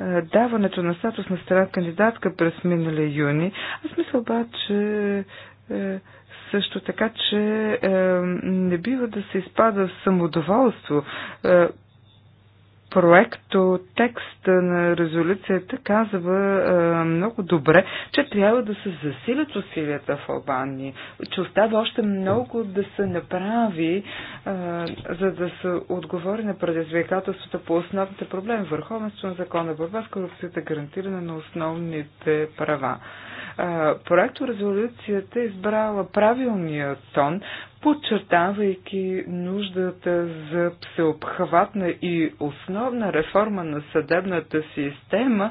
е, даването на статус на страна кандидатка през миналия юни. Аз мисля обаче е, също така, че не бива да се изпада в самодоволство проекто текста на резолюцията казва е, много добре, че трябва да се засилят усилията в Албания, че остава още много да се направи, е, за да се отговори на предизвикателствата по основните проблеми, върховенство на закона, борба с корупцията, гарантиране на основните права. Проекто резолюцията е избрала правилния тон, подчертавайки нуждата за всеобхватна и основна реформа на съдебната система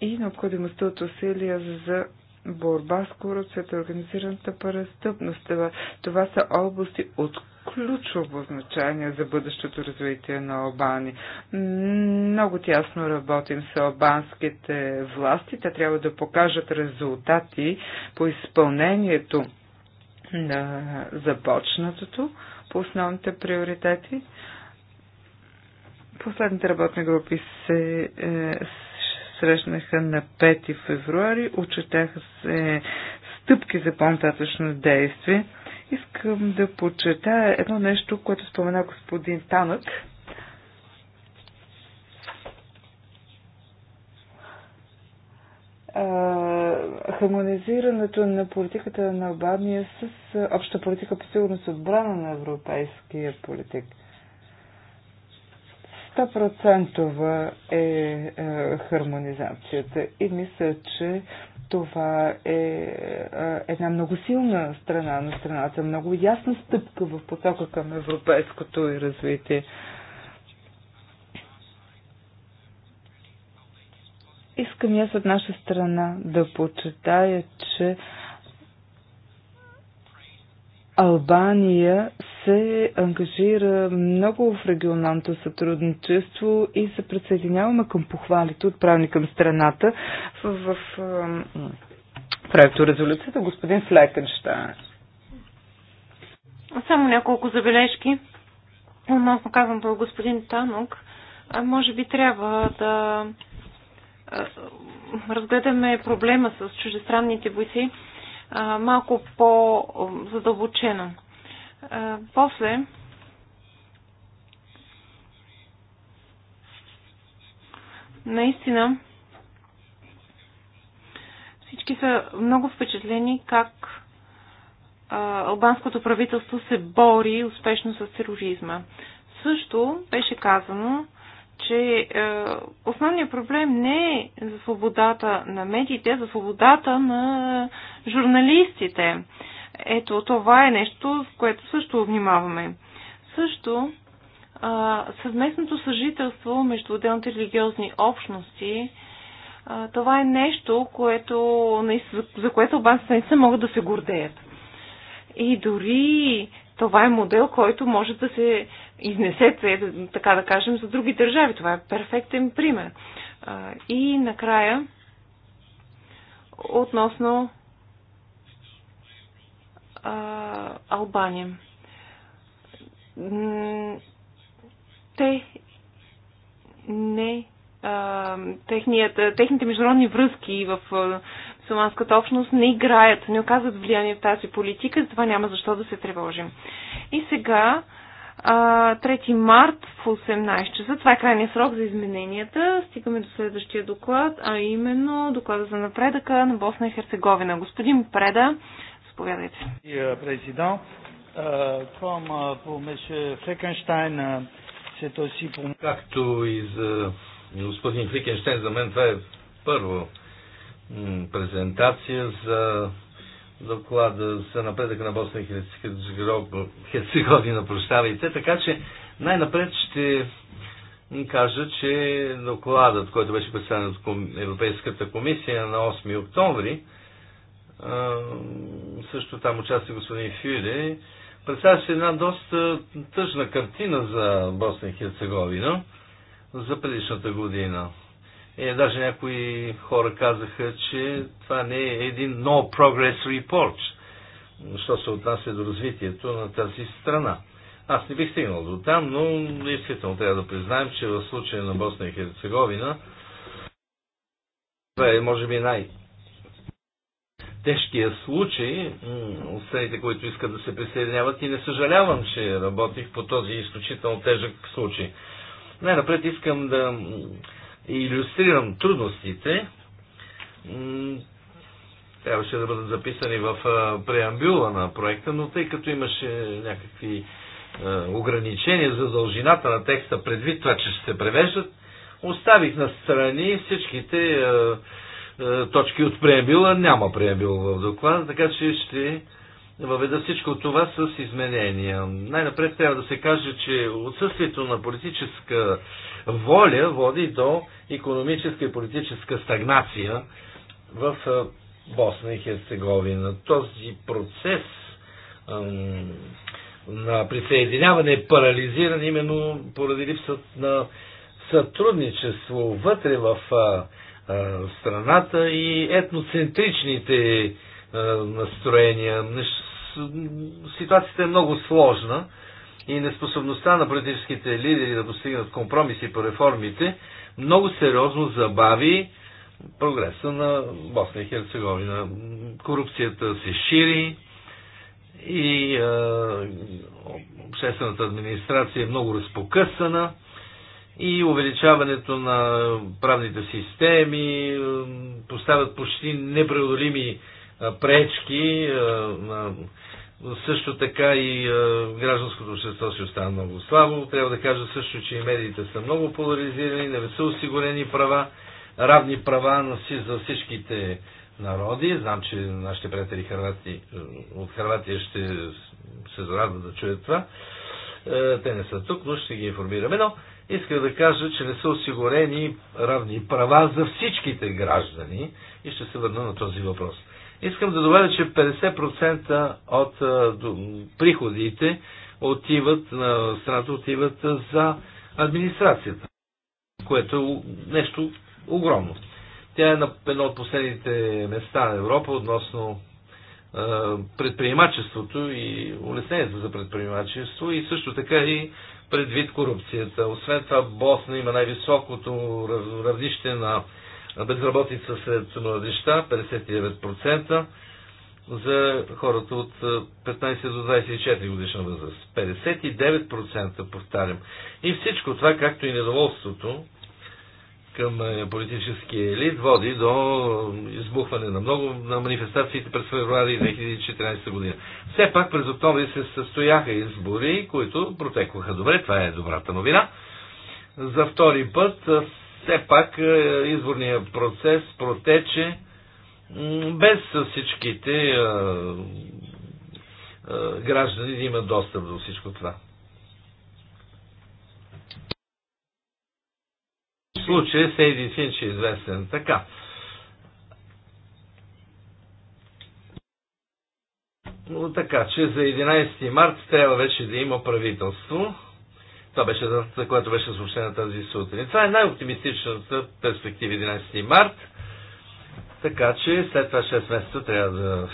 и необходимостта от усилия за борба с корупцията, организираната престъпност. Това, това са области, от ключово значение за бъдещото развитие на Албания. Много тясно работим с албанските власти. Те трябва да покажат резултати по изпълнението на започнатото по основните приоритети. Последните работни групи се е, срещнаха на 5 февруари, очетяха се стъпки за по-нататъчно действие. Искам да подчертая едно нещо, което спомена господин Танък. хармонизирането на политиката на Албания с обща политика по сигурност отбрана на европейския политик. 100% е, е хармонизацията и мисля, че това е, е една много силна страна на страната, много ясна стъпка в потока към европейското и развитие. Искам аз от наша страна да почитая, че Албания се ангажира много в регионалното сътрудничество и се присъединяваме към похвалите, отправени към страната в, в, в проекто резолюцията господин Флекенштайн. Само няколко забележки. Относно казвам по господин Танок, а може би трябва да разгледаме проблема с чужестранните бойци малко по-задълбочено после наистина всички са много впечатлени как албанското правителство се бори успешно с тероризма. Също беше казано, че е, основният проблем не е за свободата на медиите, а за свободата на журналистите. Ето, това е нещо, в което също внимаваме. Също съвместното съжителство между отделните религиозни общности, това е нещо, което, за което обаче не могат да се гордеят. И дори това е модел, който може да се изнесе, е, така да кажем, за други държави. Това е перфектен пример. И накрая, относно Албания. Те не. А, техният, техните международни връзки в мусулманската общност не играят, не оказват влияние в тази политика, затова няма защо да се тревожим. И сега, 3 март в 18 часа, това е крайният срок за измененията, стигаме до следващия доклад, а именно доклада за напредъка на Босна и Херцеговина. Господин Преда Заповядайте. Президент, Както и за господин Фрикенштейн, за мен това е първо презентация за доклада за напредък на Босна и Херцеговина, прощавайте. Така че най-напред ще кажа, че докладът, който беше представен от Европейската комисия на 8 октомври, също там участва господин Фюде. Представя се една доста тъжна картина за Босна и Херцеговина за предишната година. Е, даже някои хора казаха, че това не е един no progress report, що се отнася до развитието на тази страна. Аз не бих стигнал до там, но действително трябва да признаем, че в случая на Босна и Херцеговина това е, може би, най- тежкия случай, страните, които искат да се присъединяват и не съжалявам, че работих по този изключително тежък случай. Най-напред искам да иллюстрирам трудностите. Трябваше да бъдат записани в преамбюла на проекта, но тъй като имаше някакви ограничения за дължината на текста предвид това, че ще се превеждат, оставих на страни всичките е, точки от преембила. Няма преембил в доклада, така че ще въведа всичко това с изменения. Най-напред трябва да се каже, че отсъствието на политическа воля води до економическа и политическа стагнация в е, Босна и Херцеговина. Този процес на присъединяване е парализиран именно поради липсата на сътрудничество вътре в е, страната и етноцентричните настроения. Ситуацията е много сложна и неспособността на политическите лидери да постигнат компромиси по реформите много сериозно забави прогреса на Босна и Херцеговина. Корупцията се шири и е, обществената администрация е много разпокъсана и увеличаването на правните системи поставят почти непреодолими пречки. Също така и гражданското общество си остава много слабо. Трябва да кажа също, че и медиите са много поляризирани, не са осигурени права, равни права за всичките народи. Знам, че нашите приятели Харвати, от Харватия ще се зарадват да чуят това. Е, те не са тук, но ще ги информираме. Но иска да кажа, че не са осигурени равни права за всичките граждани и ще се върна на този въпрос. Искам да добавя, че 50% от приходите отиват на страната отиват за администрацията, което е нещо огромно. Тя е на едно от последните места на Европа относно предприемачеството и улеснението за предприемачество и също така и предвид корупцията. Освен това, Босна има най-високото равнище на безработица сред младеща, 59%, за хората от 15 до 24 годишна възраст. 59% повтарям. И всичко това, както и недоволството, към е, политическия елит води до избухване на много на манифестациите през февруари 2014 година. Все пак през октомври се състояха избори, които протекоха добре. Това е добрата новина. За втори път е, все пак е, изборният процес протече без всичките граждани да имат достъп до всичко това. случай Сейди Финч е известен така. Но така, че за 11 март трябва вече да има правителство. Това беше за което беше съобщена тази сутрин. Това е най-оптимистичната перспектива 11 март. Така че след това 6 месеца трябва да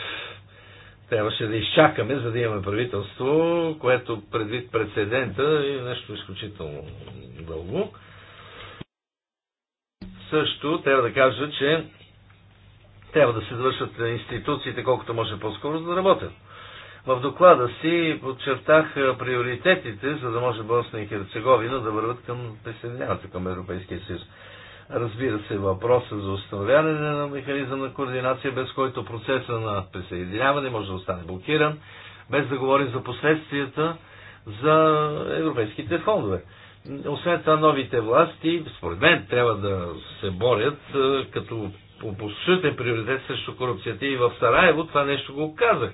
трябваше да изчакаме, за да имаме правителство, което предвид прецедента е нещо изключително дълго. Също трябва да кажа, че трябва да се завършат институциите колкото може по-скоро, за да работят. В доклада си подчертах приоритетите, за да може Босна и Херцеговина да върват към присъединяването към Европейския съюз. Разбира се, въпроса за установяване на механизъм на координация, без който процеса на присъединяване може да остане блокиран, без да говорим за последствията за европейските фондове. Освен това, новите власти, според мен, трябва да се борят е, като опосушителен приоритет срещу корупцията. И в Сараево това нещо го казах.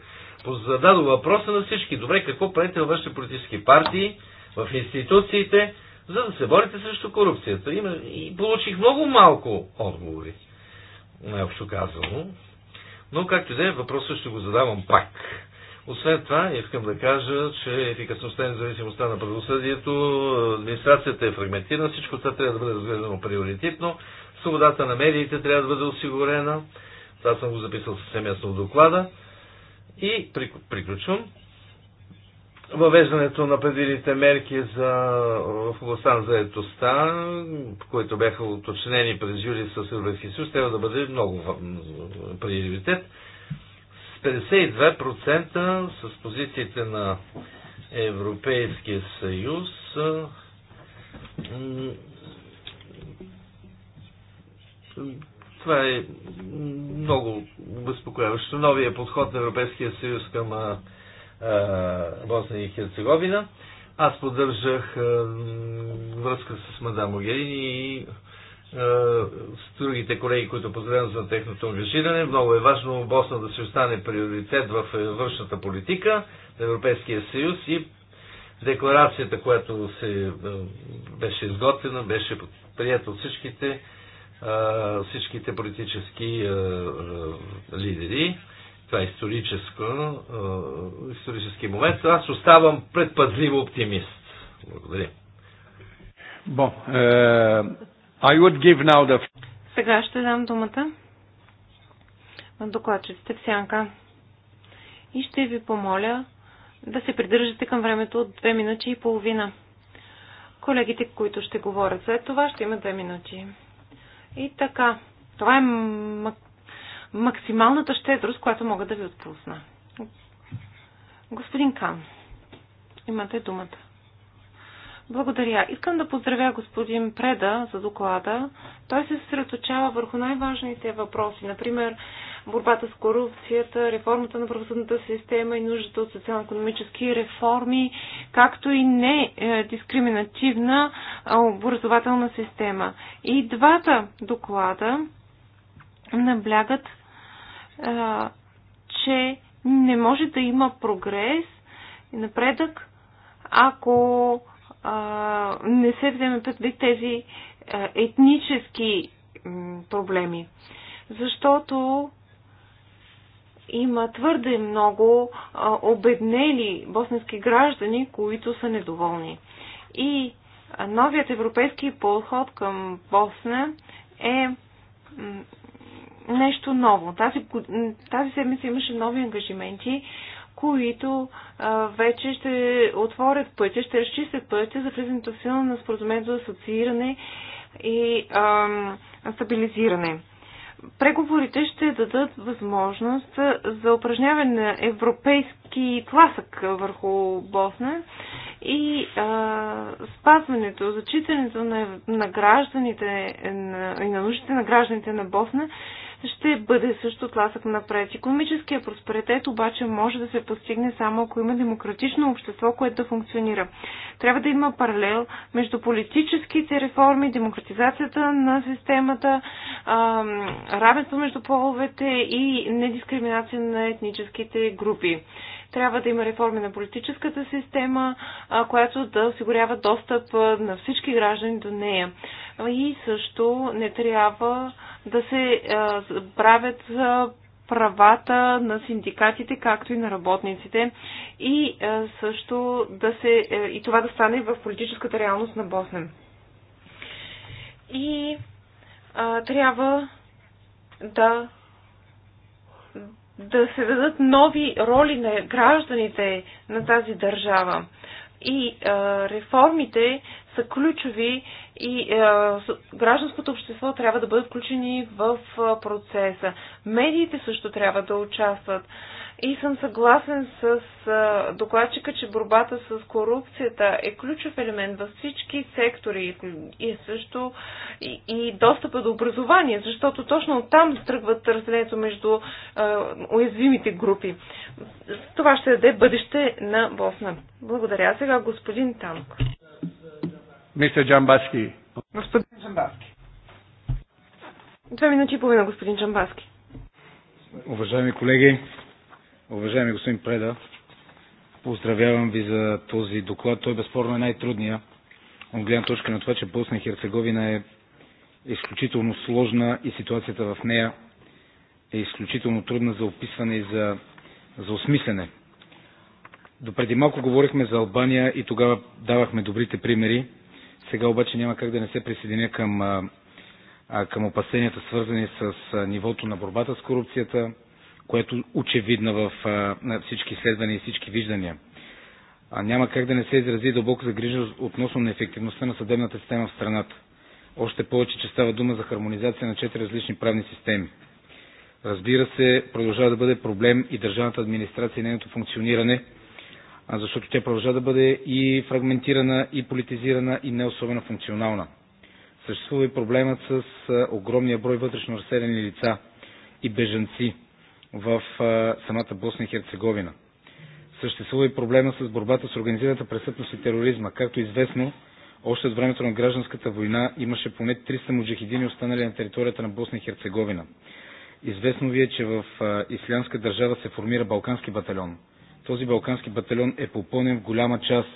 Зададох въпроса на всички. Добре, какво правите във вашите политически партии, в институциите, за да се борите срещу корупцията? И получих много малко отговори, най-общо казано. Но, както и да е, въпросът ще го задавам пак. Освен това, искам да кажа, че ефикасността и независимостта на правосъдието, администрацията е фрагментирана, всичко това трябва да бъде разгледано приоритетно, свободата на медиите трябва да бъде осигурена, това съм го записал съвсем ясно в доклада, и приключвам. Въвеждането на предвидените мерки за, в областта на заедостта, които бяха уточнени през юли с Европейския съюз, трябва да бъде много приоритет. 52% с позициите на Европейския съюз това е много безпокояващо. Новия подход на Европейския съюз към а, а, Босния и Херцеговина. Аз поддържах а, връзка с мадам Могерини и е, с другите колеги, които поздравям за техното ангажиране. Много е важно Босна да се остане приоритет в е, външната политика на Европейския съюз и декларацията, която се, е, беше изготвена, беше прията от всичките, всичките политически лидери. Това е историческо, исторически момент. Аз оставам предпазливо оптимист. Благодаря. Bon, euh, I would give now the... Сега ще дам думата на докладчиците в сянка. И ще ви помоля да се придържате към времето от 2 минути и половина. Колегите, които ще говорят след това, ще имат 2 минути. И така, това е максималната щедрост, която мога да ви отпусна. Господин Кан, имате думата. Благодаря. Искам да поздравя господин Преда за доклада. Той се съсредоточава върху най-важните въпроси, например борбата с корупцията, реформата на правосъдната система и нуждата от социално-економически реформи, както и не е, дискриминативна образователна система. И двата доклада наблягат, е, че не може да има прогрес и напредък, ако не се вземе предвид тези етнически проблеми. Защото има твърде много обеднели босненски граждани, които са недоволни. И новият европейски подход към Босна е нещо ново. Тази, тази седмица имаше нови ангажименти които а, вече ще отворят пътя, ще разчистят пътя за влизането в сила на споразумението за асоцииране и а, стабилизиране. Преговорите ще дадат възможност за упражняване на европейски истински класък върху Босна и а, спазването, зачитането на, на гражданите на, и на нуждите на гражданите на Босна ще бъде също тласък напред. Економическия просперитет обаче може да се постигне само ако има демократично общество, което да функционира. Трябва да има паралел между политическите реформи, демократизацията на системата, равенство между половете и недискриминация на етническите групи. Трябва да има реформи на политическата система, която да осигурява достъп на всички граждани до нея. И също не трябва да се правят правата на синдикатите, както и на работниците и също да се, е, и това да стане в политическата реалност на Босна. И а, трябва да да се дадат нови роли на гражданите на тази държава. И а, реформите са ключови и а, гражданското общество трябва да бъдат включени в а, процеса. Медиите също трябва да участват. А, и съм съгласен с докладчика, че борбата с корупцията е ключов елемент във всички сектори и е също и, и достъпа до образование, защото точно оттам тръгват разделението между а, уязвимите групи. Това ще даде бъдеще на Босна. Благодаря. Сега господин Танк. Мистер Джамбаски. Господин Джамбаски. Две минути и половина, господин Джамбаски. Уважаеми колеги, Уважаеми господин Преда, поздравявам ви за този доклад. Той безспорно е най-трудния от гледна точка на това, че Босна и Херцеговина е изключително сложна и ситуацията в нея е изключително трудна за описване и за, за осмислене. Допреди малко говорихме за Албания и тогава давахме добрите примери. Сега обаче няма как да не се присъединя към, към опасенията, свързани с нивото на борбата с корупцията, което очевидно в всички изследвания и всички виждания. Няма как да не се изрази дълбока загриженост относно неефективността на съдебната система в страната. Още повече, че става дума за хармонизация на четири различни правни системи. Разбира се, продължава да бъде проблем и държавната администрация и нейното функциониране, защото тя продължава да бъде и фрагментирана, и политизирана, и не особено функционална. Съществува и проблемът с огромния брой вътрешно разселени лица и бежанци, в самата Босна и Херцеговина. Съществува и проблема с борбата с организираната престъпност и тероризма. Както известно, още от времето на гражданската война имаше поне 300 муджахидини останали на територията на Босна и Херцеговина. Известно ви е, че в Ислямска държава се формира Балкански батальон. Този Балкански батальон е попълнен в голяма част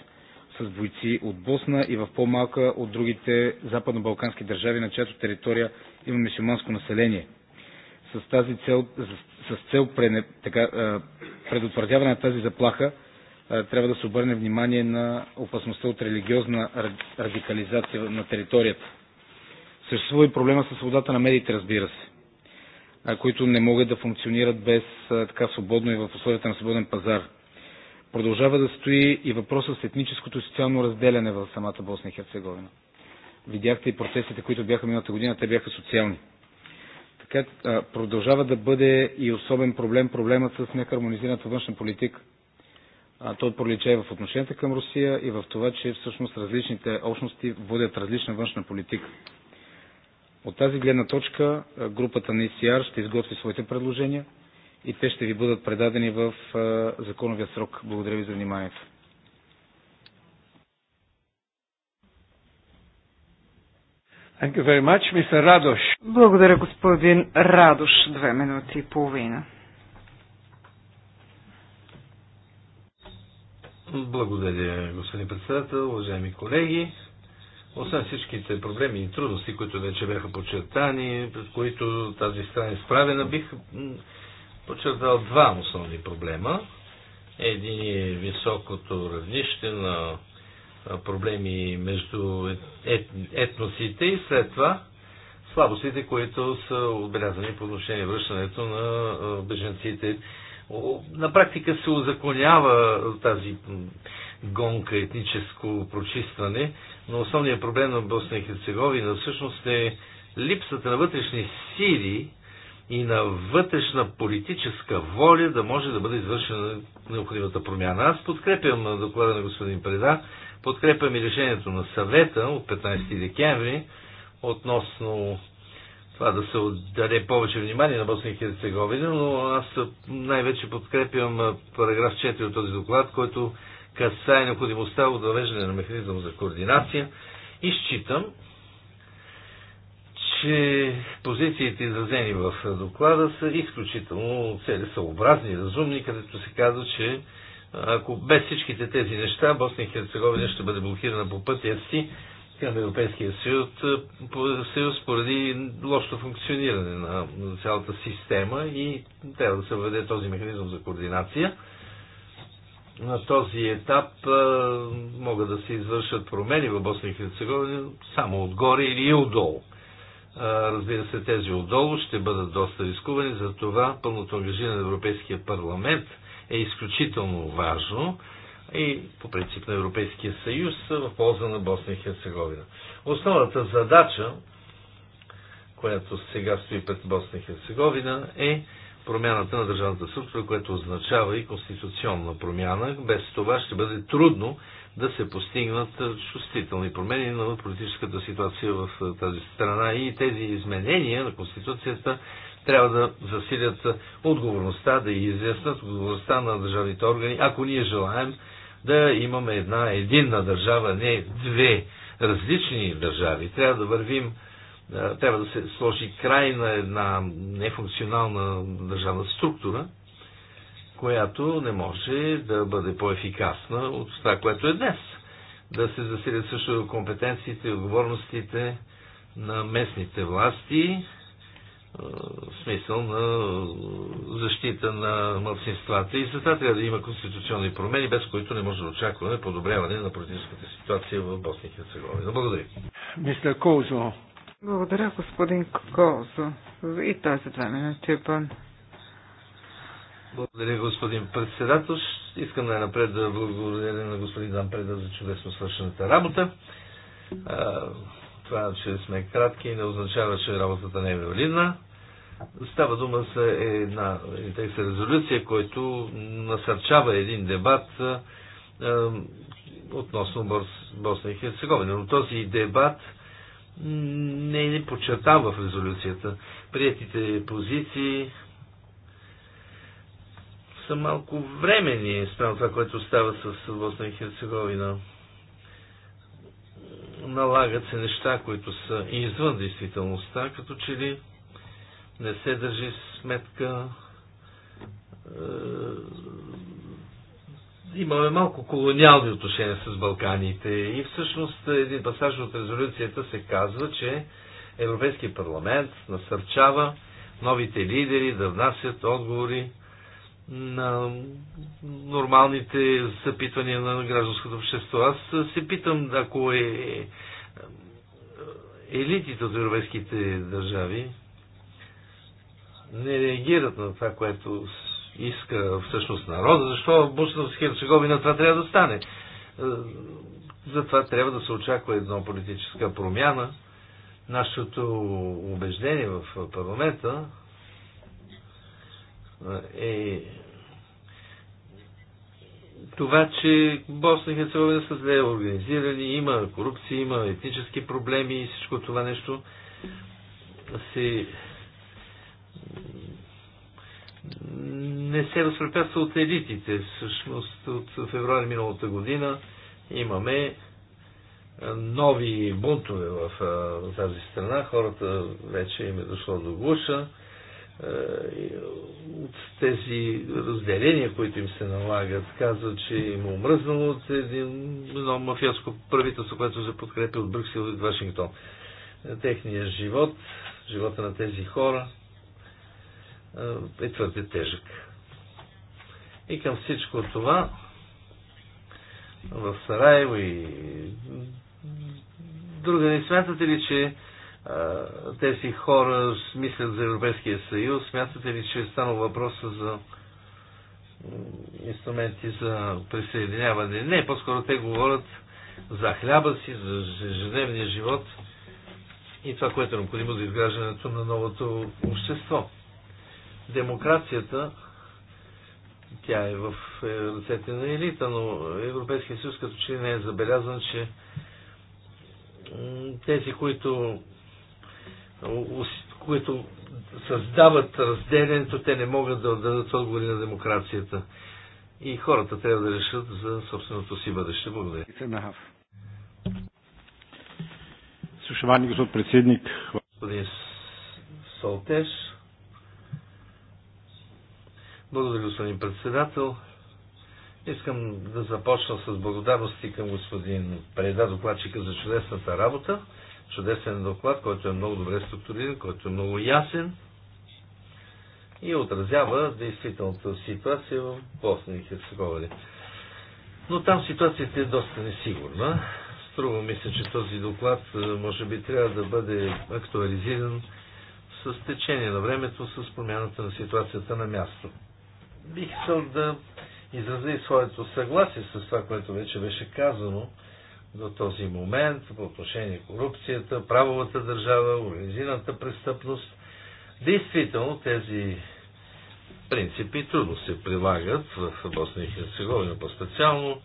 с бойци от Босна и в по-малка от другите западно-балкански държави, на чиято територия има мисюманско население – с, тази цел, с, с цел така, предотвратяване на тази заплаха трябва да се обърне внимание на опасността от религиозна радикализация на територията. Съществува и проблема със свободата на медиите, разбира се, които не могат да функционират без така свободно и в условията на свободен пазар. Продължава да стои и въпроса с етническото и социално разделяне в самата Босна и Херцеговина. Видяхте и процесите, които бяха миналата година, те бяха социални. Така продължава да бъде и особен проблем проблемът с нехармонизираната външна политика. Той пролича и в отношенията към Русия и в това, че всъщност различните общности водят различна външна политика. От тази гледна точка групата на ИСИАР ще изготви своите предложения и те ще ви бъдат предадени в законовия срок. Благодаря ви за вниманието. Thank you very much, Mr. Радош. Благодаря, господин Радош. Две минути и половина. Благодаря, господин председател, уважаеми колеги. Освен всичките проблеми и трудности, които вече бяха подчертани, пред които тази страна е справена, бих подчертал два основни проблема. Един е високото равнище на проблеми между ет, етносите и след това слабостите, които са отбелязани по отношение връщането на беженците. На практика се узаконява тази гонка, етническо прочистване, но основният проблем на Босна и Херцеговина всъщност е липсата на вътрешни сили и на вътрешна политическа воля да може да бъде извършена необходимата промяна. Аз подкрепям доклада на господин Преда Подкрепяме решението на съвета от 15 декември относно това да се отдаде повече внимание на Босния и Херцеговина, но аз най-вече подкрепям параграф 4 от този доклад, който касае необходимостта от въвеждане на механизъм за координация и считам, че позициите изразени в доклада са изключително целесъобразни и разумни, където се казва, че ако без всичките тези неща Босния и Херцеговина ще бъде блокирана по пътя си към Европейския съюз, е, съюз поради лошото функциониране на цялата система и трябва да се въведе този механизъм за координация. На този етап е, могат да се извършат промени в Босния и Херцеговина само отгоре или и отдолу. Е, разбира се, тези отдолу ще бъдат доста рискувани, затова пълното ангажиране на Европейския парламент – е изключително важно и по принцип на Европейския съюз в полза на Босния и Херцеговина. Основната задача, която сега стои пред Босния и Херцеговина, е промяната на държавната структура, което означава и конституционна промяна. Без това ще бъде трудно да се постигнат чувствителни промени на политическата ситуация в тази страна и тези изменения на Конституцията трябва да засилят отговорността, да изяснат отговорността на държавните органи, ако ние желаем да имаме една единна държава, не две различни държави. Трябва да вървим, трябва да се сложи край на една нефункционална държавна структура, която не може да бъде по-ефикасна от това, което е днес. Да се засилят също компетенциите и отговорностите на местните власти, смисъл на защита на младсинствата. И това трябва да има конституционни промени, без които не може да очакваме подобряване на политическата ситуация в Босния и Херцеговина. Благодаря. Мисля Козо. Благодаря, господин Козо. И той за две минути, пън. Благодаря, господин председател. Искам най-напред да благодаря на господин Преда за чудесно свършената работа. Това, че сме кратки, не означава, че работата не е валидна. Става дума за една текст резолюция, който насърчава един дебат е, относно Бос, Босна и Херцеговина. Но този дебат не е подчертан в резолюцията. Приятите позиции са малко времени спрямо това, което става с Босна и Херцеговина налагат се неща, които са извън действителността, като че ли не се държи сметка. Е, имаме малко колониални отношения с Балканите и всъщност един пасаж от резолюцията се казва, че Европейския парламент насърчава новите лидери да внасят отговори на нормалните запитвания на гражданското общество. Аз се питам, ако е, е елитите от европейските държави не реагират на това, което иска всъщност народа, защо в Бусна Херцеговина това трябва да стане? Е, Затова трябва да се очаква една политическа промяна. Нашето убеждение в парламента е, е това, че Босна и Херцеговина са зле организирани, има корупция, има етнически проблеми и всичко това нещо се не се възпрепятства от елитите. Всъщност от февруари миналата година имаме нови бунтове в тази страна. Хората вече им е дошло до гуша. Е, от тези разделения, които им се налагат. казва, че им е омръзнало от един, едно мафиоско правителство, което се подкрепи от Брюксел и Вашингтон. Е, техният живот, живота на тези хора е, е твърде тежък. И към всичко това в Сараево и друга не смятате ли, че тези хора мислят за Европейския съюз? Смятате ли, че е станал въпроса за инструменти за присъединяване? Не, по-скоро те говорят за хляба си, за ежедневния живот и това, което е необходимо за изграждането на новото общество. Демокрацията, тя е в е, ръцете на елита, но Европейския съюз като че не е забелязан, че тези, които които създават разделянето, те не могат да дадат отговори на демокрацията. И хората трябва да решат за собственото си бъдеще. Благодаря. Слушавани, господин председник. Господин Солтеш. Благодаря, господин председател. Искам да започна с благодарности към господин Преда, докладчика за чудесната работа чудесен доклад, който е много добре структуриран, който е много ясен и отразява действителната ситуация в Босна и Херцеговина. Но там ситуацията е доста несигурна. Струва ми се, че този доклад е, може би трябва да бъде актуализиран с течение на времето, с промяната на ситуацията на място. Бих искал да изразя и своето съгласие с това, което вече беше казано до този момент по отношение на корупцията, правовата държава, организираната престъпност. Действително тези принципи трудно се прилагат в Босна и Херцеговина по-специално.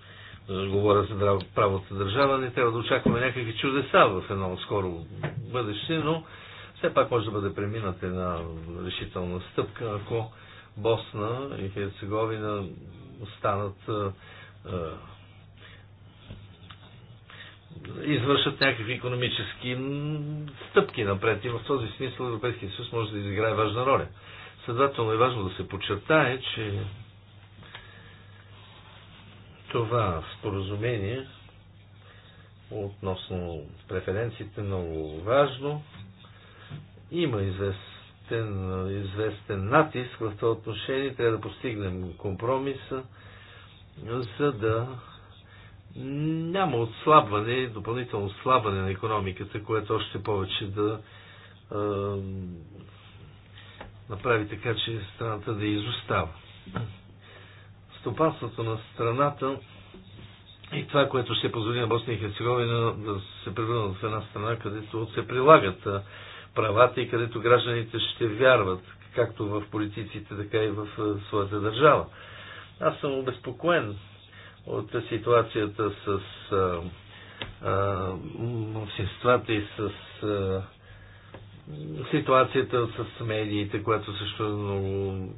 Говоря за правото държава, не трябва да очакваме някакви чудеса в едно скоро бъдеще, но все пак може да бъде премината една решителна стъпка, ако Босна и Херцеговина станат извършат някакви економически стъпки напред. И в този смисъл Европейския съюз може да изиграе важна роля. Следователно е важно да се подчертае, че това споразумение относно преференциите е много важно. Има известен, известен натиск в това отношение. Трябва да постигнем компромиса, за да няма отслабване, допълнително отслабване на економиката, което още повече да е, направи така, че страната да изостава. Стопанството на страната и това, което ще позволи на Босния и Херцеговина да се превърнат в една страна, където се прилагат правата и където гражданите ще вярват, както в политиците, така и в своята държава. Аз съм обезпокоен от ситуацията с обществата и с а, ситуацията с медиите, която също е много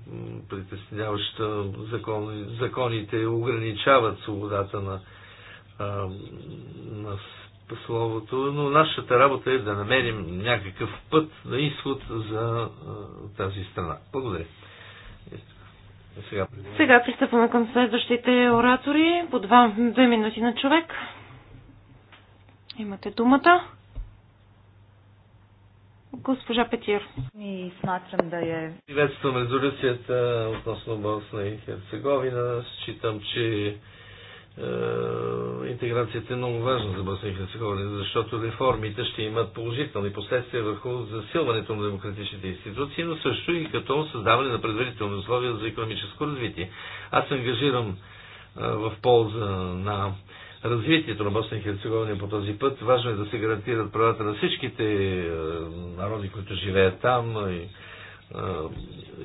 притесняваща. Закон, законите ограничават свободата на, а, на словото, но нашата работа е да намерим някакъв път на изход за а, тази страна. Благодаря. Сега, Сега пристъпваме към следващите оратори. По два, две минути на човек. Имате думата. Госпожа Петир. И смятам да е. Приветствам резолюцията относно Босна и Херцеговина. Считам, че е, интеграцията е много важна за Босния и Херцеговина, защото реформите ще имат положителни последствия върху засилването на демократичните институции, но също и като създаване на предварителни условия за економическо развитие. Аз се ангажирам е, в полза на развитието на Босния и Херцеговина по този път. Важно е да се гарантират правата на всичките е, народи, които живеят там. И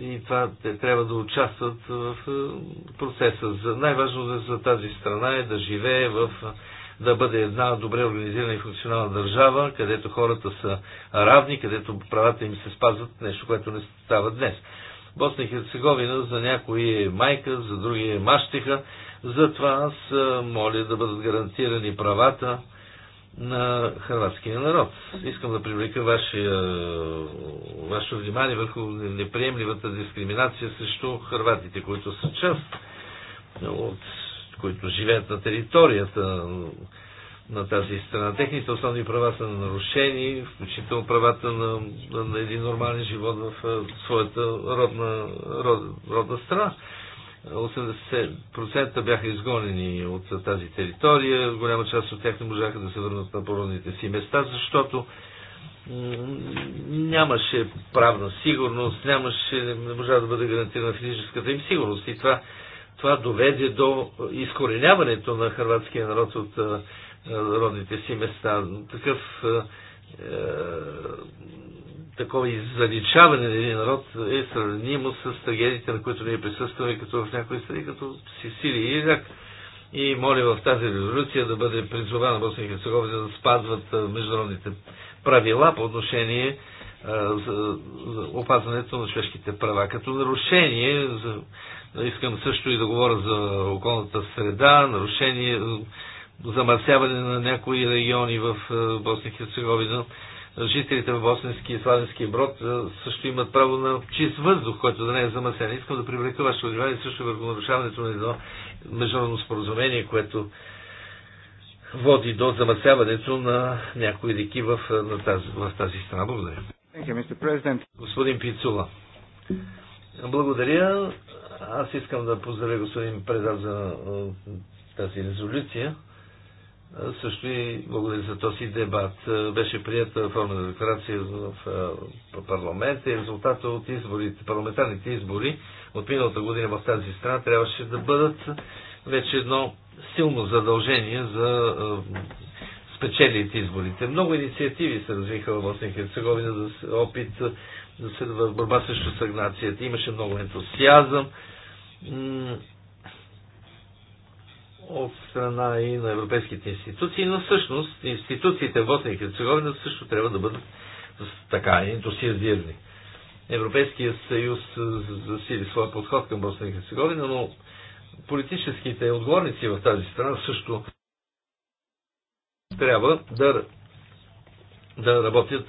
и това те трябва да участват в процеса. Най-важно за тази страна е да живее в да бъде една добре организирана и функционална държава, където хората са равни, където правата им се спазват, нещо, което не става днес. Босна и Херцеговина за някои е майка, за други е мащеха, затова аз моля да бъдат гарантирани правата на хрватския народ. Искам да привлека ваше, внимание върху неприемливата дискриминация срещу хрватите, които са част от които живеят на територията на тази страна. Техните основни права са нарушени, включително правата на, на един нормален живот в своята родна, род, родна страна. 80% бяха изгонени от тази територия, голяма част от тях не можаха да се върнат на породните си места, защото нямаше правна сигурност, нямаше, не можа да бъде гарантирана физическата им сигурност. И това, това доведе до изкореняването на хрватския народ от родните си места. Такъв такова иззаличаване на един народ е сравнимо с трагедиите, на които ние присъстваме, като в някои страни, като Сицилия и Ирак. И моля в тази резолюция да бъде призована Босния и Херцеговина да спазват международните правила по отношение за, опазването на човешките права. Като нарушение, искам също и да говоря за околната среда, нарушение, замърсяване на някои региони в Босния и Херцеговина, жителите в Босненски и Славенски брод също имат право на чист въздух, който да не е замъсен. Искам да привлека вашето внимание също върху нарушаването на едно международно споразумение, което води до замъсяването на някои реки в, на тази, в тази страна. Благодаря. господин Пицула. Благодаря. Аз искам да поздравя господин Преда за тази резолюция. Също и благодаря за този дебат. Беше прията форма на декларация в парламента и резултата от изборите, парламентарните избори от миналата година в тази страна трябваше да бъдат вече едно силно задължение за спечелите изборите. Много инициативи се развиха в Босния Херцеговина за опит да се в борба срещу сагнацията. Имаше много ентусиазъм от страна и на европейските институции, но всъщност институциите в Босния и Херцеговина също трябва да бъдат така ентусиазирани. Европейският съюз засили своя подход към Босна и Херцеговина, но политическите отговорници в тази страна също трябва да, да работят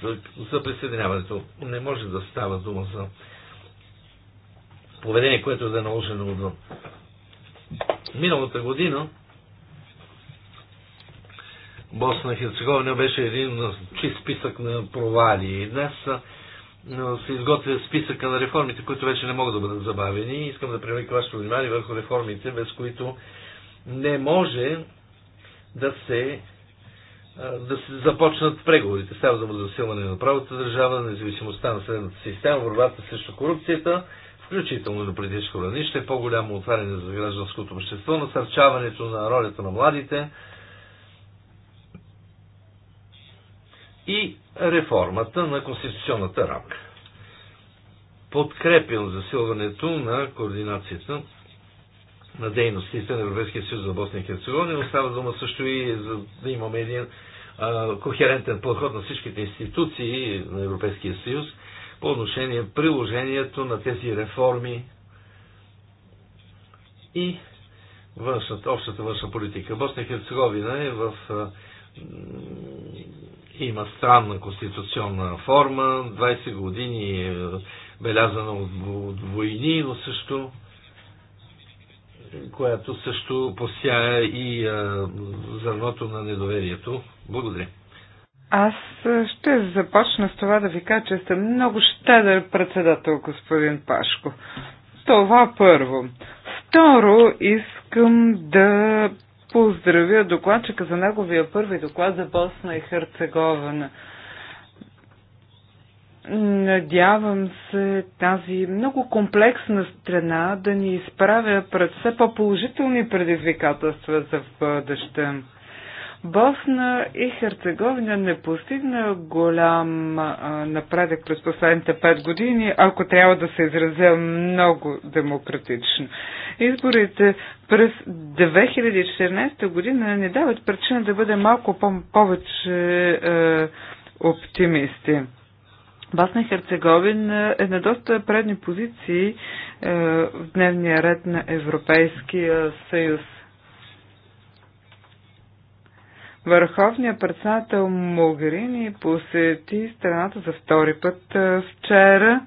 за присъединяването. Не може да става дума за поведение, което да е наложено отвън. Миналата година Босна и Херцеговина беше един чист списък на провали. И днес се изготвя списъка на реформите, които вече не могат да бъдат забавени. Искам да привлека вашето внимание върху реформите, без които не може да се да се започнат преговорите. Става за засилване на правата държава, независимостта на съдебната система, борбата срещу корупцията включително на политическо равнище, по-голямо отваряне за гражданското общество, насърчаването на ролята на младите и реформата на конституционната рамка. Подкрепил засилването на координацията на дейностите на Европейския съюз за Босния и Херцеговина. Остава дума също и за да имаме един а, кохерентен подход на всичките институции на Европейския съюз по отношение приложението на тези реформи и външната, общата външна политика. Босна и Херцеговина е в има странна конституционна форма, 20 години е белязана от, от войни, но също която също посяя и а, зърното на недоверието. Благодаря. Аз ще започна с това да ви кажа, че сте много щедър председател, господин Пашко. Това първо. Второ, искам да поздравя докладчика за неговия първи доклад за Босна и Херцеговина. Надявам се тази много комплексна страна да ни изправя пред все по-положителни предизвикателства за бъдеще. Босна и Херцеговина не постигна голям напредък през последните пет години, ако трябва да се изразя много демократично. Изборите през 2014 година не дават причина да бъде малко по- повече е, оптимисти. Босна и Херцеговина е на доста предни позиции е, в дневния ред на Европейския съюз. Върховният председател Могерини посети страната за втори път вчера.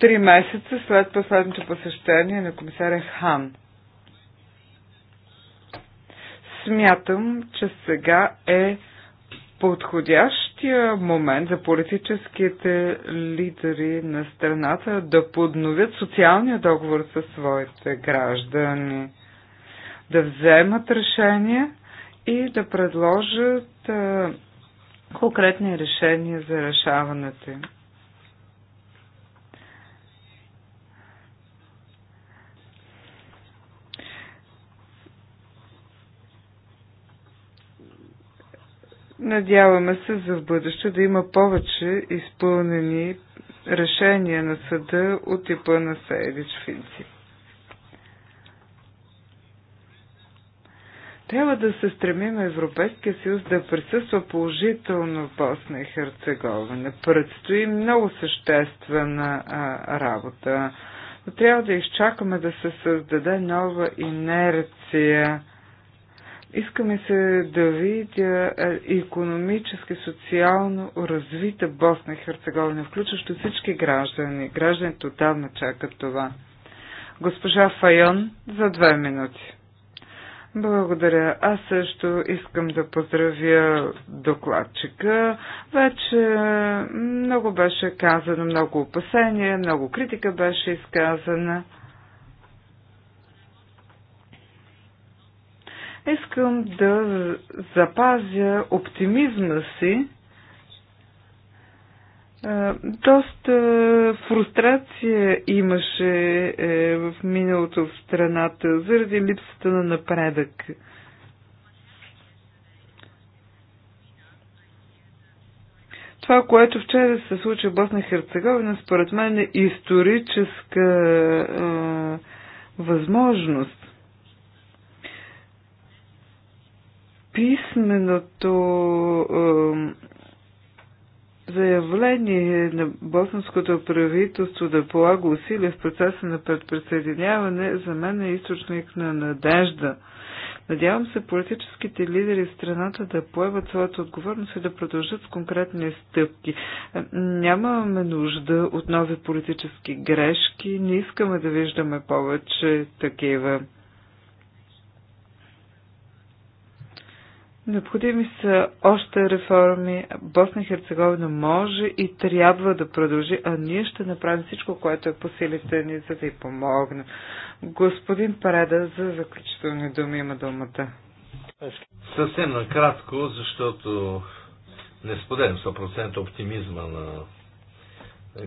Три месеца след последното посещение на комисаря Хан. Смятам, че сега е подходящия момент за политическите лидери на страната да подновят социалния договор със своите граждани да вземат решения и да предложат а, конкретни решения за решаването им. Надяваме се за в бъдеще да има повече изпълнени решения на съда от типа на сейвич Финци. Трябва да се стремим Европейския съюз да присъства положително в Босна и Херцеговина. Предстои много съществена а, работа. Но трябва да изчакаме да се създаде нова инерция. Искаме се да видя економически, социално развита Босна и Херцеговина, включващо всички граждани. Гражданите отдавна чакат това. Госпожа Файон за две минути. Благодаря. Аз също искам да поздравя докладчика. Вече много беше казано, много опасения, много критика беше изказана. Искам да запазя оптимизма си доста фрустрация имаше е, в миналото в страната заради липсата на напредък. Това, което вчера се случи в Босна и Херцеговина, според мен е историческа е, възможност. Писменото е, заявление на босненското правителство да полага усилия в процеса на предпредсъединяване за мен е източник на надежда. Надявам се политическите лидери в страната да поемат своята отговорност и да продължат с конкретни стъпки. Е, нямаме нужда от нови политически грешки, не искаме да виждаме повече такива. Необходими са още реформи. Босна и Херцеговина може и трябва да продължи, а ние ще направим всичко, което е по силите ни, за да й помогне. Господин Пареда, за заключителни думи има думата. Съвсем накратко, защото не споделям 100% оптимизма на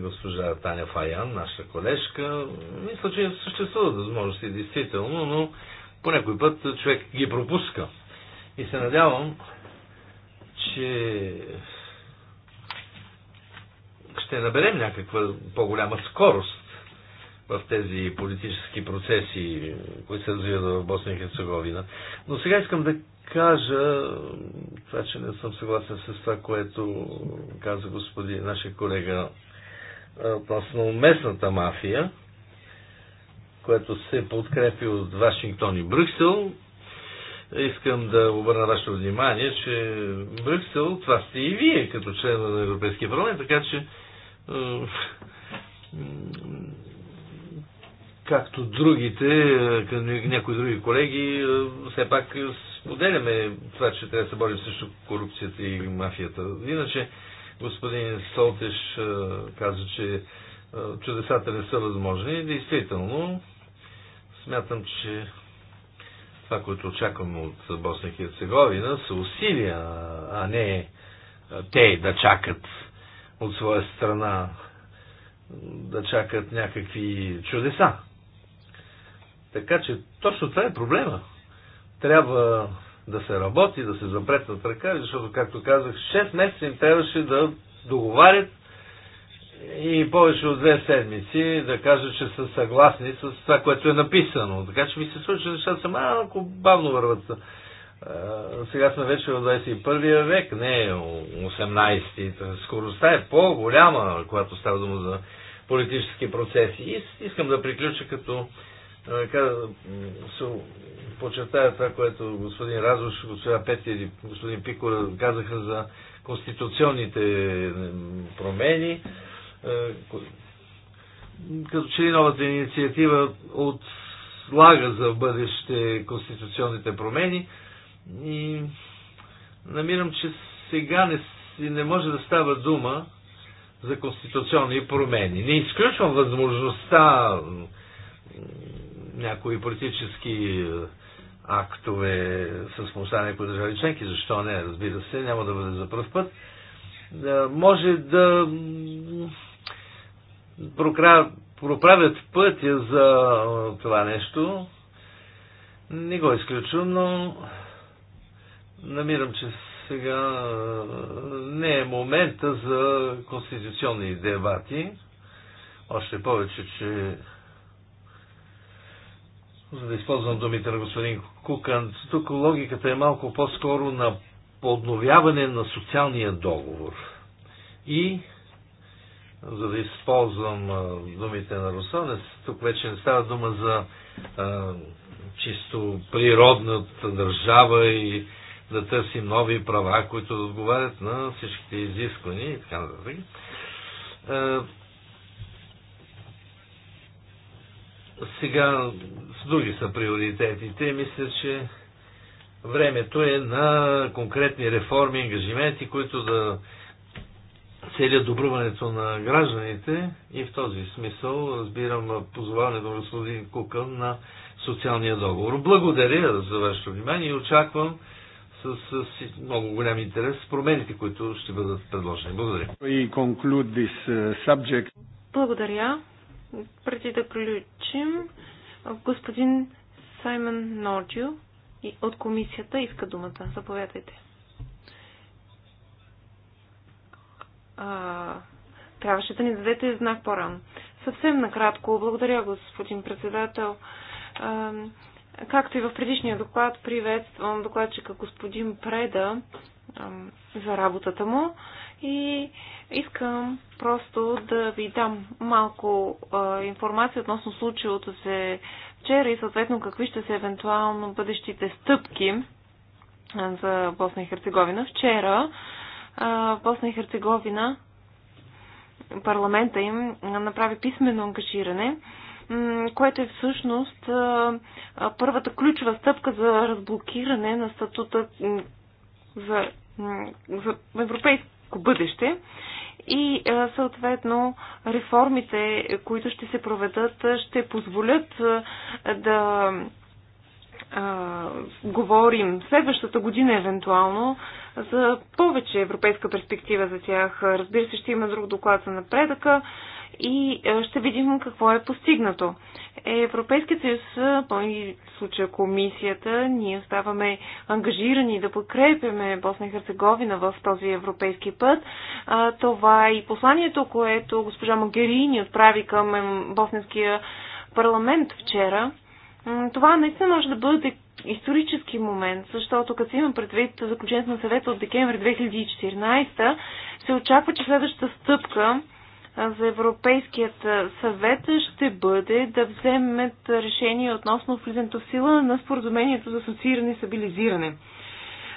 госпожа Таня Фаян, наша колежка. Мисля, че съществуват възможности действително, но по някой път човек ги пропуска. И се надявам, че ще наберем някаква по-голяма скорост в тези политически процеси, които се развиват в Босния и Херцеговина. Но сега искам да кажа, това, че не съм съгласен с това, което каза господин, нашия колега относно местната мафия, което се подкрепи от Вашингтон и Брюксел, Искам да обърна вашето внимание, че Брюксел, това сте и вие като член на Европейския парламент, така че е, както другите, е, някои други колеги, е, все пак споделяме това, че трябва да се борим срещу корупцията и мафията. Иначе господин Солтеш каза, че чудесата не са възможни. Действително, смятам, че това, което очаквам от Босна и Херцеговина, са усилия, а не те да чакат от своя страна, да чакат някакви чудеса. Така че точно това е проблема. Трябва да се работи, да се запретнат ръка, защото, както казах, 6 месеца им трябваше да договарят и повече от две седмици да кажа, че са съгласни с това, което е написано. Така че ми се случва, че нещата са малко бавно върват. Е, сега сме вече в 21 век, не 18-ти. Е Скоростта е по-голяма, когато става дума за политически процеси. И искам да приключа като е, се подчертая това, което господин Разуш, господин Пети и господин Пикора казаха за конституционните промени. Е, като че ли новата инициатива отлага за бъдеще конституционните промени и намирам, че сега не, не може да става дума за конституционни промени. Не изключвам възможността някои политически е, актове с на някои държави членки, защо не, разбира се, няма да бъде за пръв път, е, може да проправят пътя за това нещо. Не го изключвам, но намирам, че сега не е момента за конституционни дебати. Още повече, че за да използвам думите на господин Кукан, тук логиката е малко по-скоро на подновяване на социалния договор и за да използвам а, думите на Руслан, тук вече не става дума за а, чисто природната държава и да търсим нови права, които да отговарят на всичките изисквания и така нататък. Сега с други са приоритетите. Мисля, че времето е на конкретни реформи, ангажименти, които да целият добруването на гражданите и в този смисъл разбирам позоваването на господин Кукън на социалния договор. Благодаря за вашето внимание и очаквам с, с, с много голям интерес промените, които ще бъдат предложени. Благодаря. И uh, subject. Благодаря. Преди да приключим, господин Саймон Норджио от комисията иска думата. Заповядайте. а, трябваше да ни дадете знак по-рано. Съвсем накратко, благодаря господин председател. А, както и в предишния доклад, приветствам докладчика господин Преда а, за работата му и искам просто да ви дам малко а, информация относно случилото се вчера и съответно какви ще са евентуално бъдещите стъпки за Босна и Херцеговина. Вчера Босна и Херцеговина, парламента им направи писмено ангажиране, което е всъщност първата ключова стъпка за разблокиране на статута за, за европейско бъдеще и съответно реформите, които ще се проведат, ще позволят да а, говорим следващата година евентуално за повече европейска перспектива за тях. Разбира се, ще има друг доклад за напредъка и ще видим какво е постигнато. Европейският съюз, и случая комисията, ние оставаме ангажирани да подкрепяме Босна и Херцеговина в този европейски път. Това е и посланието, което госпожа Магерини отправи към Босненския парламент вчера това наистина може да бъде исторически момент, защото като имам предвид заключението на съвета от декември 2014, се очаква, че следващата стъпка за Европейският съвет ще бъде да вземет решение относно влизането в сила на споразумението за асоцииране и стабилизиране.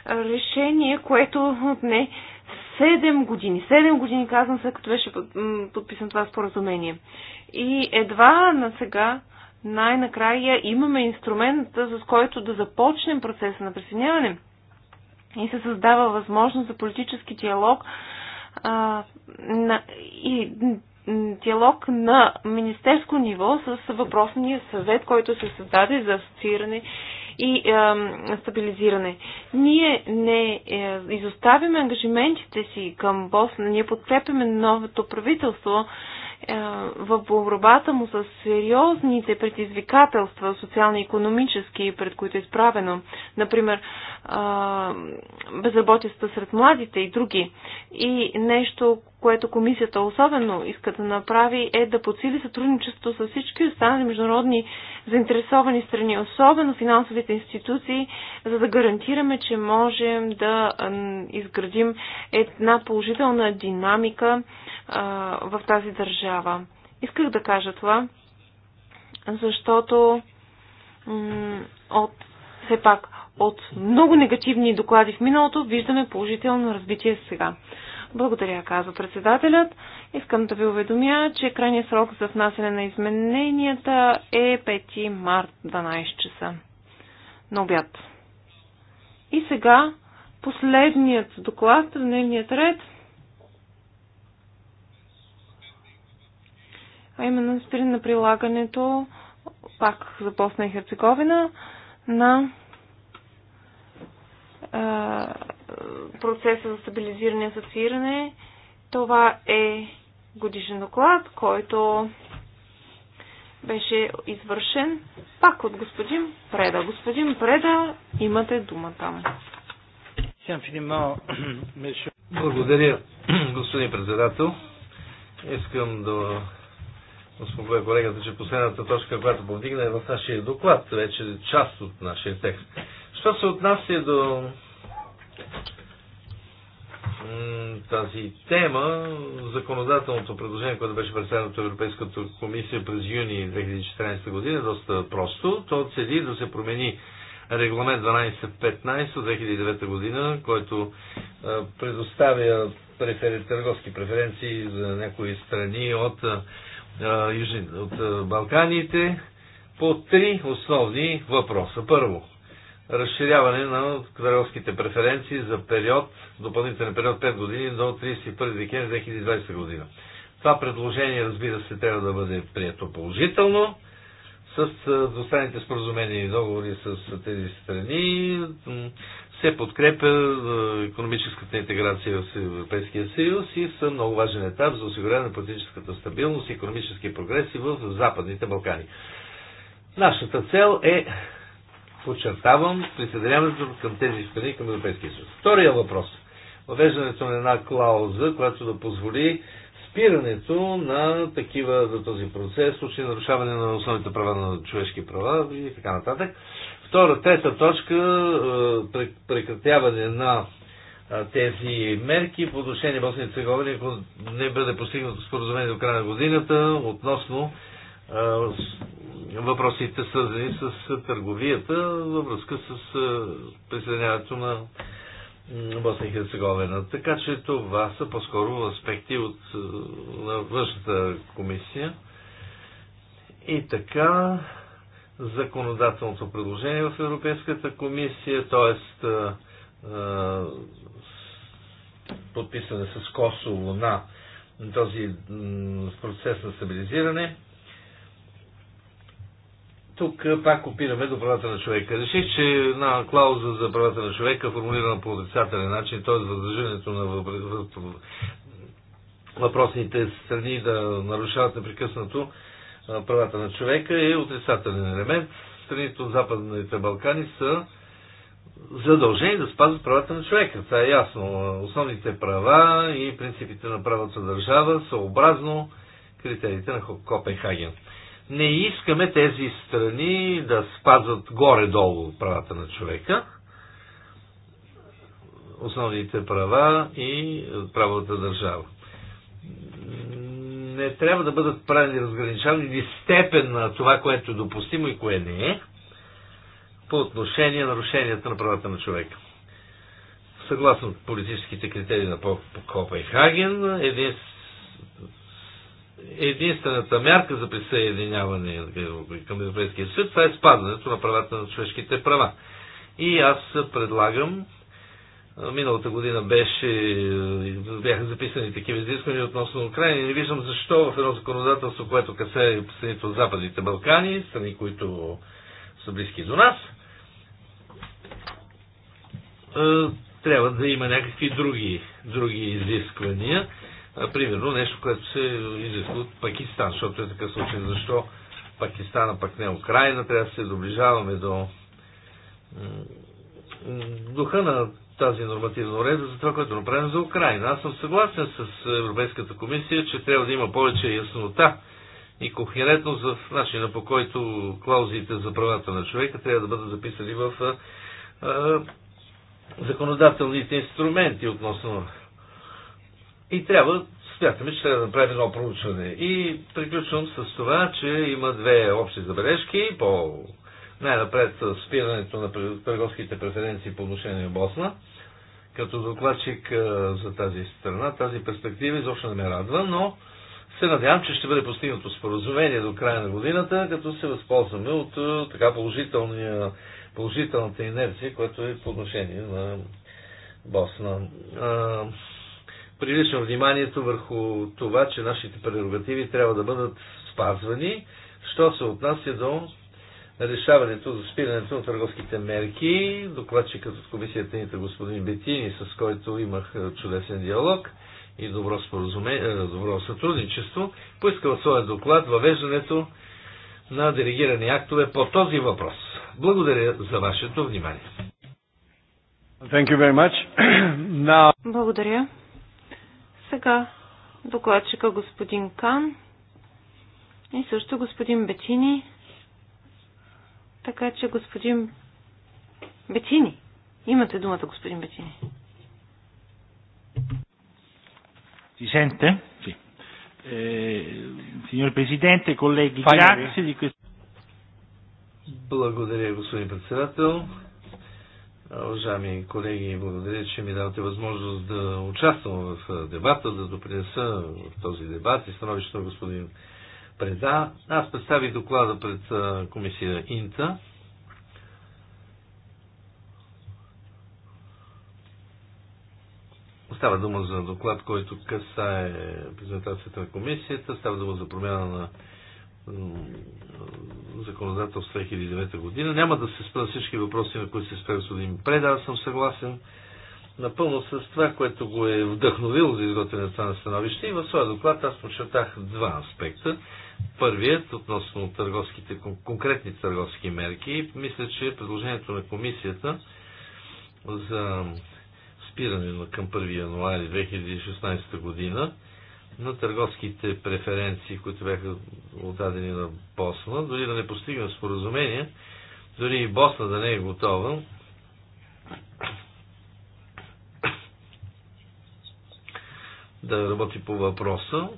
Решение, което отне 7 години. 7 години, казвам, след като беше подписано това споразумение. И едва на сега най-накрая имаме инструмента, с който да започнем процеса на присъединяване и се създава възможност за политически диалог а, на, и диалог на министерско ниво с въпросния съвет, който се създаде за асоцииране и е, стабилизиране. Ние не е, изоставяме ангажиментите си към Босна, ние подкрепяме новото правителство, в борбата му с сериозните предизвикателства, социално-економически, пред които е изправено, например, безработицата сред младите и други. И нещо, което комисията особено иска да направи, е да подсили сътрудничество с всички останали международни заинтересовани страни, особено финансовите институции, за да гарантираме, че можем да изградим една положителна динамика в тази държава. Исках да кажа това, защото от, все пак от много негативни доклади в миналото виждаме положително развитие сега. Благодаря, казва председателят. Искам да ви уведомя, че крайният срок за внасяне на измененията е 5 март 12 часа на обяд. И сега последният доклад в дневният ред – а именно спиране на прилагането, пак за Босна и Херцеговина, на процеса за стабилизиране и асоцииране. Това е годишен доклад, който беше извършен пак от господин Преда. Господин Преда, имате думата. Благодаря, господин председател. Искам да Господин колегата, че последната точка, която повдигна е в нашия доклад, вече е част от нашия текст. Що се отнася до тази тема, законодателното предложение, което беше представено от Европейската комисия през юни 2014 година, е доста просто. То цели да се промени регламент 1215 от 2009 година, който е, предоставя префер... търговски преференции за някои страни от е, южни, от Балканите по три основни въпроса. Първо, разширяване на кралските преференции за период, допълнителен период 5 години до 31 декември 2020 година. Това предложение, разбира се, трябва да бъде прието положително с достаните споразумения и договори с тези страни се подкрепя економическата интеграция в Европейския съюз и са много важен етап за осигуряване на политическата стабилност и економически прогреси в Западните Балкани. Нашата цел е, подчертавам, присъединяването към тези страни към Европейския съюз. Втория въпрос. Въвеждането на една клауза, която да позволи спирането на такива за този процес, случай, нарушаване на основните права на човешки права и така нататък. Втора, трета точка, е, прекратяване на е, тези мерки по отношение на Босния и Цеговина, ако не бъде постигнато споразумение до края на годината, относно е, въпросите свързани с търговията във връзка с присъединяването на Босна и Херцеговина. Така че това са по-скоро аспекти от външната комисия. И така, законодателното предложение в Европейската комисия, т.е. подписане с Косово на този процес на стабилизиране. Тук пак опираме до правата на човека. Реших, че една клауза за правата на човека, формулирана по отрицателен начин, т.е. въздържането на въпросните страни да нарушават непрекъснато правата на човека е отрицателен елемент. Страните от Западните Балкани са задължени да спазват правата на човека. Това е ясно. Основните права и принципите на правата държава съобразно критериите на Копенхаген. Не искаме тези страни да спазват горе-долу правата на човека, основните права и правата държава не трябва да бъдат правени разграничавани или степен на това, което е допустимо и кое не е по отношение на нарушенията на правата на човека. Съгласно политическите критерии на Копенхаген, един... единствената мярка за присъединяване към Европейския съюз, това е спазването на правата на човешките права. И аз предлагам Миналата година беше, е, бяха записани такива изисквания относно Украина и не виждам защо в едно законодателство, което касае страните от Западните Балкани, страни, които са близки до нас, е, трябва да има някакви други, други изисквания. Примерно нещо, което се изисква от Пакистан, защото е такъв случай. Защо Пакистана, пък не е Украина, трябва да се доближаваме до духа на тази нормативна уреда за това, което е направим за Украина. Аз съм съгласен с Европейската комисия, че трябва да има повече яснота и кохерентност в начина по който клаузите за правата на човека трябва да бъдат записани в а, а, законодателните инструменти относно. И трябва, смятаме, че трябва да направим едно проучване. И приключвам с това, че има две общи забележки по най-напред спирането на търговските преференции по отношение на Босна като докладчик за тази страна. Тази перспектива изобщо не ме радва, но се надявам, че ще бъде постигнато споразумение до края на годината, като се възползваме от така положителната инерция, която е по отношение на Босна. Привличам вниманието върху това, че нашите прерогативи трябва да бъдат спазвани, що се отнася до решаването за спирането на търговските мерки, докладчикът от комисията Инта е господин Бетини, с който имах е, чудесен диалог и добро, е, добро сътрудничество, поиска в своя доклад въвеждането на делегирани актове по този въпрос. Благодаря за вашето внимание. Thank you very much. Now... Благодаря. Сега докладчика господин Кан и също господин Бетини така че, господин Бетини, имате думата, господин Бетини. Си Си. Е, Синьор Президенте, колеги, грация Благодаря, господин председател. Уважаеми колеги, благодаря, че ми давате възможност да участвам в дебата, да допринеса в този дебат и становището на господин преда. Аз представих доклада пред комисия Инта. Става дума за доклад, който касае презентацията на комисията. Става дума за промяна на законодателство 2009 година. Няма да се спра всички въпроси, на които се спра господин Преда. Аз съм съгласен напълно с това, което го е вдъхновило за изготвяне на това на становище. И в своя доклад аз почетах два аспекта. Първият, относно търговските, конкретни търговски мерки, мисля, че предложението на комисията за спиране на към 1 януари 2016 година на търговските преференции, които бяха отдадени на Босна, дори да не постигнем споразумение, дори и Босна да не е готова, да работи по въпроса,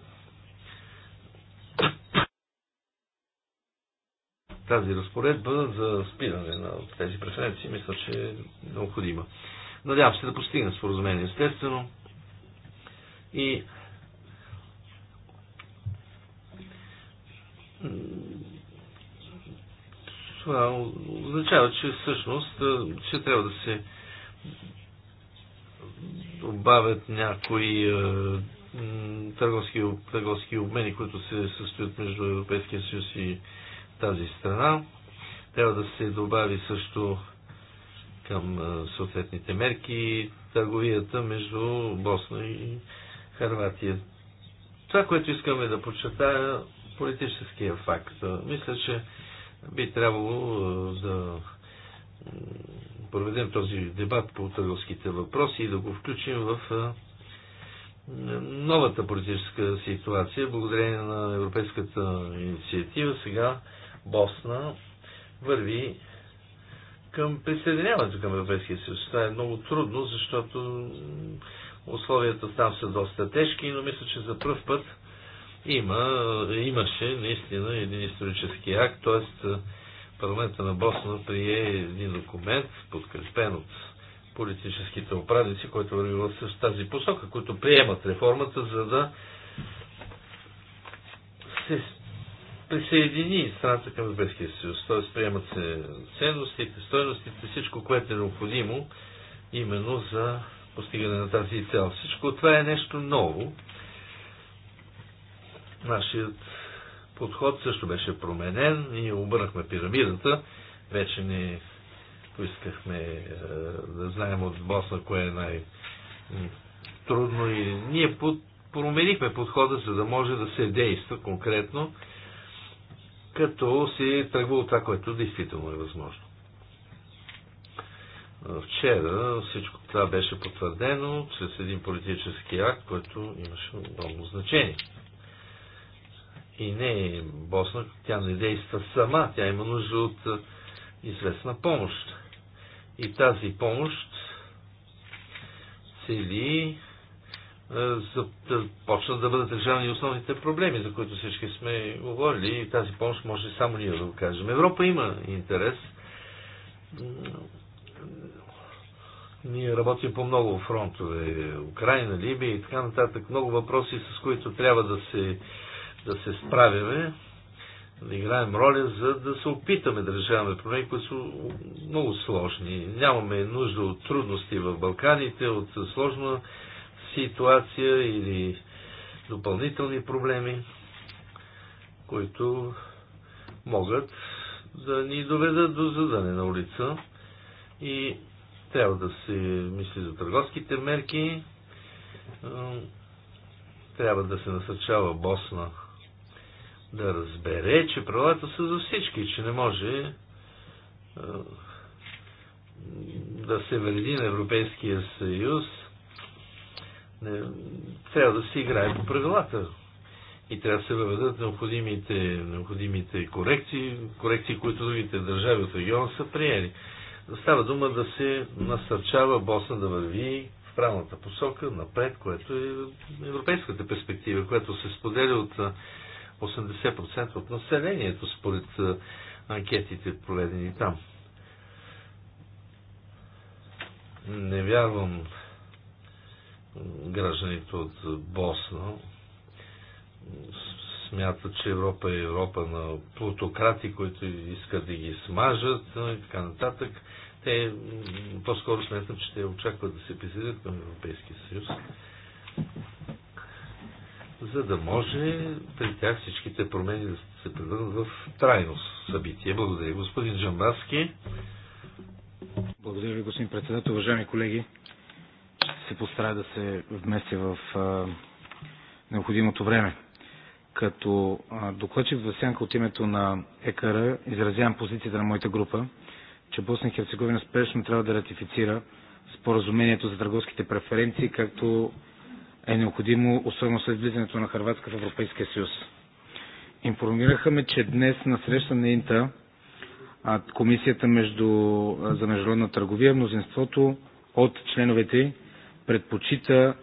тази разпоредба за спиране на тези преференции, мисля, че е необходима. Надявам се да постигне споразумение, естествено. И това означава, че всъщност, ще трябва да се добавят някои е, търговски, търговски обмени, които се състоят между Европейския съюз и тази страна. Трябва да се добави също към съответните мерки търговията между Босна и Харватия. Това, което искаме да подчертая, политическия факт. Мисля, че би трябвало да проведем този дебат по търговските въпроси и да го включим в новата политическа ситуация. Благодарение на Европейската инициатива сега Босна върви към присъединяването към Европейския съюз. Това е много трудно, защото условията там са доста тежки, но мисля, че за първ път има, имаше наистина един исторически акт, т.е. парламента на Босна прие един документ, подкрепен от политическите управници, който върви в тази посока, които приемат реформата, за да се присъедини страната към Европейския съюз. Т.е. приемат се ценностите, стойностите, всичко, което е необходимо именно за постигане на тази цел. Всичко това е нещо ново. Нашият подход също беше променен. Ние обърнахме пирамидата. Вече не поискахме е, да знаем от Босна кое е най-трудно. И ние под, променихме подхода, за да може да се действа конкретно като си тръгва от това, което действително е възможно. Вчера всичко това беше потвърдено чрез един политически акт, който имаше огромно значение. И не е Босна, тя не действа сама, тя има нужда от известна помощ. И тази помощ цели започнат да бъдат решавани основните проблеми, за които всички сме говорили и тази помощ може само ние да го кажем. Европа има интерес. Ние работим по много фронтове. Украина, Либия и така нататък. Много въпроси, с които трябва да се, да се справяме, да играем роля, за да се опитаме да решаваме проблеми, които са много сложни. Нямаме нужда от трудности в Балканите, от сложно ситуация или допълнителни проблеми, които могат да ни доведат до задане на улица и трябва да се мисли за търговските мерки, трябва да се насърчава Босна да разбере, че правилата са за всички, че не може да се вреди на Европейския съюз не, трябва да се играе по правилата. И трябва да се въведат необходимите, необходимите корекции, корекции, които другите държави от региона са приели. Става дума да се насърчава Босна да върви в правилната посока, напред, което е европейската перспектива, която се споделя от 80% от населението, според анкетите, проведени там. Не вярвам гражданите от Босна смятат, че Европа е Европа на плутократи, които искат да ги смажат и така нататък. Те по-скоро смятам, че те очакват да се присъединят към Европейския съюз, за да може при тях всичките промени да се превърнат в трайно събитие. Благодаря. Господин Джамбаски. Благодаря ви, господин председател. Уважаеми колеги, се постарая да се вместя в а, необходимото време. Като докладчик в сянка от името на ЕКР изразявам позицията на моята група, че Босна и Херцеговина спешно трябва да ратифицира споразумението за търговските преференции, както е необходимо, особено след влизането на Харватска в Европейския съюз. Информираха ме, че днес на среща на Инта Комисията между, за международна търговия, мнозинството от членовете предпочита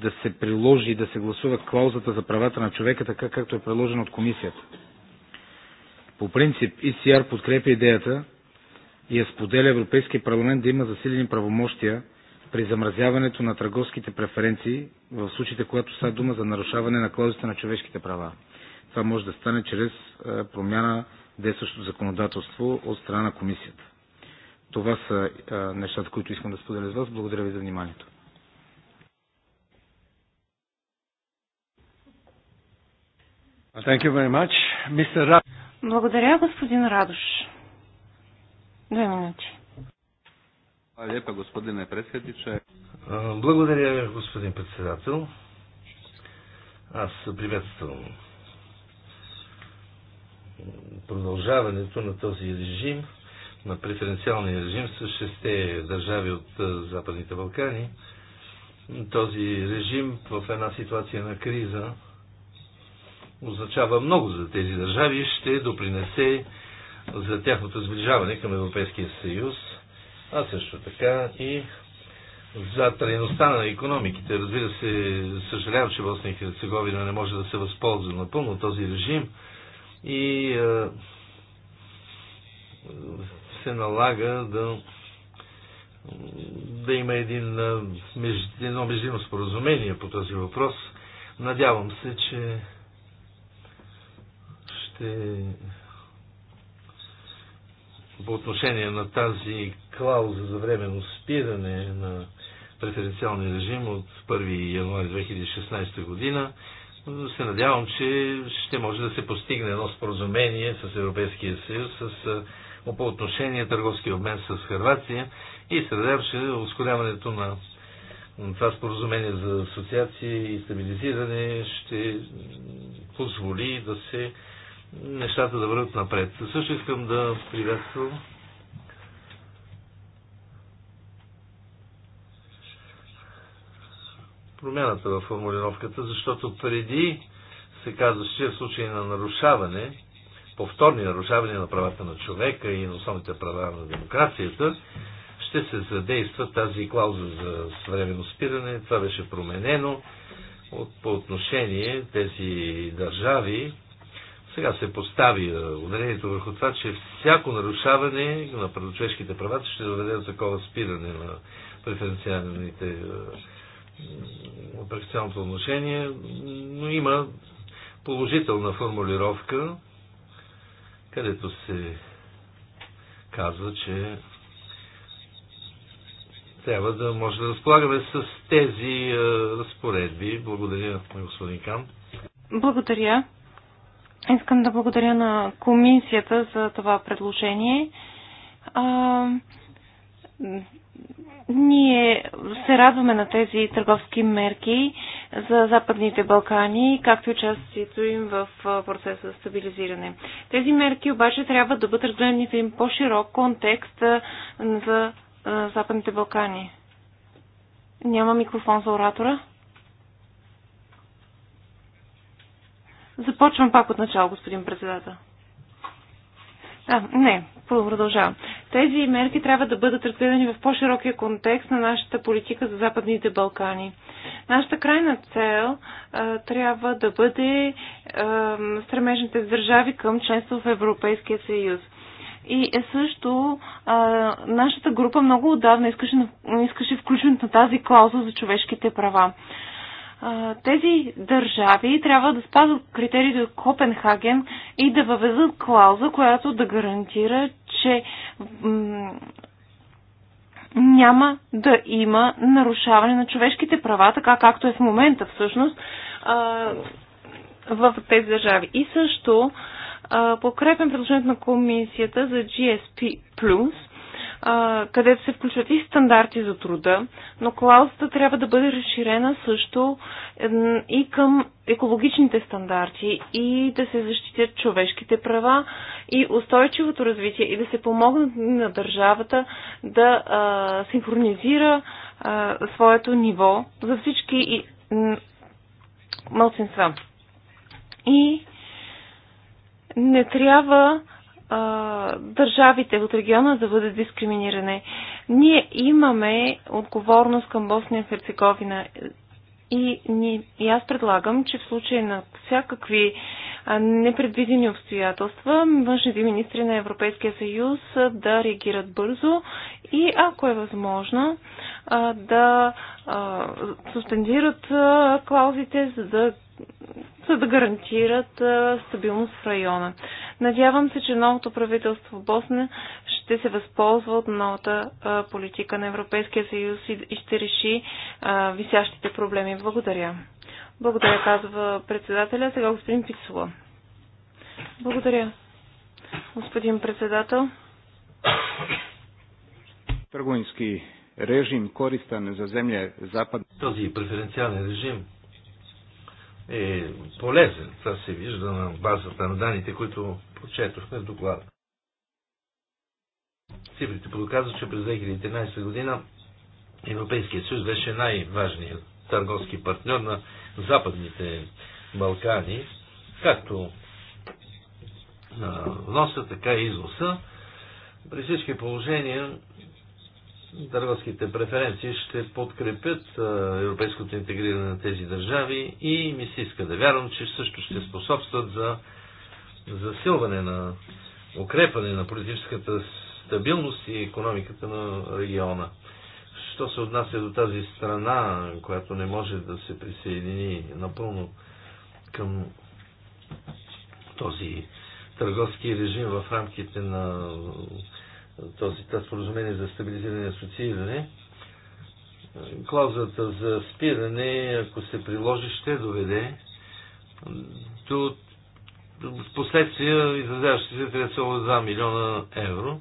да се приложи и да се гласува клаузата за правата на човека, така както е предложена от комисията. По принцип ИСИАР подкрепя идеята и я споделя Европейския парламент да има засилени правомощия при замразяването на търговските преференции в случаите, когато са дума за нарушаване на клаузите на човешките права. Това може да стане чрез промяна действащото законодателство от страна на комисията. Това са нещата, които искам да споделя с вас. Благодаря ви за вниманието. Thank you very much. Mr. Благодаря, господин Радош. Две минути. Hvala lijepa gospodine predsjedniče. Благодаря господин председател. Аз приветствам продължаването на този режим, на преференциалния режим с шесте държави от Западните Балкани. Този режим в една ситуация на криза означава много за тези държави и ще допринесе за тяхното сближаване към Европейския съюз, а също така и за трайността на економиките. Разбира се, съжалявам, че Босна и Херцеговина не може да се възползва напълно този режим и е, се налага да да има един, едно междинно споразумение по този въпрос. Надявам се, че ще по отношение на тази клауза за временно спиране на преференциалния режим от 1 януари 2016 година, се надявам, че ще може да се постигне едно споразумение с Европейския съюз с, по отношение търговски обмен с Харватия и се надявам, че ускоряването на това споразумение за асоциация и стабилизиране ще позволи да се нещата да върват напред. Също искам да приветствам промяната в формулировката, защото преди се казваше в случай на нарушаване, повторни нарушавания на правата на човека и на основните права на демокрацията, ще се задейства тази клауза за временно спиране. Това беше променено от, по отношение тези държави, сега се постави ударението върху това, че всяко нарушаване на правочешките права ще доведе до такова спиране на преференциалните преференциалното отношение, но има положителна формулировка, където се казва, че трябва да може да разполагаме с тези разпоредби. Благодаря господин Кан. Благодаря. Искам да благодаря на комисията за това предложение. А, ние се радваме на тези търговски мерки за Западните Балкани, както и участието им в процеса за стабилизиране. Тези мерки обаче трябва да бъдат разгледани в един по-широк контекст за Западните Балкани. Няма микрофон за оратора. Започвам пак от начало, господин председател. А, не, продължавам. Тези мерки трябва да бъдат разгледани в по-широкия контекст на нашата политика за Западните Балкани. Нашата крайна цел а, трябва да бъде а, стремежните държави към членство в Европейския съюз. И е също а, нашата група много отдавна искаше, искаше включването на тази клауза за човешките права тези държави трябва да спазват критериите от Копенхаген и да въведат клауза, която да гарантира, че няма да има нарушаване на човешките права, така както е в момента всъщност в тези държави. И също покрепям предложението на комисията за GSP+, където се включват и стандарти за труда, но клаузата трябва да бъде разширена също и към екологичните стандарти и да се защитят човешките права и устойчивото развитие и да се помогнат на държавата да а, синхронизира а, своето ниво за всички и, мълцинства. И не трябва държавите от региона да бъдат дискриминирани. Ние имаме отговорност към Босния и Херцеговина и, ни, и аз предлагам, че в случай на всякакви а, непредвидени обстоятелства, външните министри на Европейския съюз а, да реагират бързо и, ако е възможно, а, да а, суспендират а, клаузите, за да за да гарантират стабилност в района. Надявам се, че новото правителство в Босна ще се възползва от новата политика на Европейския съюз и ще реши висящите проблеми. Благодаря. Благодаря, казва председателя. Сега господин Пицула. Благодаря, господин председател. Търговински режим користен за земля запад. Този преференциален режим е полезен. Това се вижда на базата на данните, които прочетохме в доклада. Цифрите показват, че през 2013 година Европейския съюз беше най-важният търговски партньор на Западните Балкани, както вноса, така и износа. При всички положения търговските преференции ще подкрепят европейското интегриране на тези държави и ми се иска да вярвам, че също ще способстват за засилване на укрепване на политическата стабилност и економиката на региона. Що се отнася до тази страна, която не може да се присъедини напълно към този търговски режим в рамките на този, това споразумение за стабилизиране и асоцииране, клаузата за спиране, ако се приложи, ще доведе до последствия, изразяващи се 3,2 милиона евро.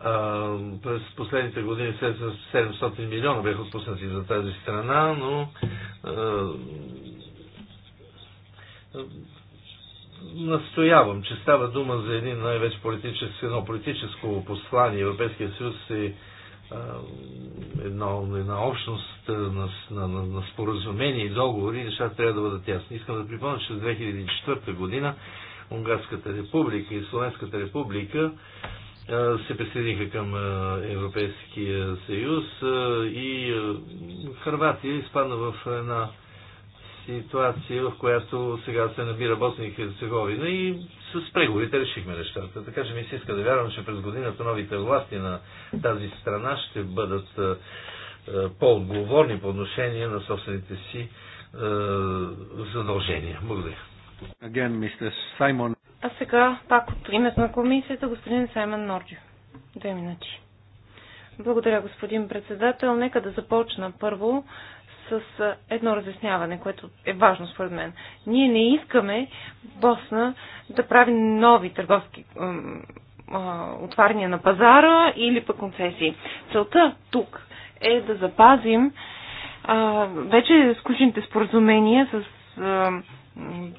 А, през последните години 700 милиона бяха отпуснати за тази страна, но настоявам, че става дума за един най-вече политическо, едно политическо послание. Европейския съюз е едно, една общност на, на, на, на споразумения и договори, нещата трябва да бъдат ясни. Искам да припомня, че в 2004 година Унгарската република и Словенската република се присъединиха към Европейския съюз и Харватия изпадна в една ситуация, в която сега се намира Босна и Херцеговина и с преговорите решихме нещата. Така че ми се иска да вярвам, че през годината новите власти на тази страна ще бъдат е, е, по-отговорни по отношение на собствените си е, задължения. Благодаря. Again, Mr. Simon. А сега пак от името на комисията господин Саймон Норджи. Две минути. Благодаря, господин председател. Нека да започна първо с едно разясняване, което е важно според мен. Ние не искаме Босна да прави нови търговски отваряния на пазара или пък концесии. Целта тук е да запазим а, вече сключените споразумения с а,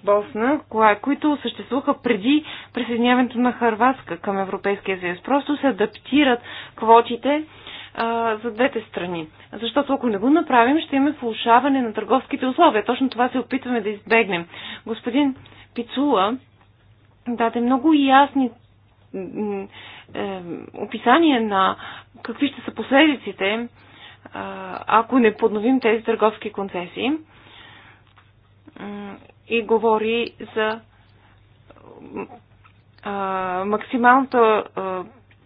Босна, които съществуваха преди присъединяването на Харватска към Европейския съюз. Просто се адаптират квотите а, за двете страни. Защото ако не го направим, ще имаме влушаване на търговските условия. Точно това се опитваме да избегнем. Господин Пицула даде много ясни е, описания на какви ще са последиците, ако не подновим тези търговски концесии и говори за максималната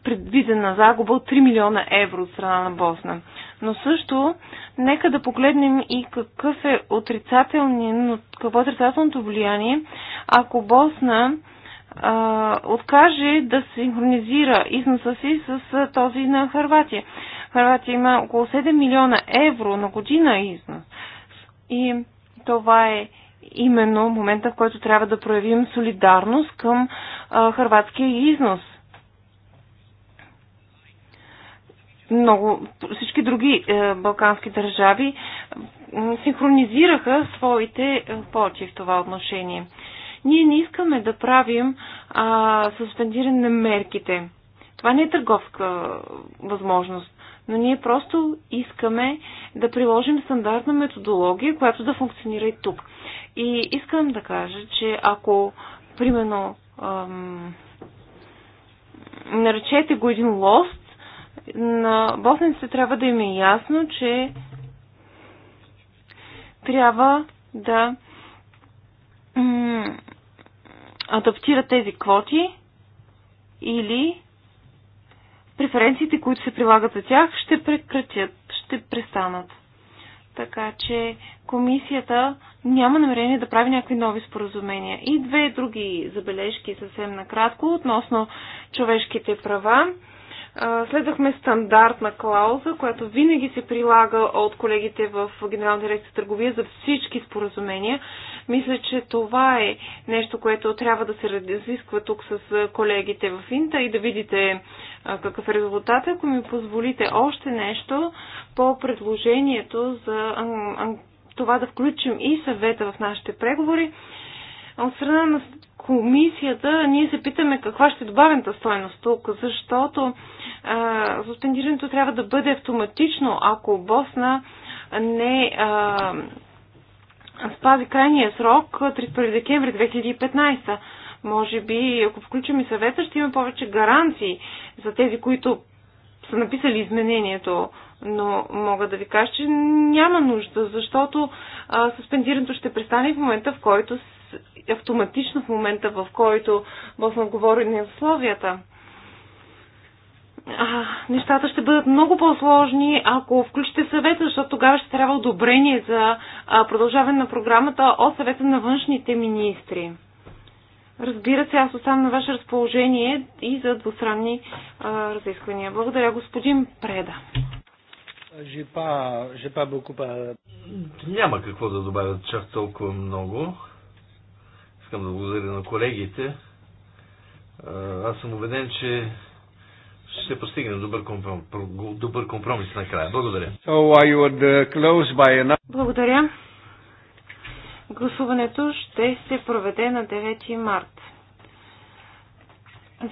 предвидена загуба от 3 милиона евро от страна на Босна. Но също, нека да погледнем и какъв е отрицателни, какво е отрицателното влияние, ако Босна а, откаже да синхронизира износа си с а, този на Харватия. Харватия има около 7 милиона евро на година износ. И това е именно момента, в който трябва да проявим солидарност към а, харватския износ. много, всички други е, балкански държави синхронизираха своите е, почи в това отношение. Ние не искаме да правим а, суспендиране на мерките. Това не е търговска е, възможност, но ние просто искаме да приложим стандартна методология, която да функционира и тук. И искам да кажа, че ако, примерно, ам, наречете го един лост, на босниците трябва да им е ясно, че трябва да адаптират тези квоти или преференциите, които се прилагат за тях, ще прекратят, ще престанат. Така че комисията няма намерение да прави някакви нови споразумения. И две други забележки съвсем накратко относно човешките права. Следвахме стандартна клауза, която винаги се прилага от колегите в Генерална дирекция търговия за всички споразумения. Мисля, че това е нещо, което трябва да се разисква тук с колегите в Инта и да видите какъв е резултат. Ако ми позволите още нещо по предложението за това да включим и съвета в нашите преговори, от страна на комисията ние се питаме каква ще е добавената стоеност тук, защото суспендирането трябва да бъде автоматично, ако Босна не а, спази крайния срок 31 декември 2015. Може би, ако включим и съвета, ще има повече гаранции за тези, които са написали изменението, но мога да ви кажа, че няма нужда, защото а, суспендирането ще престане в момента, в който автоматично в момента, в който Босна отговори на условията а, нещата ще бъдат много по-сложни, ако включите съвета, защото тогава ще трябва одобрение за а, продължаване на програмата от съвета на външните министри. Разбира се, аз оставам на ваше разположение и за двустранни а, разисквания. Благодаря, господин Преда. Жепа, жепа Букупа. Няма какво да добавя чак толкова много. Искам да благодаря на колегите. Аз съм убеден, че ще постигнем добър компром... добър компромис накрая. Благодаря. So uh, by... Благодаря. Гласуването ще се проведе на 9 март.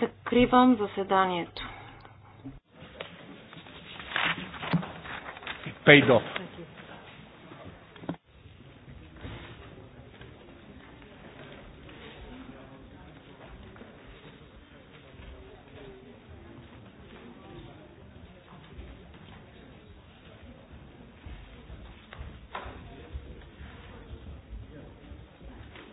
Закривам заседанието. Paid off.